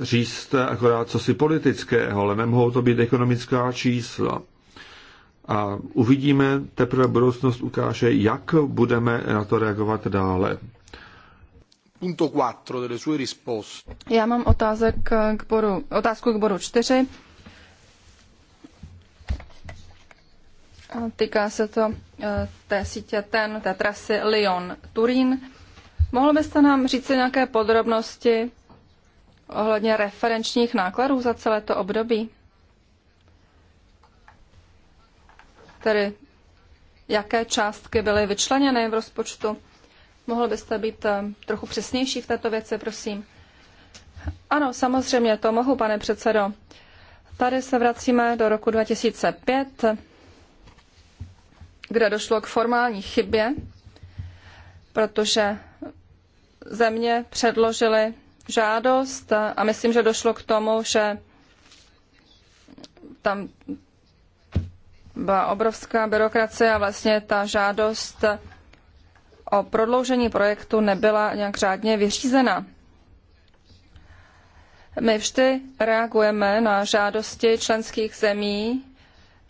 Speaker 3: říct akorát co si politického, ale nemohou to být ekonomická čísla. A uvidíme, teprve budoucnost ukáže, jak budeme na to reagovat
Speaker 2: dále.
Speaker 4: Já mám otázek k bodu, otázku k bodu 4. Týká se to e, té sítě TEN, té trasy Lyon-Turín. Mohl byste nám říct nějaké podrobnosti ohledně referenčních nákladů za celé to období? Tedy jaké částky byly vyčleněny v rozpočtu? Mohl byste být e, trochu přesnější v této věci, prosím? Ano, samozřejmě, to mohu, pane předsedo. Tady se vracíme do roku 2005 kde došlo k formální chybě, protože země předložily žádost a myslím, že došlo k tomu, že tam byla obrovská byrokracie a vlastně ta žádost o prodloužení projektu nebyla nějak řádně vyřízena. My vždy reagujeme na žádosti členských zemí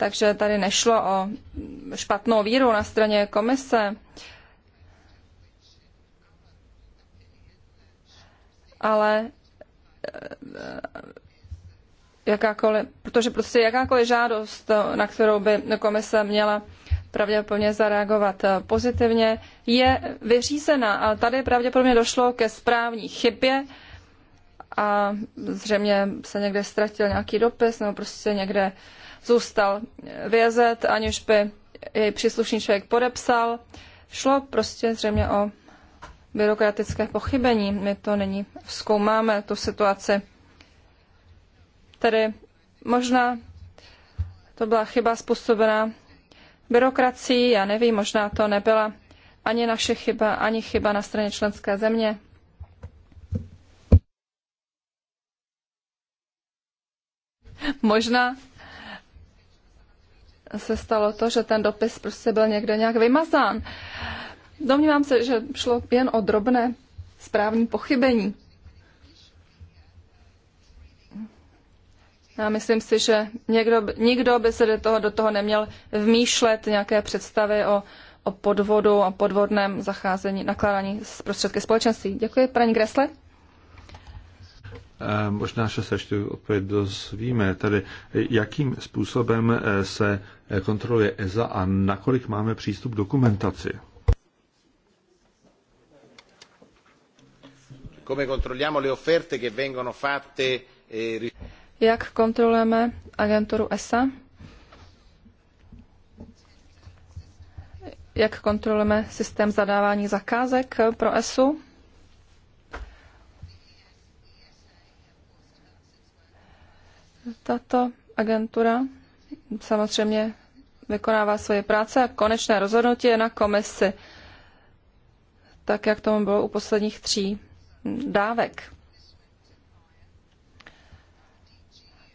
Speaker 4: takže tady nešlo o špatnou víru na straně komise. Ale eh, jakákoliv, protože prostě jakákoliv žádost, na kterou by komise měla pravděpodobně zareagovat eh, pozitivně, je vyřízena. A tady pravděpodobně došlo ke správní chybě a zřejmě se někde ztratil nějaký dopis nebo prostě někde zůstal vězet, aniž by jej příslušný člověk podepsal. Šlo prostě zřejmě o byrokratické pochybení. My to nyní zkoumáme, tu situaci. Tedy možná to byla chyba způsobená byrokracií, já nevím, možná to nebyla ani naše chyba, ani chyba na straně členské země. Možná se stalo to, že ten dopis prostě byl někde nějak vymazán. Domnívám se, že šlo jen o drobné správní pochybení. Já myslím si, že někdo, nikdo by se do toho, do toho neměl vmýšlet nějaké představy o, o podvodu a podvodném zacházení, nakládání z prostředky společenství. Děkuji, paní Gresle.
Speaker 3: Eh, možná, že se ještě odpověď dozvíme. Tady, jakým způsobem eh, se eh, kontroluje EZA a nakolik máme přístup k dokumentaci?
Speaker 2: Come controlliamo le offerte che vengono fatte
Speaker 4: jak kontrolujeme agenturu ESA? Jak kontrolujeme systém zadávání zakázek pro ESU? Tato agentura samozřejmě vykonává svoje práce a konečné rozhodnutí je na komisi, tak jak tomu bylo u posledních tří dávek.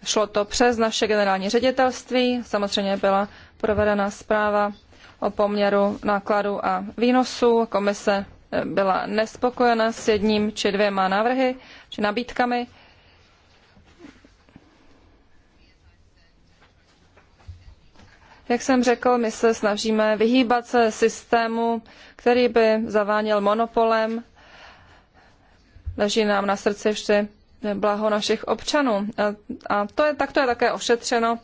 Speaker 4: Šlo to přes naše generální ředitelství, samozřejmě byla provedena zpráva o poměru nákladu a výnosu. Komise byla nespokojena s jedním či dvěma návrhy či nabídkami. Jak jsem řekl, my se snažíme vyhýbat se systému, který by zaváněl monopolem. Leží nám na srdci vždy blaho našich občanů. A to je, tak to je také ošetřeno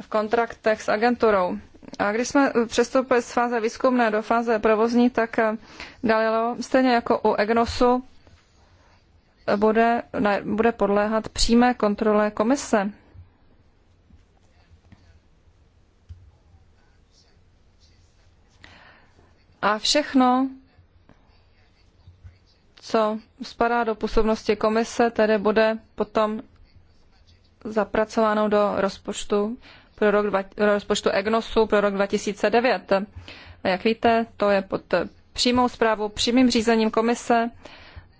Speaker 4: v kontraktech s agenturou. A když jsme přestoupili z fáze výzkumné do fáze provozní, tak eh, Galileo, stejně jako u EGNOSu, bude, bude podléhat přímé kontrole komise. A všechno, co spadá do působnosti komise, tedy bude potom zapracováno do rozpočtu pro rok pro rozpočtu EGNOSu pro rok 2009. A jak víte, to je pod přímou zprávou, přímým řízením komise,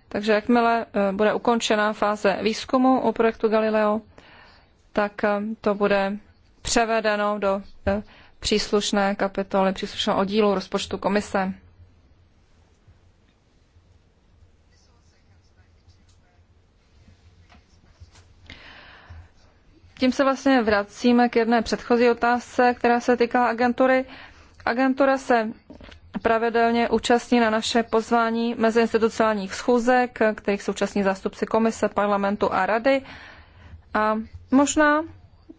Speaker 4: takže jakmile eh, bude ukončena fáze výzkumu u projektu Galileo, tak eh, to bude převedeno do eh, příslušné kapitoly, příslušného oddílu rozpočtu komise. Tím se vlastně vracíme k jedné předchozí otázce, která se týká agentury. Agentura se pravidelně účastní na naše pozvání meziinstitucionálních schůzek, kterých jsou účastní zástupci komise, parlamentu a rady. A možná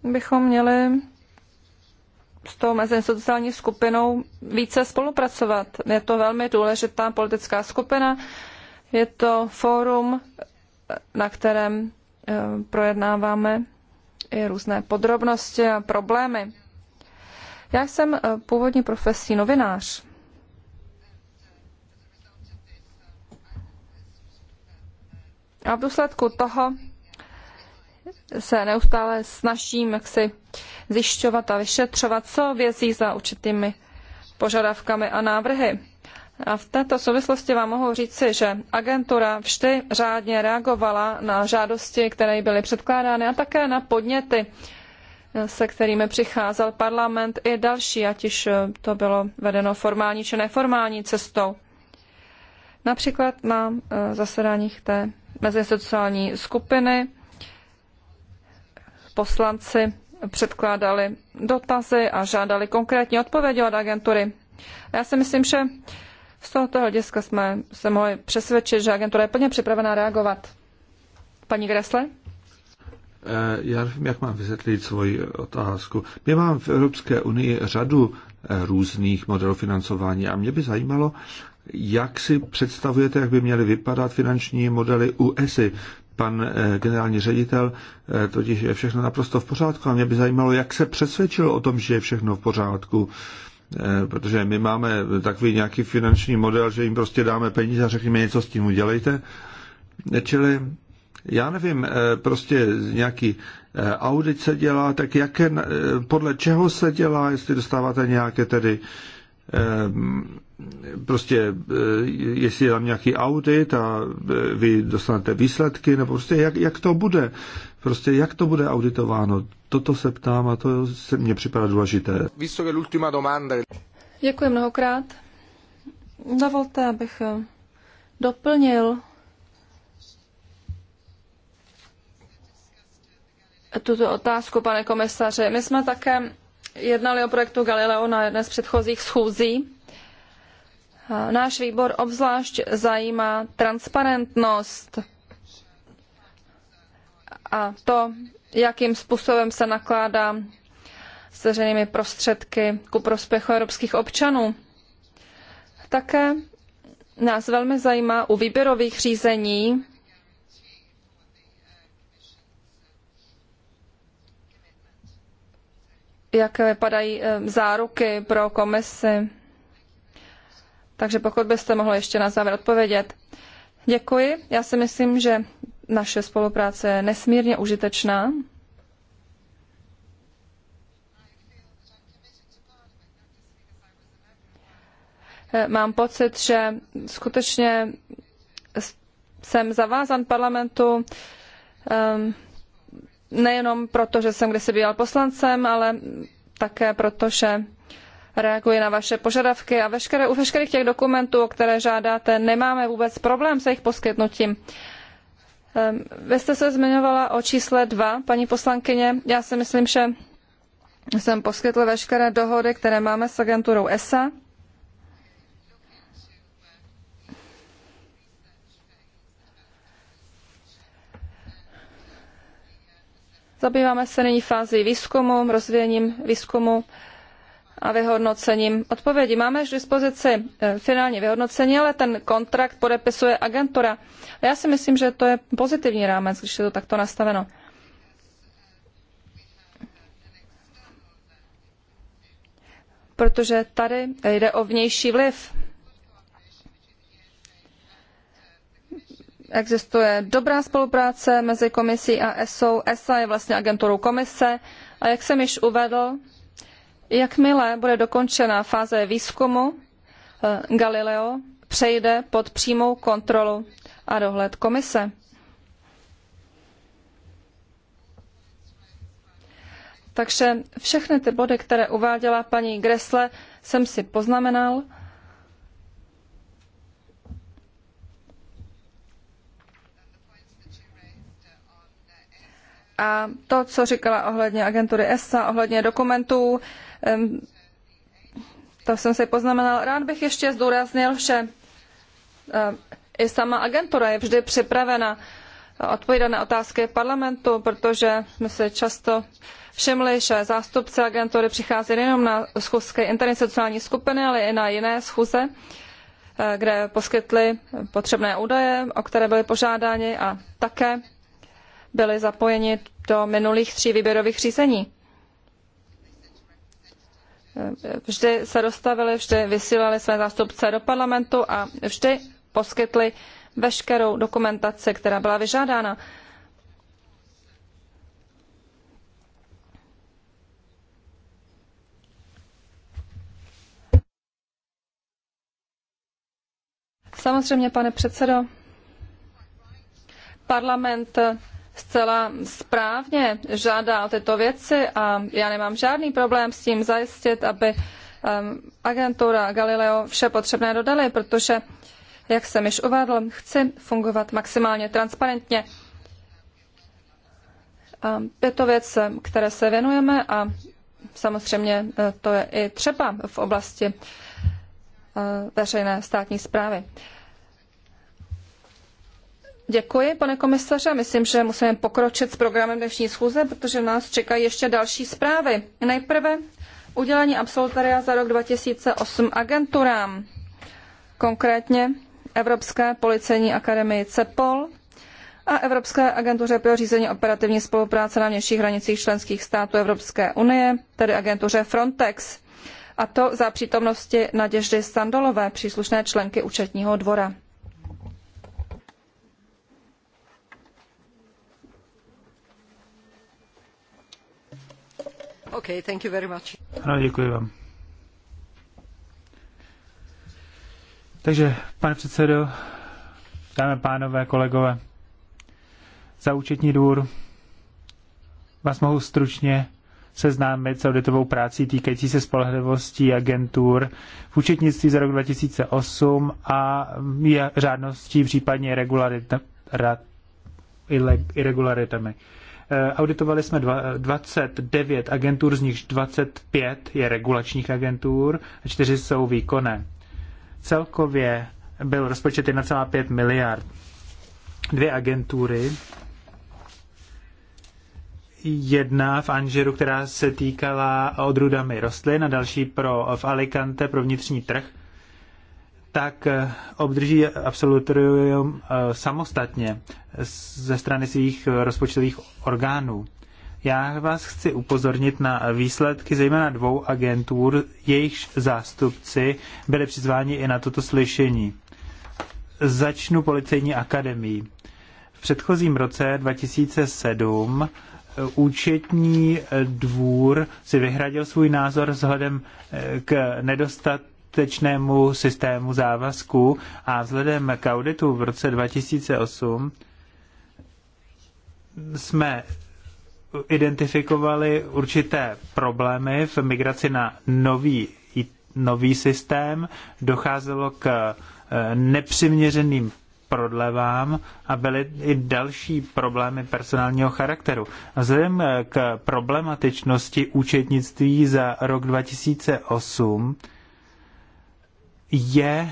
Speaker 4: bychom měli s tou meziinstitucionální skupinou více spolupracovat. Je to velmi důležitá politická skupina, je to fórum, na kterém eh, projednáváme i různé podrobnosti a problémy. Já jsem eh, původní profesí novinář. A v důsledku toho se neustále snažím jak si zjišťovat a vyšetřovat, co vězí za určitými požadavkami a návrhy. A v této souvislosti vám mohu říci, že agentura vždy řádně reagovala na žádosti, které byly předkládány a také na podněty, se kterými přicházel parlament i další, ať již eh, to bylo vedeno formální či neformální cestou. Například na eh, zasedáních té sociální skupiny poslanci předkládali dotazy a žádali konkrétní odpovědi od agentury. Já si myslím, že z tohoto hlediska jsme se mohli přesvědčit, že agentura je plně připravená reagovat. Paní Gresle?
Speaker 3: Eh, já nevím, jak mám vysvětlit svoji otázku. My máme v Evropské unii řadu eh, různých modelů financování a mě by zajímalo, jak si představujete, jak by měly vypadat finanční modely u ESI, pan eh, generální ředitel, eh, totiž je všechno naprosto v pořádku. A mě by zajímalo, jak se přesvědčil o tom, že je všechno v pořádku. Eh, protože my máme takový nějaký finanční model, že jim prostě dáme peníze a řekneme něco s tím udělejte. Čili já nevím, prostě nějaký audit se dělá, tak jaké, podle čeho se dělá, jestli dostáváte nějaké tedy Ehm, prostě eh, jestli je tam nějaký audit a eh, vy dostanete výsledky, nebo prostě jak, jak to bude, prostě jak to bude auditováno. Toto se ptám a to se mně připadá
Speaker 2: důležité.
Speaker 4: Děkuji mnohokrát. Dovolte, abych eh, doplnil tuto otázku, pane komisaři. My jsme také jednali o projektu Galileo na jedné z předchozích schůzí. Náš výbor obzvlášť zajímá transparentnost a to, jakým způsobem se nakládá s veřejnými prostředky ku prospěchu evropských občanů. Také nás velmi zajímá u výběrových řízení jak vypadají eh, záruky pro komisi. Takže pokud byste mohli ještě na závěr odpovědět. Děkuji. Já si myslím, že naše spolupráce je nesmírně užitečná. Eh, mám pocit, že skutečně jsem zavázan parlamentu um, nejenom proto, že jsem kdysi býval poslancem, ale také proto, že reaguji na vaše požadavky a veškeré, u veškerých těch dokumentů, o které žádáte, nemáme vůbec problém se jejich poskytnutím. Ehm, vy jste se zmiňovala o čísle 2, paní poslankyně. Já si myslím, že jsem poskytl veškeré dohody, které máme s agenturou ESA. Zabýváme se nyní fází výzkumu, rozvíjením výzkumu a vyhodnocením odpovědi. Máme již k dispozici e, finální vyhodnocení, ale ten kontrakt podepisuje agentura. A já si myslím, že to je pozitivní rámec, když je to takto nastaveno. Protože tady jde o vnější vliv Existuje dobrá spolupráce mezi komisí a ESO. ESA je vlastně agenturou komise a jak jsem již uvedl, jakmile bude dokončena fáze výzkumu, eh, Galileo přejde pod přímou kontrolu a dohled komise. Takže všechny ty body, které uváděla paní Gresle, jsem si poznamenal. A to, co říkala ohledně agentury ESA, ohledně dokumentů, to jsem si poznamenal. Rád bych ještě zdůraznil, že eh, i sama agentura je vždy připravena odpovídat na otázky parlamentu, protože jsme se často všimli, že zástupci agentury přichází nejenom na schůzky interinstitucionální skupiny, ale i na jiné schůze, eh, kde poskytli potřebné údaje, o které byly požádáni a také byli zapojeni do minulých tří výběrových řízení. Vždy se dostavili, vždy vysílali své zástupce do parlamentu a vždy poskytli veškerou dokumentaci, která byla vyžádána. Samozřejmě, pane předsedo, parlament zcela správně žádá o tyto věci a já nemám žádný problém s tím zajistit, aby um, agentura Galileo vše potřebné dodali, protože, jak jsem již uvedl, chci fungovat maximálně transparentně. Je to věc, které se věnujeme a samozřejmě eh, to je i třeba v oblasti eh, veřejné státní zprávy. Děkuji, pane komisaře. Myslím, že musíme pokročit s programem dnešní schůze, protože nás čekají ještě další zprávy. Nejprve udělení absolutoria za rok 2008 agenturám, konkrétně Evropské policejní akademii CEPOL a Evropské agentuře pro řízení operativní spolupráce na vnějších hranicích členských států Evropské unie, tedy agentuře Frontex, a to za přítomnosti Naděždy Sandolové, příslušné členky účetního dvora. thank you very much.
Speaker 1: Ano, děkuji vám. Takže, pane předsedo, dámy a pánové, kolegové, za účetní důr vás mohu stručně seznámit s auditovou práci týkající se spolehlivosti agentur v účetnictví za rok 2008 a řádností, případně irregularitami. Eh, auditovali jsme 29 eh, agentur, z nichž 25 je regulačních agentur a 4 jsou výkonné. Celkově byl rozpočet 1,5 miliard. Dvě agentury, jedna v Anžeru, která se týkala odrůdami rostlin a další pro, v Alicante pro vnitřní trh – tak eh, obdrží absolutorium eh, samostatně ze strany svých eh, rozpočtových orgánů. Já vás chci upozornit na výsledky zejména dvou agentur, jejichž zástupci byli přizváni i na toto slyšení. Začnu policejní akademii. V předchozím roce 2007 účetní dvůr si vyhradil svůj názor vzhledem k nedostatku skutečnému systému závazků a vzhledem k auditu v roce 2008 jsme identifikovali určité problémy v migraci na nový, nový systém. Docházelo k eh, nepřiměřeným prodlevám a byly i další problémy personálního charakteru. vzhledem eh, k problematičnosti účetnictví za rok 2008 je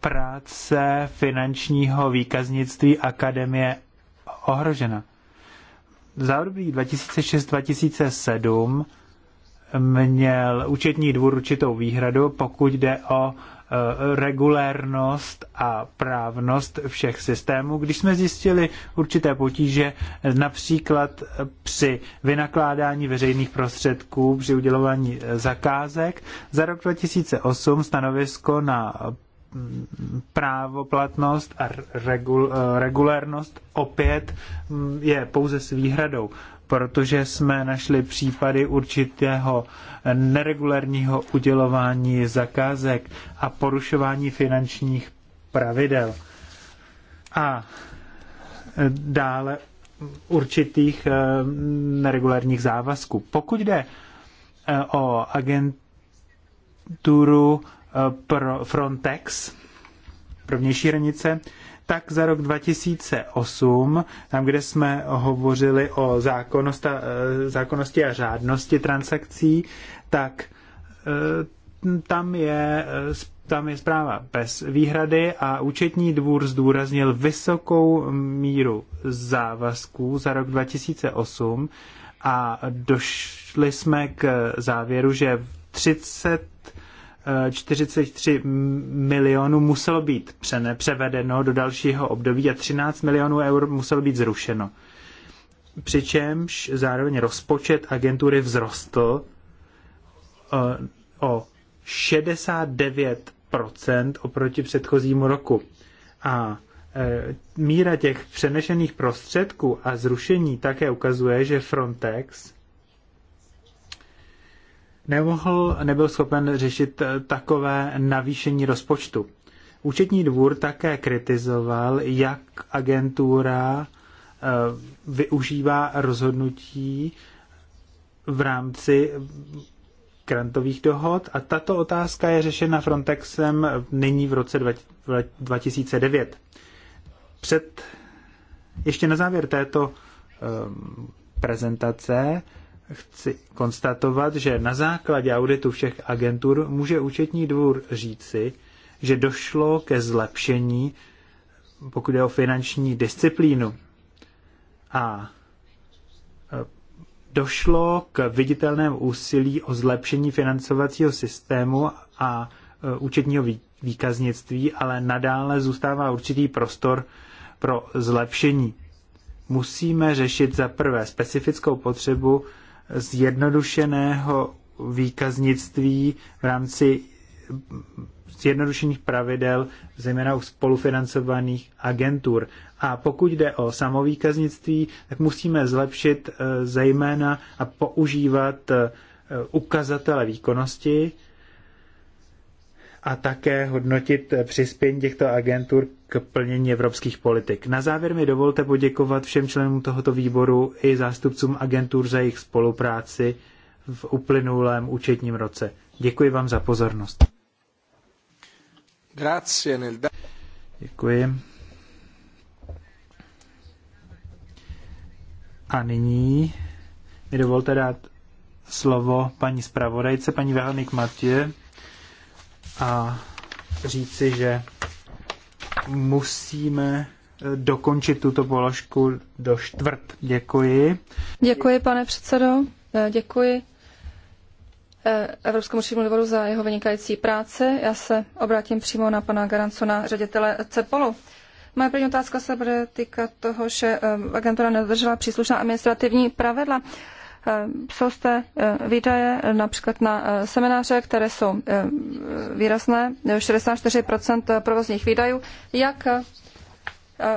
Speaker 1: práce finančního výkaznictví akademie ohrožena. Za období 2006-2007 měl účetní dvůr určitou výhradu, pokud jde o Eh, regulérnost a právnost všech systémů, když jsme zjistili určité potíže například při vynakládání veřejných prostředků, při udělování eh, zakázek. Za rok 2008 stanovisko na mm, právoplatnost a regul, eh, regulérnost opět mm, je pouze s výhradou protože jsme našli případy určitého neregulárního udělování zakázek a porušování finančních pravidel. A dále určitých eh, neregulárních závazků. Pokud jde eh, o agenturu eh, pro Frontex, pro vnější hranice, tak za rok 2008, tam, kde jsme hovořili o zákonnost a, eh, zákonnosti a řádnosti transakcí, tak eh, tam je, eh, tam je zpráva bez výhrady a účetní dvůr zdůraznil vysokou míru závazků za rok 2008 a došli jsme k závěru, že 30 43 milionů muselo být převedeno do dalšího období a 13 milionů eur muselo být zrušeno. Přičemž zároveň rozpočet agentury vzrostl eh, o 69% oproti předchozímu roku. A eh, míra těch přenešených prostředků a zrušení také ukazuje, že Frontex nemohl, nebyl schopen řešit eh, takové navýšení rozpočtu. Účetní dvůr také kritizoval, jak agentura eh, využívá rozhodnutí v rámci grantových dohod a tato otázka je řešena Frontexem eh, nyní v roce 2009. Před, ještě na závěr této prezentace chci konstatovat, že na základě auditu všech agentur může účetní dvůr říci, že došlo ke zlepšení, pokud je o finanční disciplínu. A e, došlo k viditelnému úsilí o zlepšení financovacího systému a e, účetního výkaznictví, ale nadále zůstává určitý prostor pro zlepšení. Musíme řešit za prvé specifickou potřebu zjednodušeného výkaznictví v rámci zjednodušených pravidel, zejména u spolufinancovaných agentur. A pokud jde o samovýkaznictví, tak musíme zlepšit eh, zejména a používat eh, ukazatele výkonnosti, a také hodnotit eh, přispění těchto agentur k plnění evropských politik. Na závěr mi dovolte poděkovat všem členům tohoto výboru i zástupcům agentur za jejich spolupráci v uplynulém účetním roce. Děkuji vám za pozornost. Děkuji. A nyní mi dovolte dát slovo paní zpravodajce, paní Veronik Matěje a říci, že musíme eh, dokončit tuto položku do čtvrt. Děkuji. Děkuji,
Speaker 4: pane předsedo. Děkuji eh, Evropskému šímu dvoru za jeho vynikající práci. Já se obrátím přímo na pana Garancona, ředitele CEPOLu. Moje první otázka se bude týkat toho, že eh, agentura nedržela příslušná administrativní pravidla. Eh, jsou zde eh, výdaje eh, například na semináře, které jsou výrazné, 64% provozních výdajů. Jak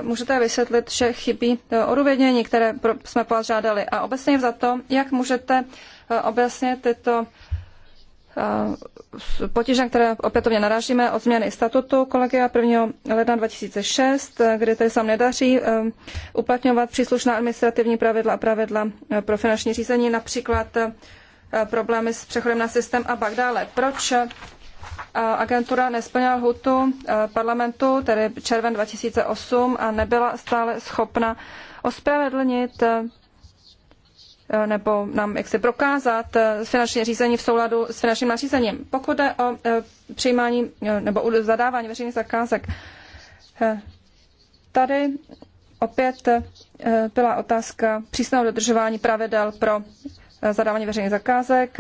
Speaker 4: můžete vysvětlit, že chybí odůvědnění, které jsme požádali, A obecně za to, jak můžete objasnit tyto Eh, potíže, které opětovně narážíme od změny statutu kolegia 1. ledna 2006, eh, kdy tedy se nedaří eh, uplatňovat příslušná administrativní pravidla a pravidla pro finanční řízení, například problémy s přechodem na systém a pak dále. Proč agentura nesplnila lhutu parlamentu, tedy červen 2008, a nebyla stále schopna ospravedlnit Eh, nebo nám jak se prokázat eh, finanční řízení v souladu s finančním nařízením. Pokud jde o eh, přijímání nebo zadávání veřejných zakázek, tady opět byla otázka přísného dodržování pravidel pro zadávání veřejných zakázek.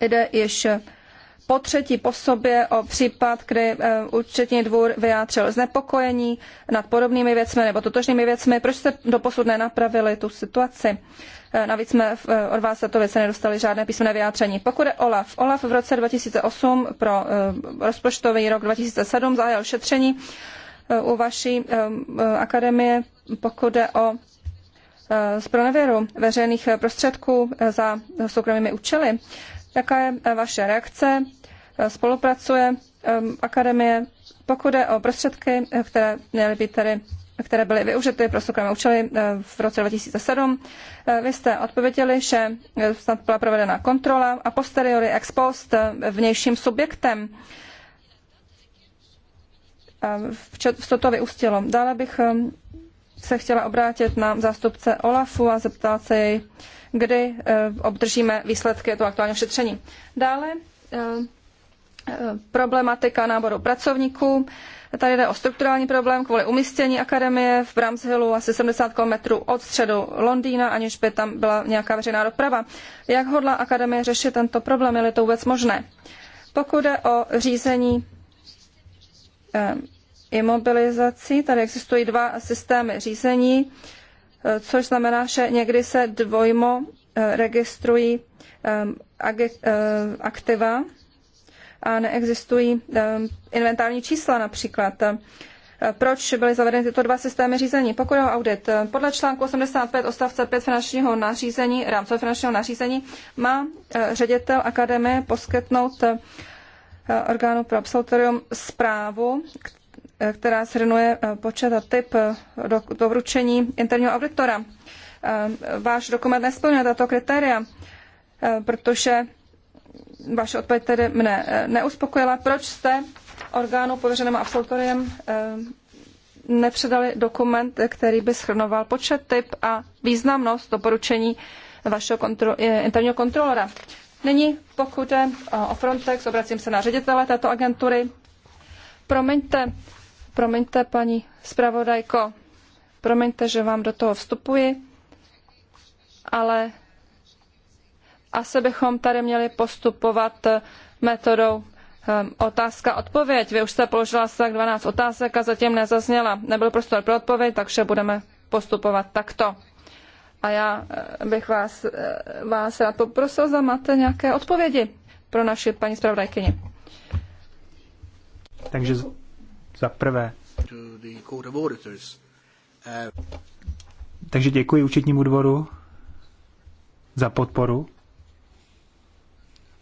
Speaker 4: Jde již po třetí po sobě o případ, kdy účetní dvůr vyjádřil znepokojení nad podobnými věcmi nebo totožnými věcmi. Proč se doposud nenapravili tu situaci? Eh, navíc jsme eh, od vás této věci nedostali žádné písemné vyjádření. Pokud je OLAF, OLAF v roce 2008 pro eh, rozpočtový rok 2007 zahájil šetření u vaší akademie, pokud je o zpronevěru veřejných prostředků za soukromými účely. Jaká je vaše reakce? Spolupracuje akademie, pokud je o prostředky, které měly být tedy které byly využity pro soukromé účely eh, v roce 2007. Eh, vy jste odpověděli, že eh, snad byla provedena kontrola a posteriori ex post vnějším subjektem. Co to vyústilo? Dále bych se chtěla obrátit na zástupce OLAFu a zeptat se jej, kdy obdržíme výsledky toho aktuálního šetření. Dále problematika náboru pracovníků. Tady jde o strukturální problém kvůli umístění akademie v Bramshillu asi 70 km od středu Londýna, aniž by tam byla nějaká veřejná doprava. Jak hodla akademie řešit tento problém, je li to vůbec možné? Pokud jde o řízení eh, imobilizací, tady existují dva systémy řízení, eh, což znamená, že někdy se dvojmo eh, registrují eh, eh, aktiva a neexistují eh, inventární čísla například. Eh, proč byly zavedeny tyto dva systémy řízení? Pokud o audit, eh, podle článku 85 odstavce 5 finančního nařízení, rámcového finančního nařízení, má ředitel akademie poskytnout orgánu pro absolutorium zprávu, která shrnuje počet a typ do, vručení interního auditora. Váš dokument nesplňuje tato kritéria, protože vaše odpověď tedy mne eh, neuspokojila. Proč jste orgánu pověřenému absolutoriem eh, nepředali dokument, který by schrnoval počet, typ a významnost doporučení vašeho kontro, eh, interního kontrolora? Nyní, pokud jde o Frontex, obracím se na ředitele této agentury. Promiňte, promiňte, paní zpravodajko, promiňte, že vám do toho vstupuji, ale asi bychom tady měli postupovat eh, metodou ehm, otázka odpověď. Vy už jste položila asi tak 12 otázek a zatím nezazněla. Nebyl prostor pro odpověď, takže budeme postupovat takto. A já eh, bych vás, eh, vás rád poprosil, zda máte nějaké odpovědi pro naši paní zpravodajkyni.
Speaker 1: Takže za prvé. Takže děkuji účetnímu dvoru za podporu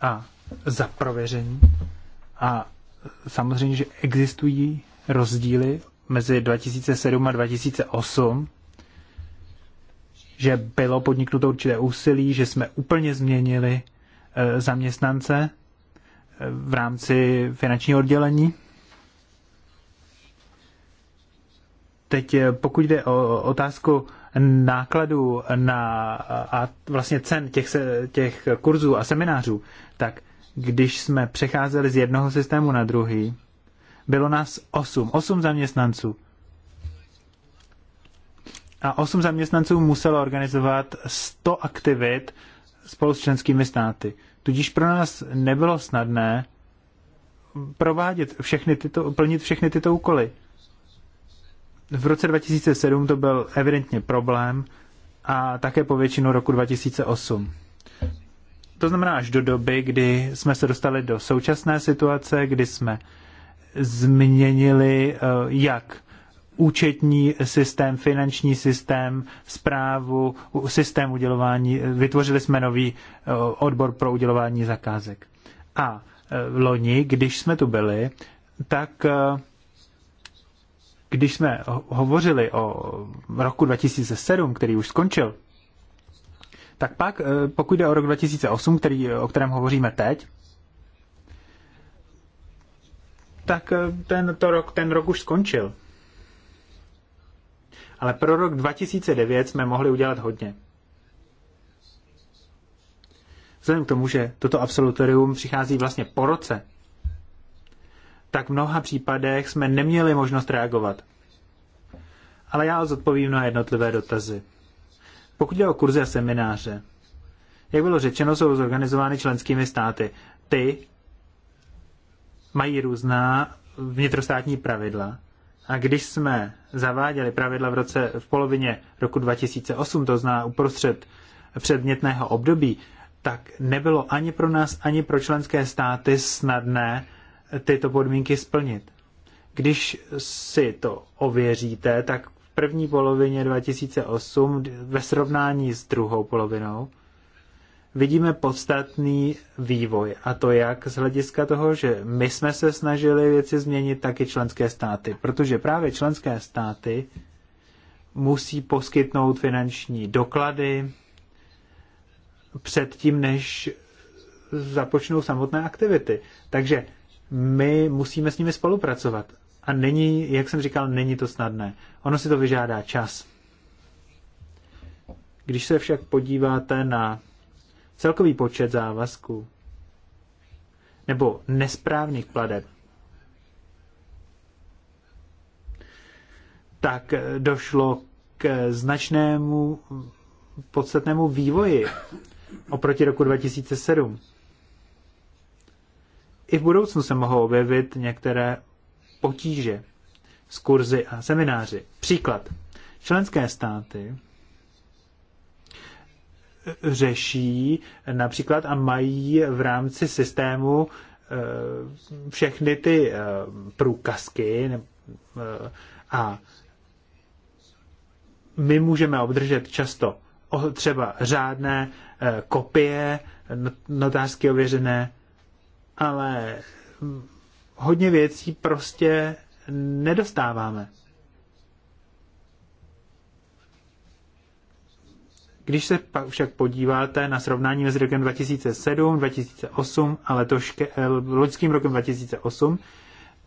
Speaker 1: a za prověření. A samozřejmě, že existují rozdíly mezi 2007 a 2008, že bylo podniknuto určité úsilí, že jsme úplně změnili e, zaměstnance e, v rámci finančního oddělení. Teď e, pokud jde o otázku nákladů na, a vlastně cen těch, těch kurzů a seminářů, tak když jsme přecházeli z jednoho systému na druhý, bylo nás osm, osm zaměstnanců. A osm zaměstnanců muselo organizovat 100 aktivit spolu s členskými státy. Tudíž pro nás nebylo snadné provádět všechny tyto, plnit všechny tyto úkoly v roce 2007 to byl evidentně problém a také po většinu roku 2008. To znamená až do doby, kdy jsme se dostali do současné situace, kdy jsme změnili eh, jak účetní systém, finanční systém, zprávu, systém udělování. Vytvořili jsme nový eh, odbor pro udělování zakázek. A eh, loni, když jsme tu byli, tak když jsme hovořili o roku 2007, který už skončil, tak pak, eh, pokud jde o rok 2008, který, o kterém hovoříme teď, tak eh, ten rok, ten rok už skončil. Ale pro rok 2009 jsme mohli udělat hodně. Vzhledem k tomu, že toto absolutorium přichází vlastně po roce, tak v mnoha případech jsme neměli možnost reagovat. Ale já zodpovím na jednotlivé dotazy. Pokud jde o kurzy a semináře, jak bylo řečeno, jsou zorganizovány členskými státy. Ty mají různá vnitrostátní pravidla. A když jsme zaváděli pravidla v roce v polovině roku 2008, to zná uprostřed předmětného období, tak nebylo ani pro nás, ani pro členské státy snadné tyto podmínky splnit. Když si to ověříte, tak v první polovině 2008 ve srovnání s druhou polovinou vidíme podstatný vývoj. A to jak z hlediska toho, že my jsme se snažili věci změnit, tak i členské státy. Protože právě členské státy musí poskytnout finanční doklady předtím, než započnou samotné aktivity. Takže my musíme s nimi spolupracovat. A není, jak jsem říkal, není to snadné. Ono si to vyžádá čas. Když se však podíváte na celkový počet závazků nebo nesprávných pladeb, tak došlo k značnému podstatnému vývoji oproti roku 2007 i v budoucnu se mohou objevit některé potíže z kurzy a semináři. Příklad. Členské státy řeší například a mají v rámci systému eh, všechny ty eh, průkazky eh, a my můžeme obdržet často třeba řádné kopie notářsky ověřené ale hodně věcí prostě nedostáváme. Když se pak však podíváte na srovnání mezi rokem 2007, 2008 a letoške, loďským rokem 2008,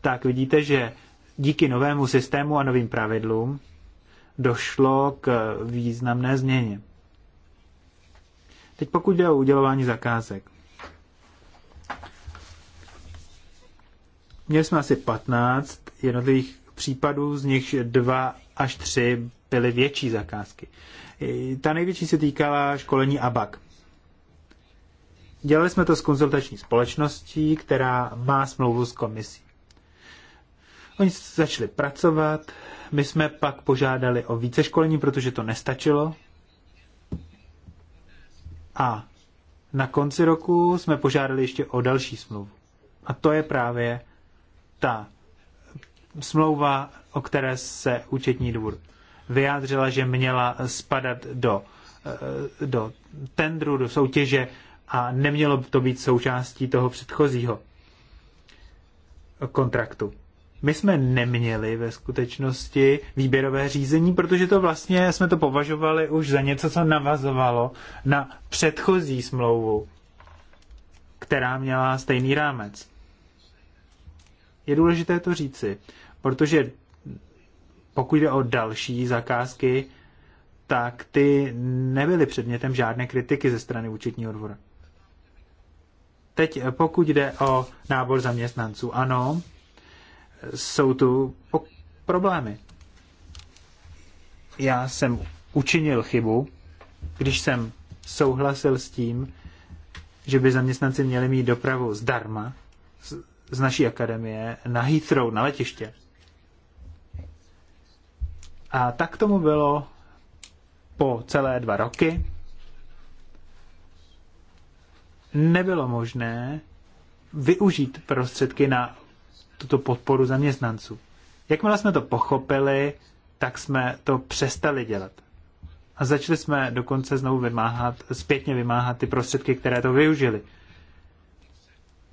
Speaker 1: tak vidíte, že díky novému systému a novým pravidlům došlo k významné změně. Teď pokud jde o udělování zakázek. Měli jsme asi 15 jednotlivých případů, z nichž dva až tři byly větší zakázky. Ta největší se týkala školení ABAC. Dělali jsme to s konzultační společností, která má smlouvu s komisí. Oni začali pracovat, my jsme pak požádali o více školení, protože to nestačilo. A na konci roku jsme požádali ještě o další smlouvu. A to je právě ta smlouva, o které se účetní dvůr vyjádřila, že měla spadat do, eh, do tendru, do soutěže a nemělo to být součástí toho předchozího kontraktu. My jsme neměli ve skutečnosti výběrové řízení, protože to vlastně jsme to považovali už za něco, co navazovalo na předchozí smlouvu, která měla stejný rámec je důležité to říci, protože pokud jde o další zakázky, tak ty nebyly předmětem žádné kritiky ze strany účetního dvora. Teď pokud jde o nábor zaměstnanců, ano, jsou tu problémy. Já jsem učinil chybu, když jsem souhlasil s tím, že by zaměstnanci měli mít dopravu zdarma, z naší akademie na Heathrow, na letiště. A tak tomu bylo po celé dva roky. Nebylo možné využít prostředky na tuto podporu zaměstnanců. Jakmile jsme to pochopili, tak jsme to přestali dělat. A začali jsme dokonce znovu vymáhat, zpětně vymáhat ty prostředky, které to využili.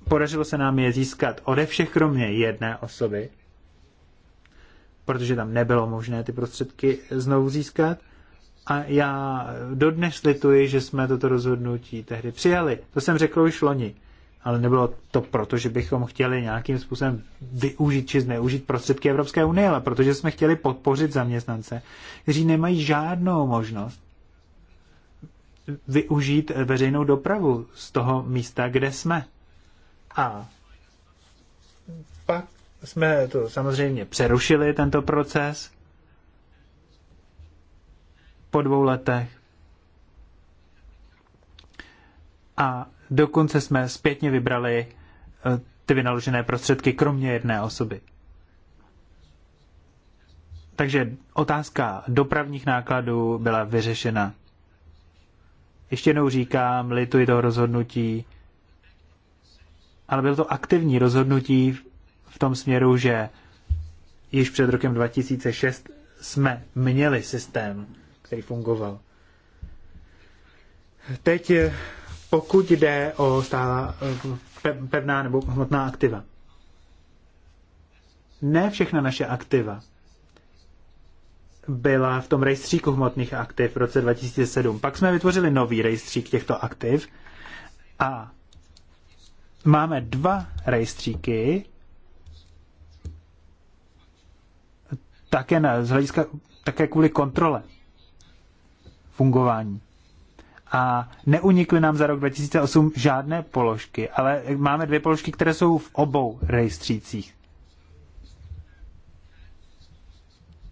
Speaker 1: Podařilo se nám je získat ode všech, kromě jedné osoby, protože tam nebylo možné ty prostředky znovu získat. A já dodnes lituji, že jsme toto rozhodnutí tehdy přijali. To jsem řekl už loni. Ale nebylo to proto, že bychom chtěli nějakým způsobem využít či zneužít prostředky Evropské unie, ale protože jsme chtěli podpořit zaměstnance, kteří nemají žádnou možnost využít veřejnou dopravu z toho místa, kde jsme. A pak jsme to samozřejmě přerušili, tento proces, po dvou letech. A dokonce jsme zpětně vybrali eh, ty vynaložené prostředky, kromě jedné osoby. Takže otázka dopravních nákladů byla vyřešena. Ještě jednou říkám, lituji toho rozhodnutí, ale bylo to aktivní rozhodnutí v tom směru, že již před rokem 2006 jsme měli systém, který fungoval. Teď eh, pokud jde o stála eh, pevná nebo hmotná aktiva. Ne všechna naše aktiva byla v tom rejstříku hmotných aktiv v roce 2007. Pak jsme vytvořili nový rejstřík těchto aktiv a máme dva rejstříky, také na, z hlediska, také kvůli kontrole fungování. A neunikly nám za rok 2008 žádné položky, ale máme dvě položky, které jsou v obou rejstřících.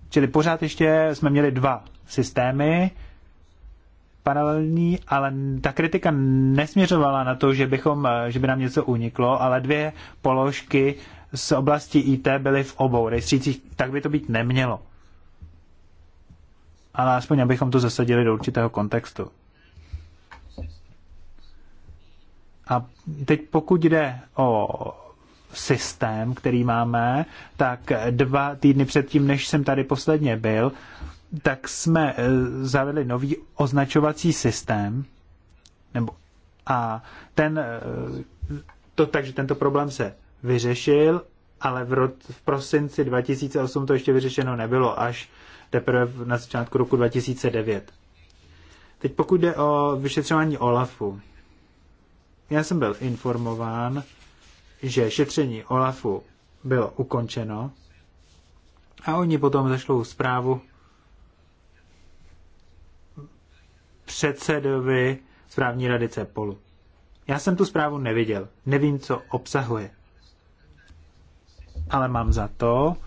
Speaker 1: Čili pořád ještě jsme měli dva systémy, paralelní, ale ta kritika nesměřovala na to, že, bychom, že by nám něco uniklo, ale dvě položky z oblasti IT byly v obou rejstřících, tak by to být nemělo. Ale aspoň, abychom to zasadili do určitého kontextu. A teď pokud jde o systém, který máme, tak dva týdny předtím, než jsem tady posledně byl, tak jsme eh, zavedli nový označovací systém, nebo a ten, eh, to, takže tento problém se vyřešil, ale v, rod, v prosinci 2008 to ještě vyřešeno nebylo, až teprve na začátku roku 2009. Teď pokud jde o vyšetřování OLAFu, já jsem byl informován, že šetření OLAFu bylo ukončeno a oni potom zašlou zprávu předsedovi správní rady CEPOLu. Já jsem tu zprávu neviděl, nevím, co obsahuje. Ale mám za to,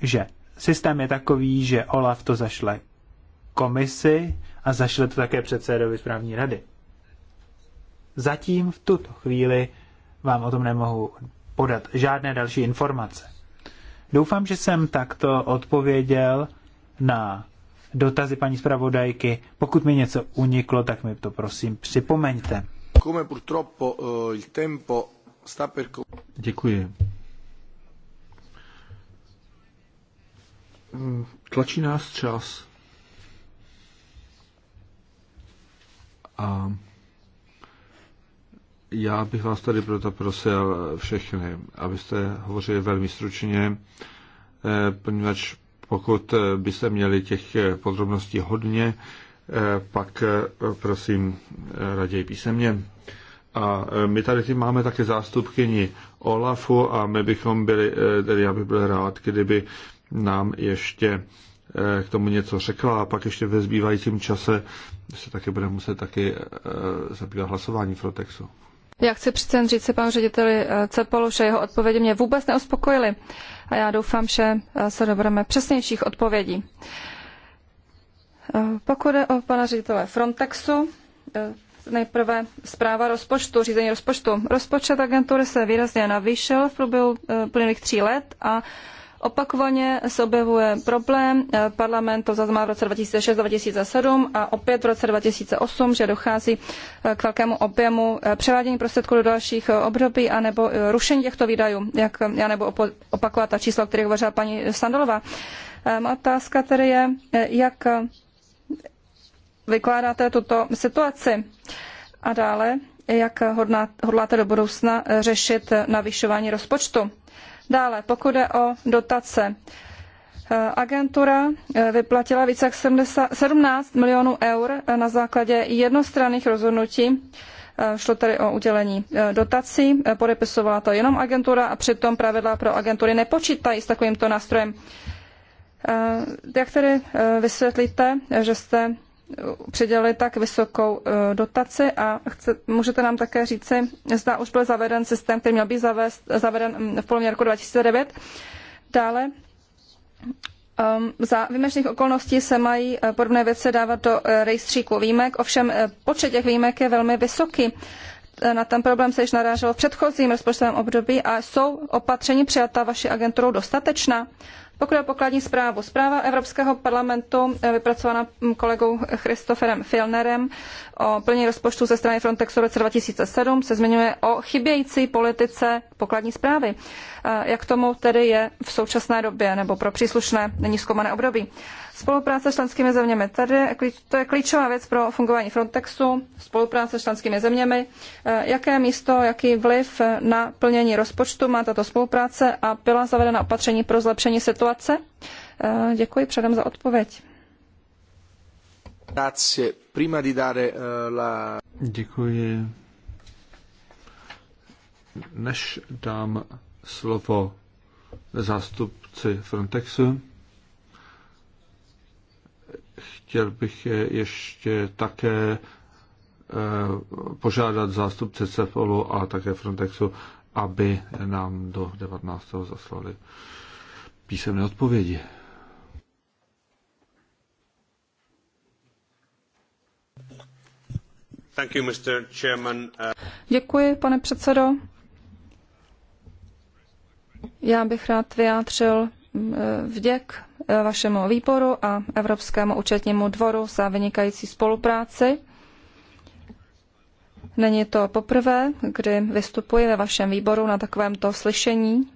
Speaker 1: že systém je takový, že Olaf to zašle komisi a zašle to také předsedovi správní rady. Zatím v tuto chvíli vám o tom nemohu podat žádné další informace. Doufám, že jsem takto odpověděl na dotazy paní zpravodajky. Pokud mi něco uniklo, tak mi to prosím připomeňte. Eh, Děkuji.
Speaker 3: Mm, tlačí nás čas. A já bych vás tady proto prosil všechny, abyste hovořili velmi stručně, eh, poněvadž pokud eh, byste měli těch eh, podrobností hodně, eh, pak prosím raději písemně. A my tady tím máme také zástupkyni Olafu a my bychom byli, tedy já bych byl rád, kdyby nám ještě k tomu něco řekla a pak ještě ve zbývajícím čase se také bude muset taky zabývat hlasování Frotexu.
Speaker 4: Já chci přece jen říct se panu řediteli Cepolu, že jeho odpovědi mě vůbec neuspokojily a já doufám, že se dobereme přesnějších odpovědí. Eh, pokud je o pana ředitele Frontexu, eh, nejprve zpráva rozpočtu, řízení rozpočtu. Rozpočet agentury se výrazně navýšil v průběhu eh, plynulých tří let a Opakovaně se objevuje problém, parlament to zaznamenal v roce 2006-2007 a opět v roce 2008, že dochází eh, k velkému objemu eh, převádění prostředků do dalších eh, období anebo rušení těchto výdajů, jak já nebo opakovat ta čísla, o kterých hovořila paní Sandalová. Má otázka tedy je, jak vykládáte tuto situaci a dále, jak hodláte do budoucna řešit navyšování rozpočtu. Dále, pokud jde o dotace. Eh, agentura eh, vyplatila více jak 17 milionů eur eh, na základě jednostranných rozhodnutí. Šlo tedy o udělení dotací, podepisovala to jenom agentura a přitom pravidla pro agentury nepočítají s takovýmto nástrojem. Jak tedy vysvětlíte, že jste přidělili tak vysokou eh, dotaci a chce, můžete nám také říci, zda už byl zaveden systém, který měl být zavést, zaveden mm, v polovině roku 2009. Dále Um, za výjimečných okolností se mají eh, podobné věci dávat do eh, rejstříku výjimek, ovšem počet těch výjimek je velmi vysoký. Na ten problém se již narážel v předchozím rozpočtovém období a jsou opatření přijatá vaší agenturou dostatečná? Pokud je o pokladní zprávu, zpráva Evropského parlamentu eh, vypracovaná mm, kolegou Christopherem Filnerem o plnění rozpočtu ze strany Frontexu v roce 2007 se zmiňuje o chybějící politice pokladní zprávy. Eh, jak tomu tedy je v současné době nebo pro příslušné zkoumané období? Spolupráce s členskými zeměmi. Tady to je klíčová věc pro fungování Frontexu, spolupráce s členskými zeměmi. Eh, jaké místo, jaký vliv eh, na plnění rozpočtu má tato spolupráce a byla zavedena opatření pro zlepšení situace? Eh, děkuji předem za odpověď.
Speaker 2: Děkuji.
Speaker 3: Než dám slovo zástupci Frontexu, chtěl bych ještě také eh, požádat zástupce CEPOLu a také Frontexu, aby nám do 19. zaslali písemné odpovědi. You,
Speaker 4: Děkuji, pane předsedo. Já bych rád vyjádřil mm, eh, vděk vašemu výboru a Evropskému účetnímu dvoru za vynikající spolupráci. Není to poprvé, kdy vystupuji ve vašem výboru na takovémto slyšení.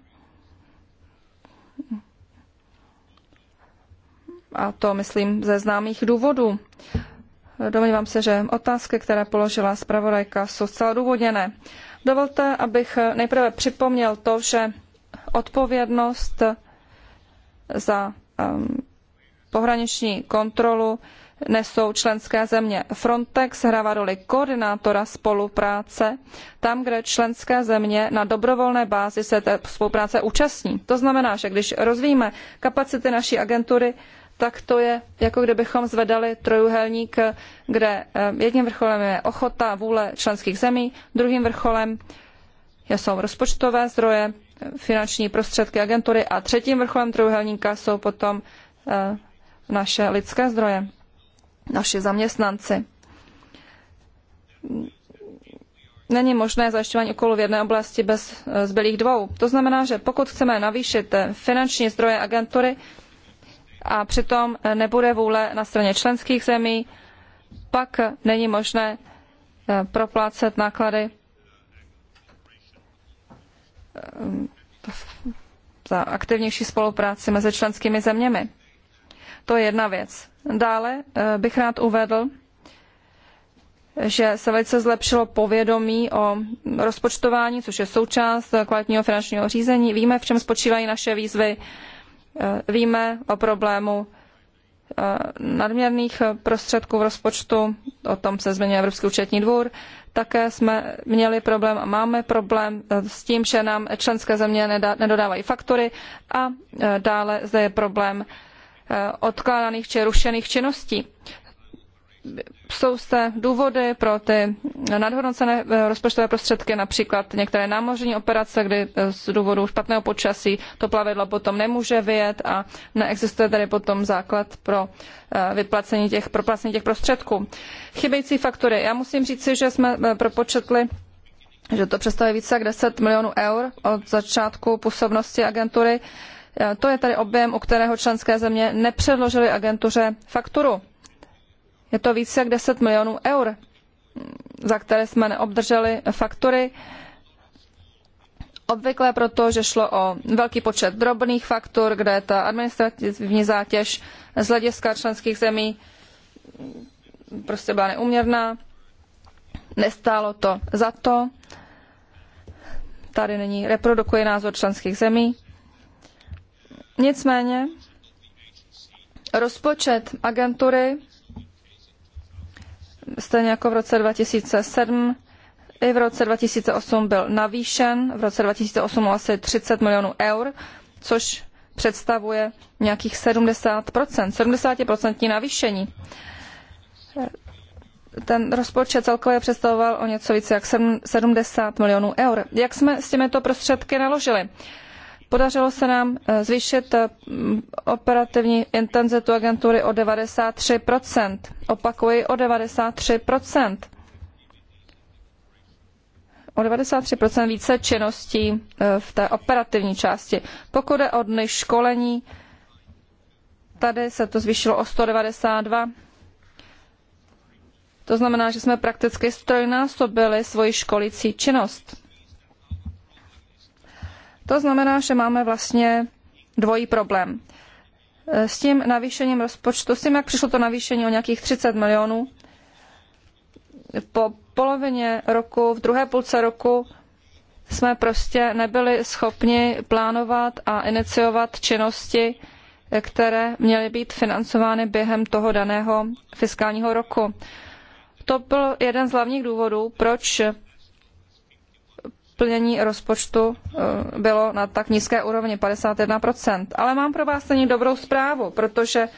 Speaker 4: A to, myslím, ze známých důvodů. Domnívám se, že otázky, které položila zpravodajka, jsou zcela důvodněné. Dovolte, abych nejprve připomněl to, že odpovědnost za Ehm, pohraniční kontrolu nesou členské země. Frontex hrává roli koordinátora spolupráce tam, kde členské země na dobrovolné bázi se té spolupráce účastní. To znamená, že když rozvíjíme kapacity naší agentury, tak to je, jako kdybychom zvedali trojuhelník, kde ehm, jedním vrcholem je ochota, vůle členských zemí, druhým vrcholem jsou rozpočtové zdroje finanční prostředky agentury a třetím vrcholem trojuhelníka jsou potom eh, naše lidské zdroje, naši zaměstnanci. Není možné zajišťování úkolů v jedné oblasti bez eh, zbylých dvou. To znamená, že pokud chceme navýšit eh, finanční zdroje agentury a přitom nebude vůle na straně členských zemí, pak není možné proplácet náklady za aktivnější spolupráci mezi členskými zeměmi. To je jedna věc. Dále eh, bych rád uvedl, že se velice zlepšilo povědomí o rozpočtování, což je součást kvalitního finančního řízení. Víme, v čem spočívají naše výzvy, eh, víme o problému Eh, nadměrných eh, prostředků v rozpočtu, o tom se zmiňuje Evropský účetní dvůr. Také jsme měli problém a máme problém eh, s tím, že nám členské země nedodávají faktury a dále zde je problém odkládaných či rušených činností jsou zde důvody pro ty nadhodnocené eh, rozpočtové prostředky, například některé námořní operace, kdy eh, z důvodu špatného počasí to plavidlo potom nemůže vyjet a neexistuje tedy potom základ pro eh, vyplacení těch, proplacení těch prostředků. Chybějící faktury. Já musím říci, že jsme propočetli že to představuje více jak 10 milionů eur od začátku působnosti agentury. To je tedy objem, u kterého členské země nepředložily agentuře fakturu je to více jak 10 milionů eur, za které jsme neobdrželi faktury. Obvykle proto, že šlo o velký počet drobných faktur, kde ta administrativní zátěž z hlediska členských zemí prostě byla neuměrná. Nestálo to za to. Tady není reprodukuji názor členských zemí. Nicméně rozpočet agentury stejně jako v roce 2007, i v roce 2008 byl navýšen, v roce 2008 asi 30 milionů eur, což představuje nějakých 70%, 70% navýšení. Ten rozpočet celkově představoval o něco více jak 70 milionů eur. Jak jsme s těmito prostředky naložili? Podařilo se nám eh, zvýšit eh, operativní intenzitu agentury o 93 Opakuji o 93 o 93% více činností eh, v té operativní části. Pokud je o dny školení, tady se to zvýšilo o 192. To znamená, že jsme prakticky strojnásobili svoji školící činnost. To znamená, že máme vlastně dvojí problém. E, s tím navýšením rozpočtu, s tím, jak přišlo to navýšení o nějakých 30 milionů, po polovině roku, v druhé půlce roku jsme prostě nebyli schopni plánovat a iniciovat činnosti, e, které měly být financovány během toho daného fiskálního roku. To byl jeden z hlavních důvodů, proč plnění rozpočtu eh, bylo na tak nízké úrovni 51%. Ale mám pro vás není dobrou zprávu, protože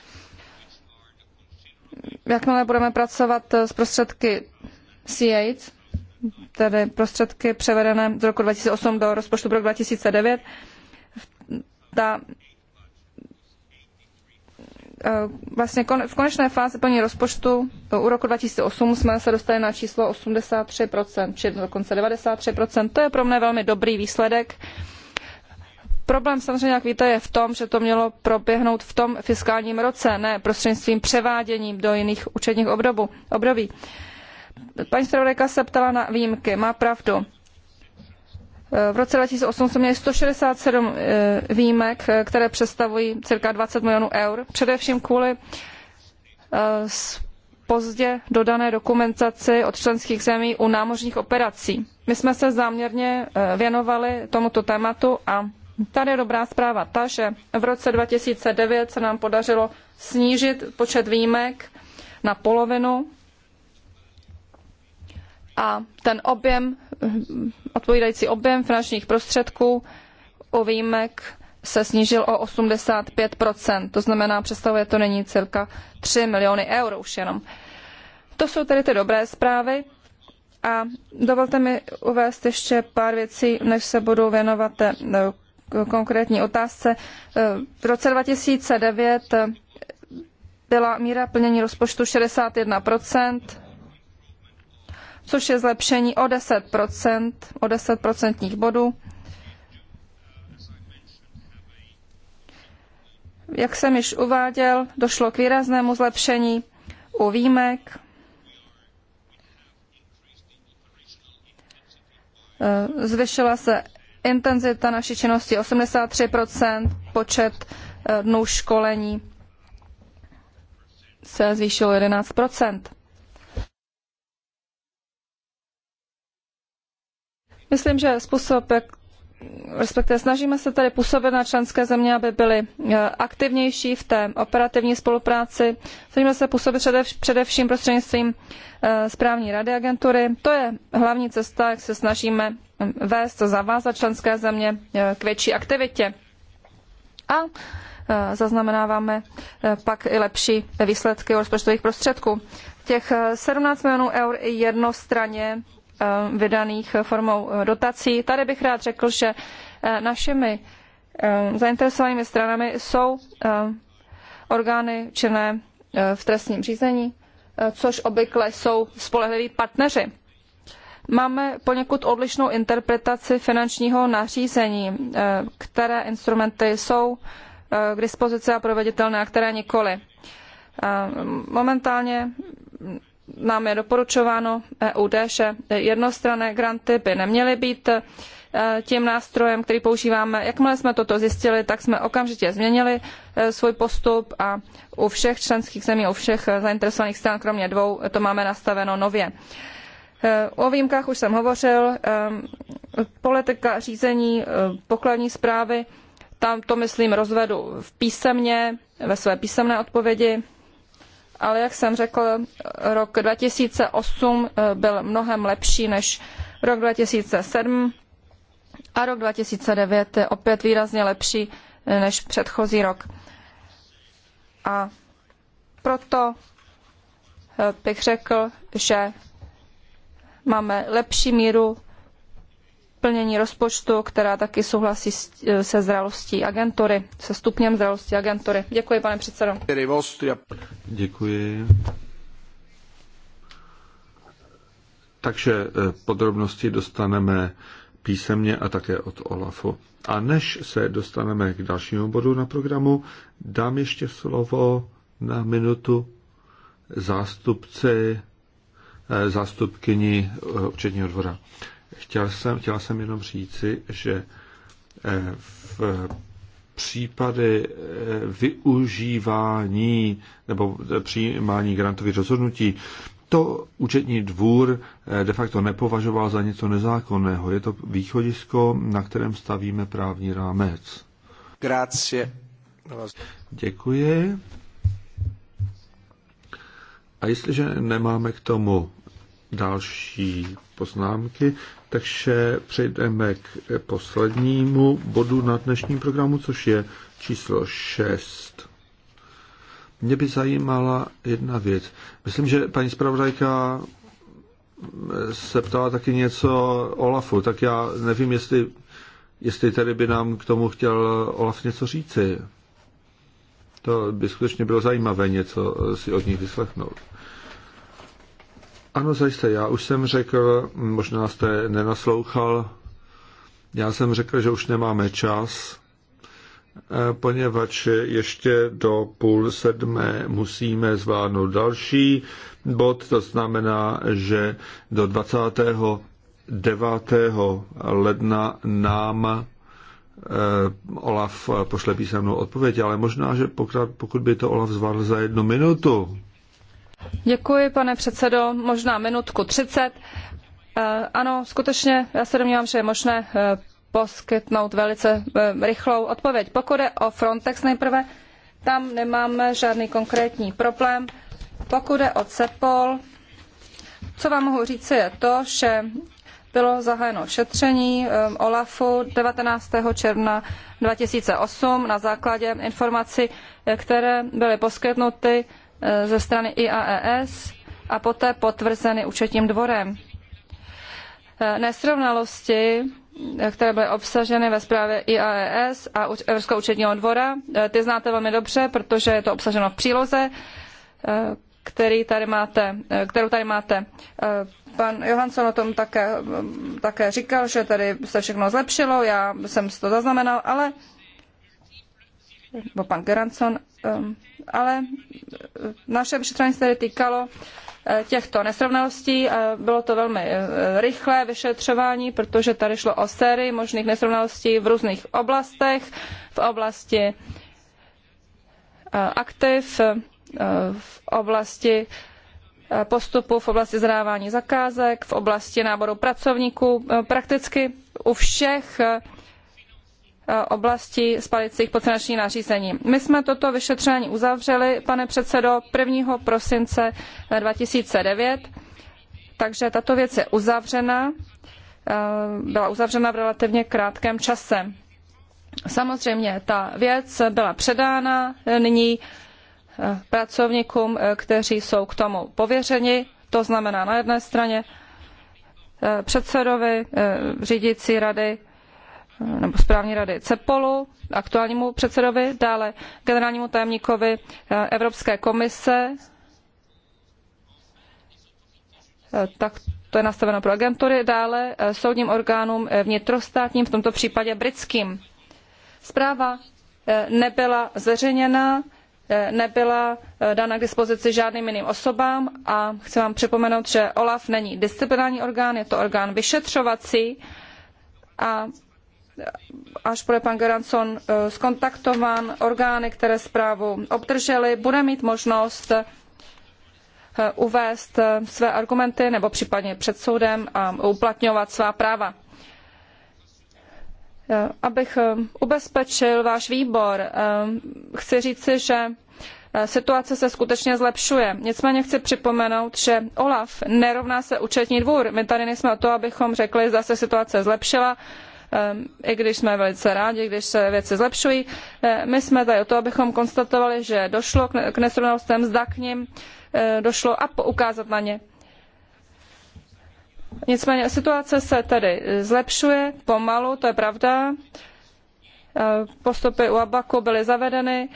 Speaker 4: jakmile budeme pracovat eh, s prostředky C8, tedy prostředky převedené z roku 2008 do rozpočtu pro 2009, ta Eh, vlastně v konečné fázi plní rozpočtu eh, u roku 2008 jsme se dostali na číslo 83%, či dokonce 93%. To je pro mě velmi dobrý výsledek. Problém samozřejmě, jak víte, je v tom, že to mělo proběhnout v tom fiskálním roce, ne prostřednictvím převáděním do jiných účetních období. Paní Stravodajka se ptala na výjimky. Má pravdu. V roce 2008 jsme měli 167 eh, výjimek, eh, které představují cirka 20 milionů eur, především kvůli eh, pozdě dodané dokumentaci od členských zemí u námořních operací. My jsme se záměrně věnovali tomuto tématu a tady je dobrá zpráva ta, že v roce 2009 se nám podařilo snížit počet výjimek na polovinu a ten objem, odpovídající objem finančních prostředků u výjimek se snížil o 85 to znamená, představuje to není cirka 3 miliony eur už jenom. To jsou tedy ty dobré zprávy a dovolte mi uvést ještě pár věcí, než se budu věnovat té no, konkrétní otázce. V roce 2009 byla míra plnění rozpočtu 61 což je zlepšení o 10 o 10 bodů. Jak jsem již uváděl, došlo k výraznému zlepšení u výjimek. Eh, zvyšila se intenzita naší činnosti 83 počet eh, dnů školení se zvýšil 11 Myslím, že způsob, jak respektive snažíme se tady působit na členské země, aby byly eh, aktivnější v té operativní spolupráci. Snažíme se působit především prostřednictvím eh, správní rady agentury. To je hlavní cesta, jak se snažíme hm, vést, zavázat členské země eh, k větší aktivitě. A zaznamenáváme pak i lepší výsledky rozpočtových prostředků. Těch 17 milionů eur jednostranně Eh, vydaných formou eh, dotací. Tady bych rád řekl, že eh, našimi zainteresovanými stranami jsou orgány činné v trestním řízení, což obvykle jsou spolehliví partneři. Máme poněkud odlišnou interpretaci finančního nařízení, které instrumenty jsou k dispozici a proveditelné a které nikoli. Momentálně nám je doporučováno EUD, že jednostranné granty by neměly být e, tím nástrojem, který používáme. Jakmile jsme toto zjistili, tak jsme okamžitě změnili e, svůj postup a u všech členských zemí, u všech e, zainteresovaných stran, kromě dvou, to máme nastaveno nově. O výjimkách už jsem hovořil. Politika řízení pokladní zprávy, tam to, myslím, rozvedu v písemně, ve své písemné odpovědi ale jak jsem řekl, rok 2008 eh, byl mnohem lepší než rok 2007 a rok 2009 je opět výrazně lepší eh, než předchozí rok. A proto eh, bych řekl, že máme lepší míru plnění rozpočtu, která taky souhlasí e, se zralostí agentury, se stupněm zralosti agentury. Děkuji, pane předsedo.
Speaker 2: Děkuji.
Speaker 3: Takže e, podrobnosti dostaneme písemně a také od Olafu. A než se dostaneme k dalšímu bodu na programu, dám ještě slovo na minutu zástupci, e, zástupkyni účetního dvora. Chtěl jsem, chtěl jsem jenom říci, že eh, v případy eh, využívání nebo eh, přijímání grantových rozhodnutí, to účetní dvůr de facto nepovažoval za něco nezákonného. Je to východisko, na kterém stavíme právní rámec.
Speaker 2: Grazie.
Speaker 3: Děkuji. A jestliže nemáme k tomu další poznámky, takže přejdeme k poslednímu bodu na dnešním programu, což je číslo 6. Mě by zajímala jedna věc. Myslím, že paní zpravodajka se ptala taky něco Olafu, tak já nevím, jestli, jestli tady by nám k tomu chtěl Olaf něco říci. To by skutečně bylo zajímavé něco si od nich vyslechnout. Ano, zajisté, já už jsem řekl, možná jste nenaslouchal, já jsem řekl, že už nemáme čas, eh, poněvadž ještě do půl sedmé musíme zvládnout další bod, to znamená, že do 29. ledna nám eh, Olaf pošle písemnou odpověď, ale možná, že pokud by to Olaf zvládl za jednu minutu,
Speaker 4: Děkuji, pane předsedo. Možná minutku 30. Eh, ano, skutečně, já se domnívám, že je možné eh, poskytnout velice eh, rychlou odpověď. Pokud je o Frontex nejprve, tam nemáme žádný konkrétní problém. Pokud je o CEPOL, co vám mohu říci je to, že bylo zahájeno šetření OLAFu 19. června 2008 na základě informací, které byly poskytnuty Eh, ze strany IAES a poté potvrzeny účetním dvorem. Eh, nesrovnalosti, eh, které byly obsaženy ve zprávě IAES a e Evropského účetního dvora, ty znáte velmi dobře, protože je to obsaženo v příloze, který tady máte, kterou tady máte. Pan Johansson o tom také, také říkal, že tady se všechno zlepšilo, já jsem si to zaznamenal, ale, nebo pan Geranson, ale naše vyšetřování se tedy týkalo eh, těchto nesrovnalostí. Bylo to velmi eh, rychlé vyšetřování, protože tady šlo o sérii možných nesrovnalostí v různých oblastech, v oblasti eh, aktiv, v oblasti postupu v oblasti zadávání zakázek, v oblasti náboru pracovníků, prakticky u všech Eh, oblasti spalicích pod finanční nařízení. My jsme toto vyšetřování uzavřeli, pane předsedo, 1. prosince 2009, eh, takže tato věc je uzavřena, eh, byla uzavřena v relativně krátkém čase. Samozřejmě ta věc byla předána nyní pracovníkům, kteří jsou k tomu pověřeni, to znamená na jedné straně předsedovi řídící rady nebo správní rady CEPOLu, aktuálnímu předsedovi, dále generálnímu tajemníkovi eh, Evropské komise. Eh, tak to je nastaveno pro agentury, dále eh, soudním orgánům vnitrostátním, v tomto případě britským. Zpráva nebyla zveřejněna, nebyla dána k dispozici žádným jiným osobám a chci vám připomenout, že OLAF není disciplinární orgán, je to orgán vyšetřovací a až bude pan Göransson eh, skontaktován orgány, které zprávu obdržely, bude mít možnost eh, uvést eh, své argumenty nebo případně před soudem a uplatňovat svá práva. Abych ubezpečil váš výbor, chci říci, že situace se skutečně zlepšuje. Nicméně chci připomenout, že OLAF nerovná se účetní dvůr. My tady nejsme o to, abychom řekli, zda se situace zlepšila Ehm, i když jsme velice rádi, když se věci zlepšují. Eh, my jsme tady o to, abychom konstatovali, že došlo k nesrovnalostem, zda k nim eh, došlo a poukázat na ně. Nicméně situace se tedy eh, zlepšuje pomalu, to je pravda. Postupy u Abaku byly zavedeny.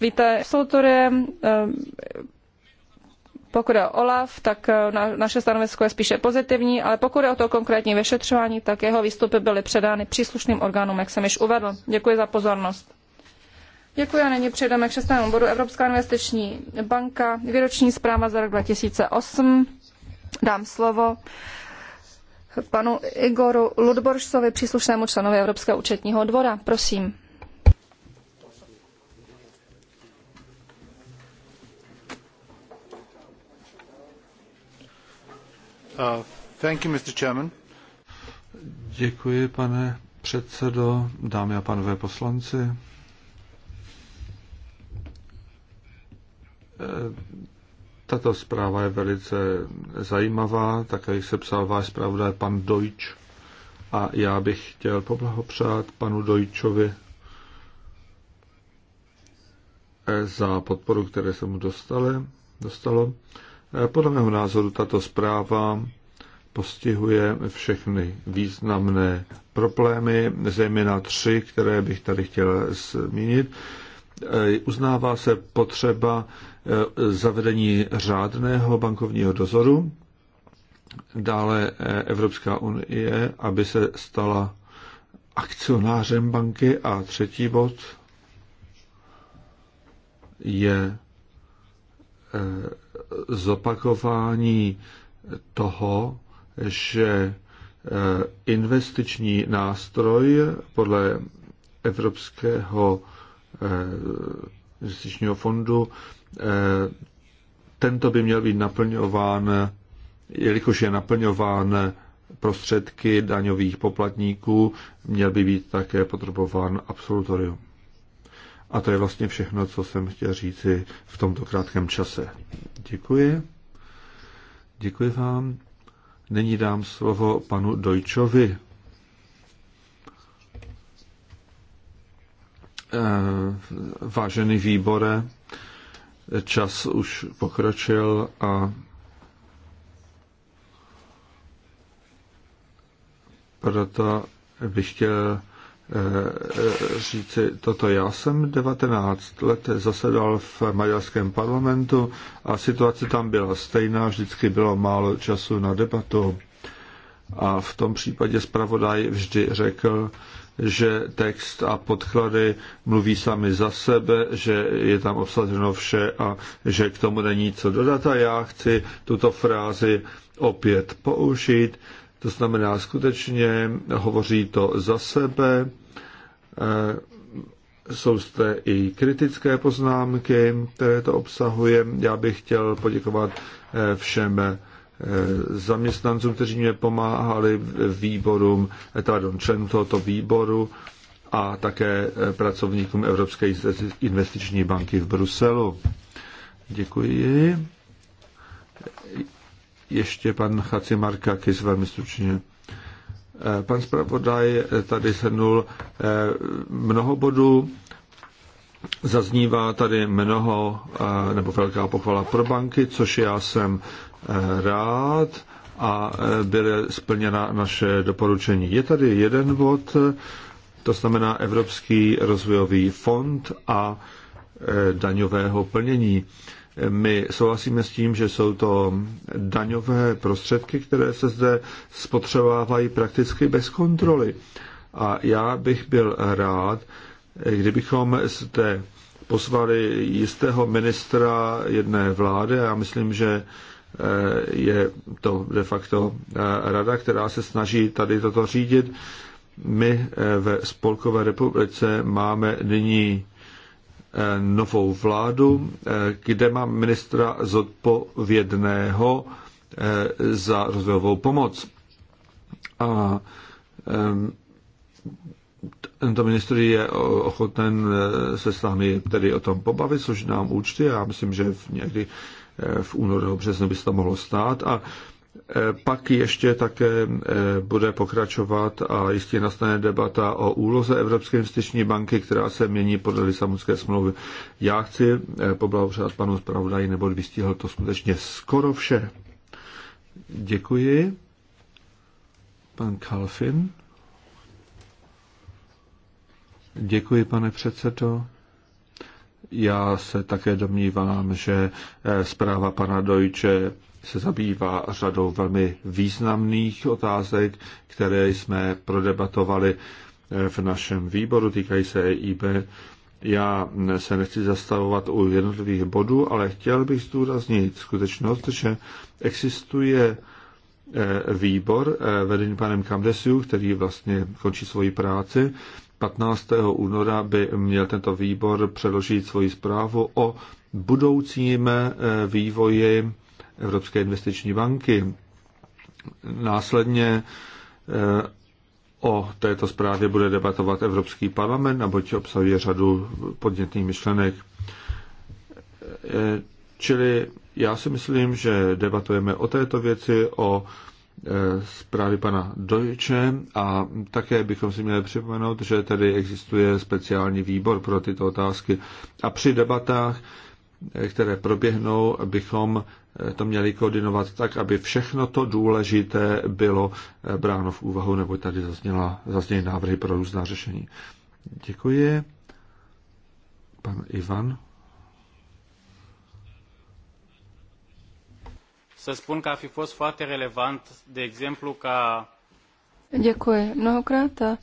Speaker 4: Víte, absolutorie pokud je o OLAF, tak eh, naše stanovisko je spíše pozitivní, ale pokud je o to konkrétní vyšetřování, tak jeho výstupy byly předány příslušným orgánům, jak jsem již uvedl. Děkuji za pozornost. Děkuji a nyní přejdeme k šestému bodu Evropská investiční banka, výroční zpráva za rok 2008. Dám slovo panu Igoru Ludboršovi, příslušnému členovi Evropského účetního dvora. Prosím.
Speaker 1: Uh,
Speaker 3: Děkuji, pane předsedo, dámy a panové poslanci. Eh, tato zpráva je velice zajímavá, také se psal váš zpravodaj pan Dojč a já bych chtěl poblahopřát panu Dojčovi eh, za podporu, které se mu dostalo. Podle mého názoru tato zpráva postihuje všechny významné problémy, zejména tři, které bych tady chtěl zmínit. E, uznává se potřeba e, zavedení řádného bankovního dozoru, dále e, Evropská unie, aby se stala akcionářem banky a třetí bod je zopakování toho, že eh, investiční nástroj podle Evropského eh, investičního fondu eh, tento by měl být naplňován, jelikož je naplňován prostředky daňových poplatníků, měl by být také potřebován absolutorium. A to je vlastně všechno, co jsem chtěl říci v tomto krátkém čase. Děkuji. Děkuji vám. Nyní dám slovo panu Dojčovi. Eh, vážený výbore, čas už pokročil a proto bych chtěl Eh, říci toto. Já jsem 19 let zasedal v maďarském parlamentu a situace tam byla stejná, vždycky bylo málo času na debatu. A v tom případě zpravodaj vždy řekl, že text a podklady mluví sami za sebe, že je tam obsaženo vše a že k tomu není co dodat. A já chci tuto frázi opět použít to znamená, skutečně hovoří to za sebe, eh, jsou zde i kritické poznámky, které to obsahuje. Já bych chtěl poděkovat eh, všem eh, zaměstnancům, kteří mě pomáhali výborům, pardon, členům tohoto výboru a také pracovníkům Evropské investiční banky v Bruselu. Děkuji ještě pan Chaci Kis velmi stručně. Eh, pan zpravodaj tady sednul eh, mnoho bodů, zaznívá tady mnoho, eh, nebo velká pochvala pro banky, což já jsem rád a byly splněna naše doporučení. Je tady jeden bod, to znamená Evropský rozvojový fond a daňového plnění. My souhlasíme s tím, že jsou to daňové prostředky, které se zde spotřebovávají prakticky bez kontroly. A já bych byl rád, kdybychom zde pozvali jistého ministra jedné vlády, já myslím, že eh, je to de facto eh, rada, která se snaží tady toto řídit. My eh, ve Spolkové republice máme nyní novou vládu, kde mám ministra zodpovědného eh, za rozvojovou pomoc. A eh, tento ministr je ochoten eh, se s námi tedy o tom pobavit, což nám účty. Já myslím, že v někdy v únoru, březnu by se to mohlo stát. A pak ještě také eh, bude pokračovat a jistě nastane debata o úloze Evropské investiční banky, která se mění podle Lisabonské smlouvy. Já chci eh, poblahopřát panu zpravodaji, nebo vystihl to skutečně skoro vše. Děkuji. Pan Kalfin. Děkuji, pane předsedo. Já se také domnívám, že eh, zpráva pana Dojče se zabývá řadou velmi významných otázek, které jsme prodebatovali eh, v našem výboru, týkají se EIB. Já mm, se nechci zastavovat u jednotlivých bodů, ale chtěl bych zdůraznit skutečnost, že existuje eh, výbor vedený panem Kamdesiu, který vlastně končí svoji práci 15. února by měl tento výbor předložit svoji zprávu o budoucím eh, vývoji Evropské investiční banky. Následně eh, o této zprávě bude debatovat Evropský parlament, neboť obsahuje řadu podnětných myšlenek. Eh, čili já si myslím, že debatujeme o této věci, o Eh, zprávy pana Dojče a také bychom si měli připomenout, že tady existuje speciální výbor pro tyto otázky a při debatách, eh, které proběhnou, bychom eh, to měli koordinovat tak, aby všechno to důležité bylo bráno v úvahu, nebo tady zazněla, zazněly návrhy pro různá řešení. Děkuji. Pan Ivan.
Speaker 1: să spun că a fi fost foarte relevant, de exemplu, ca...
Speaker 4: Děkuji mnohokrát. a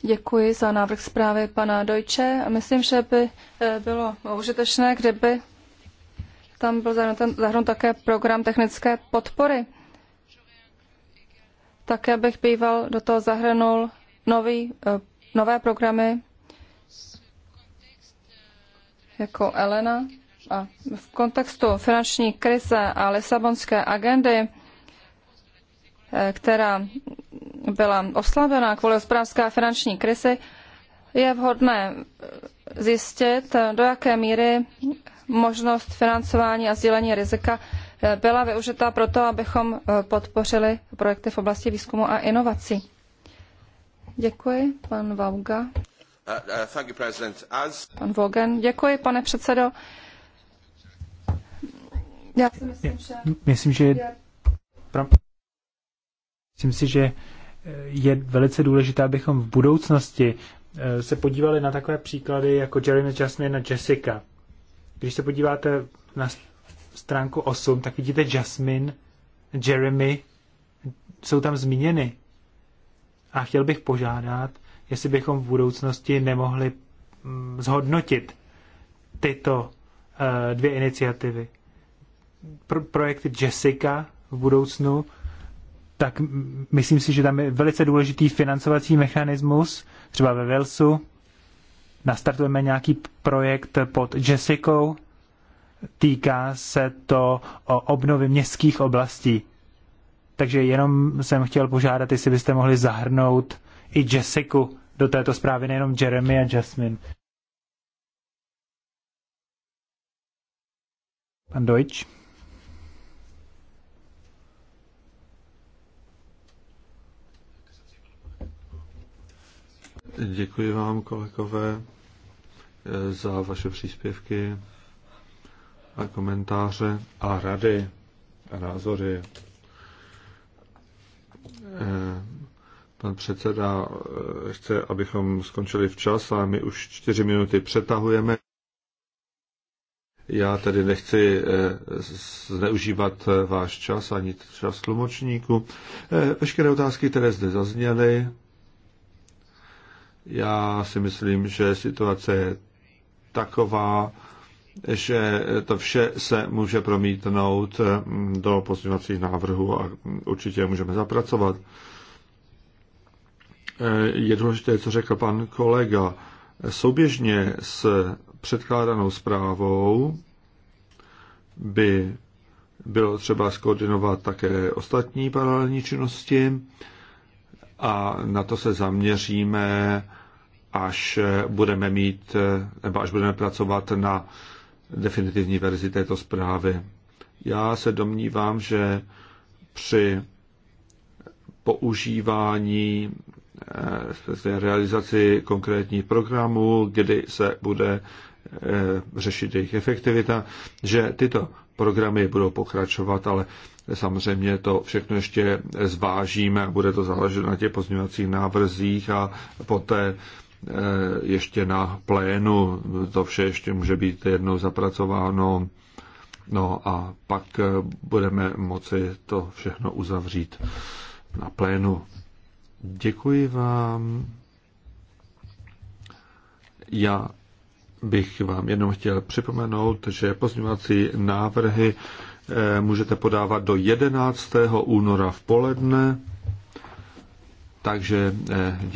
Speaker 4: Děkuji za návrh zprávy pana Dojče. Myslím, že by eh, bylo užitečné, kdyby tam byl zahrnut také program technické podpory. Také bych býval do toho zahrnul nový, eh, nové programy jako Elena v kontextu finanční krize a Lisabonské agendy, eh, která byla oslavena kvůli hospodářské a finanční krizi, je vhodné zjistit, do jaké míry možnost financování a sdílení rizika eh, byla využita pro to, abychom eh, podpořili projekty v oblasti výzkumu a inovací. Děkuji, pan Vauga.
Speaker 2: Uh, uh, pan
Speaker 4: Vogen, děkuji, pane předsedo. Já si myslím, že... Myslím, že...
Speaker 1: Myslím si, že eh, je velice důležité, abychom v budoucnosti eh, se podívali na takové příklady jako Jeremy Jasmine a Jessica. Když se podíváte na stránku 8, tak vidíte Jasmine, Jeremy, jsou tam zmíněny. A chtěl bych požádat, jestli bychom v budoucnosti nemohli mm, zhodnotit tyto eh, dvě iniciativy pro, projekt Jessica v budoucnu, tak myslím si, že tam je velice důležitý financovací mechanismus, třeba ve Velsu. Nastartujeme nějaký projekt pod Jessicou, týká se to o obnovy městských oblastí. Takže jenom jsem chtěl požádat, jestli byste mohli zahrnout i Jessiku do této zprávy, nejenom Jeremy a Jasmine. Pan Deutsch.
Speaker 3: Děkuji vám, kolegové, za vaše příspěvky a komentáře a rady a názory. Pan předseda chce, abychom skončili včas, ale my už čtyři minuty přetahujeme. Já tedy nechci eh, zneužívat eh, váš čas ani čas tlumočníku. Eh, veškeré otázky, které zde zazněly, já si myslím, že situace je taková, že to vše se může promítnout do pozměňovacích návrhů a určitě můžeme zapracovat. Eh, je důležité, co řekl pan kolega. Souběžně s předkládanou zprávou by bylo třeba skoordinovat také ostatní paralelní činnosti a na to se zaměříme až budeme mít, nebo až budeme pracovat na definitivní verzi této zprávy. Já se domnívám, že při používání eh, realizaci konkrétních programů, kdy se bude eh, řešit jejich efektivita, že tyto programy budou pokračovat, ale samozřejmě to všechno ještě zvážíme, bude to záležet na těch pozměňovacích návrzích a poté Eh, ještě na plénu. To vše ještě může být jednou zapracováno. No a pak eh, budeme moci to všechno uzavřít na plénu. Děkuji vám. Já bych vám jenom chtěl připomenout, že pozměňovací návrhy eh, můžete podávat do 11. února v poledne. Takže děkuji.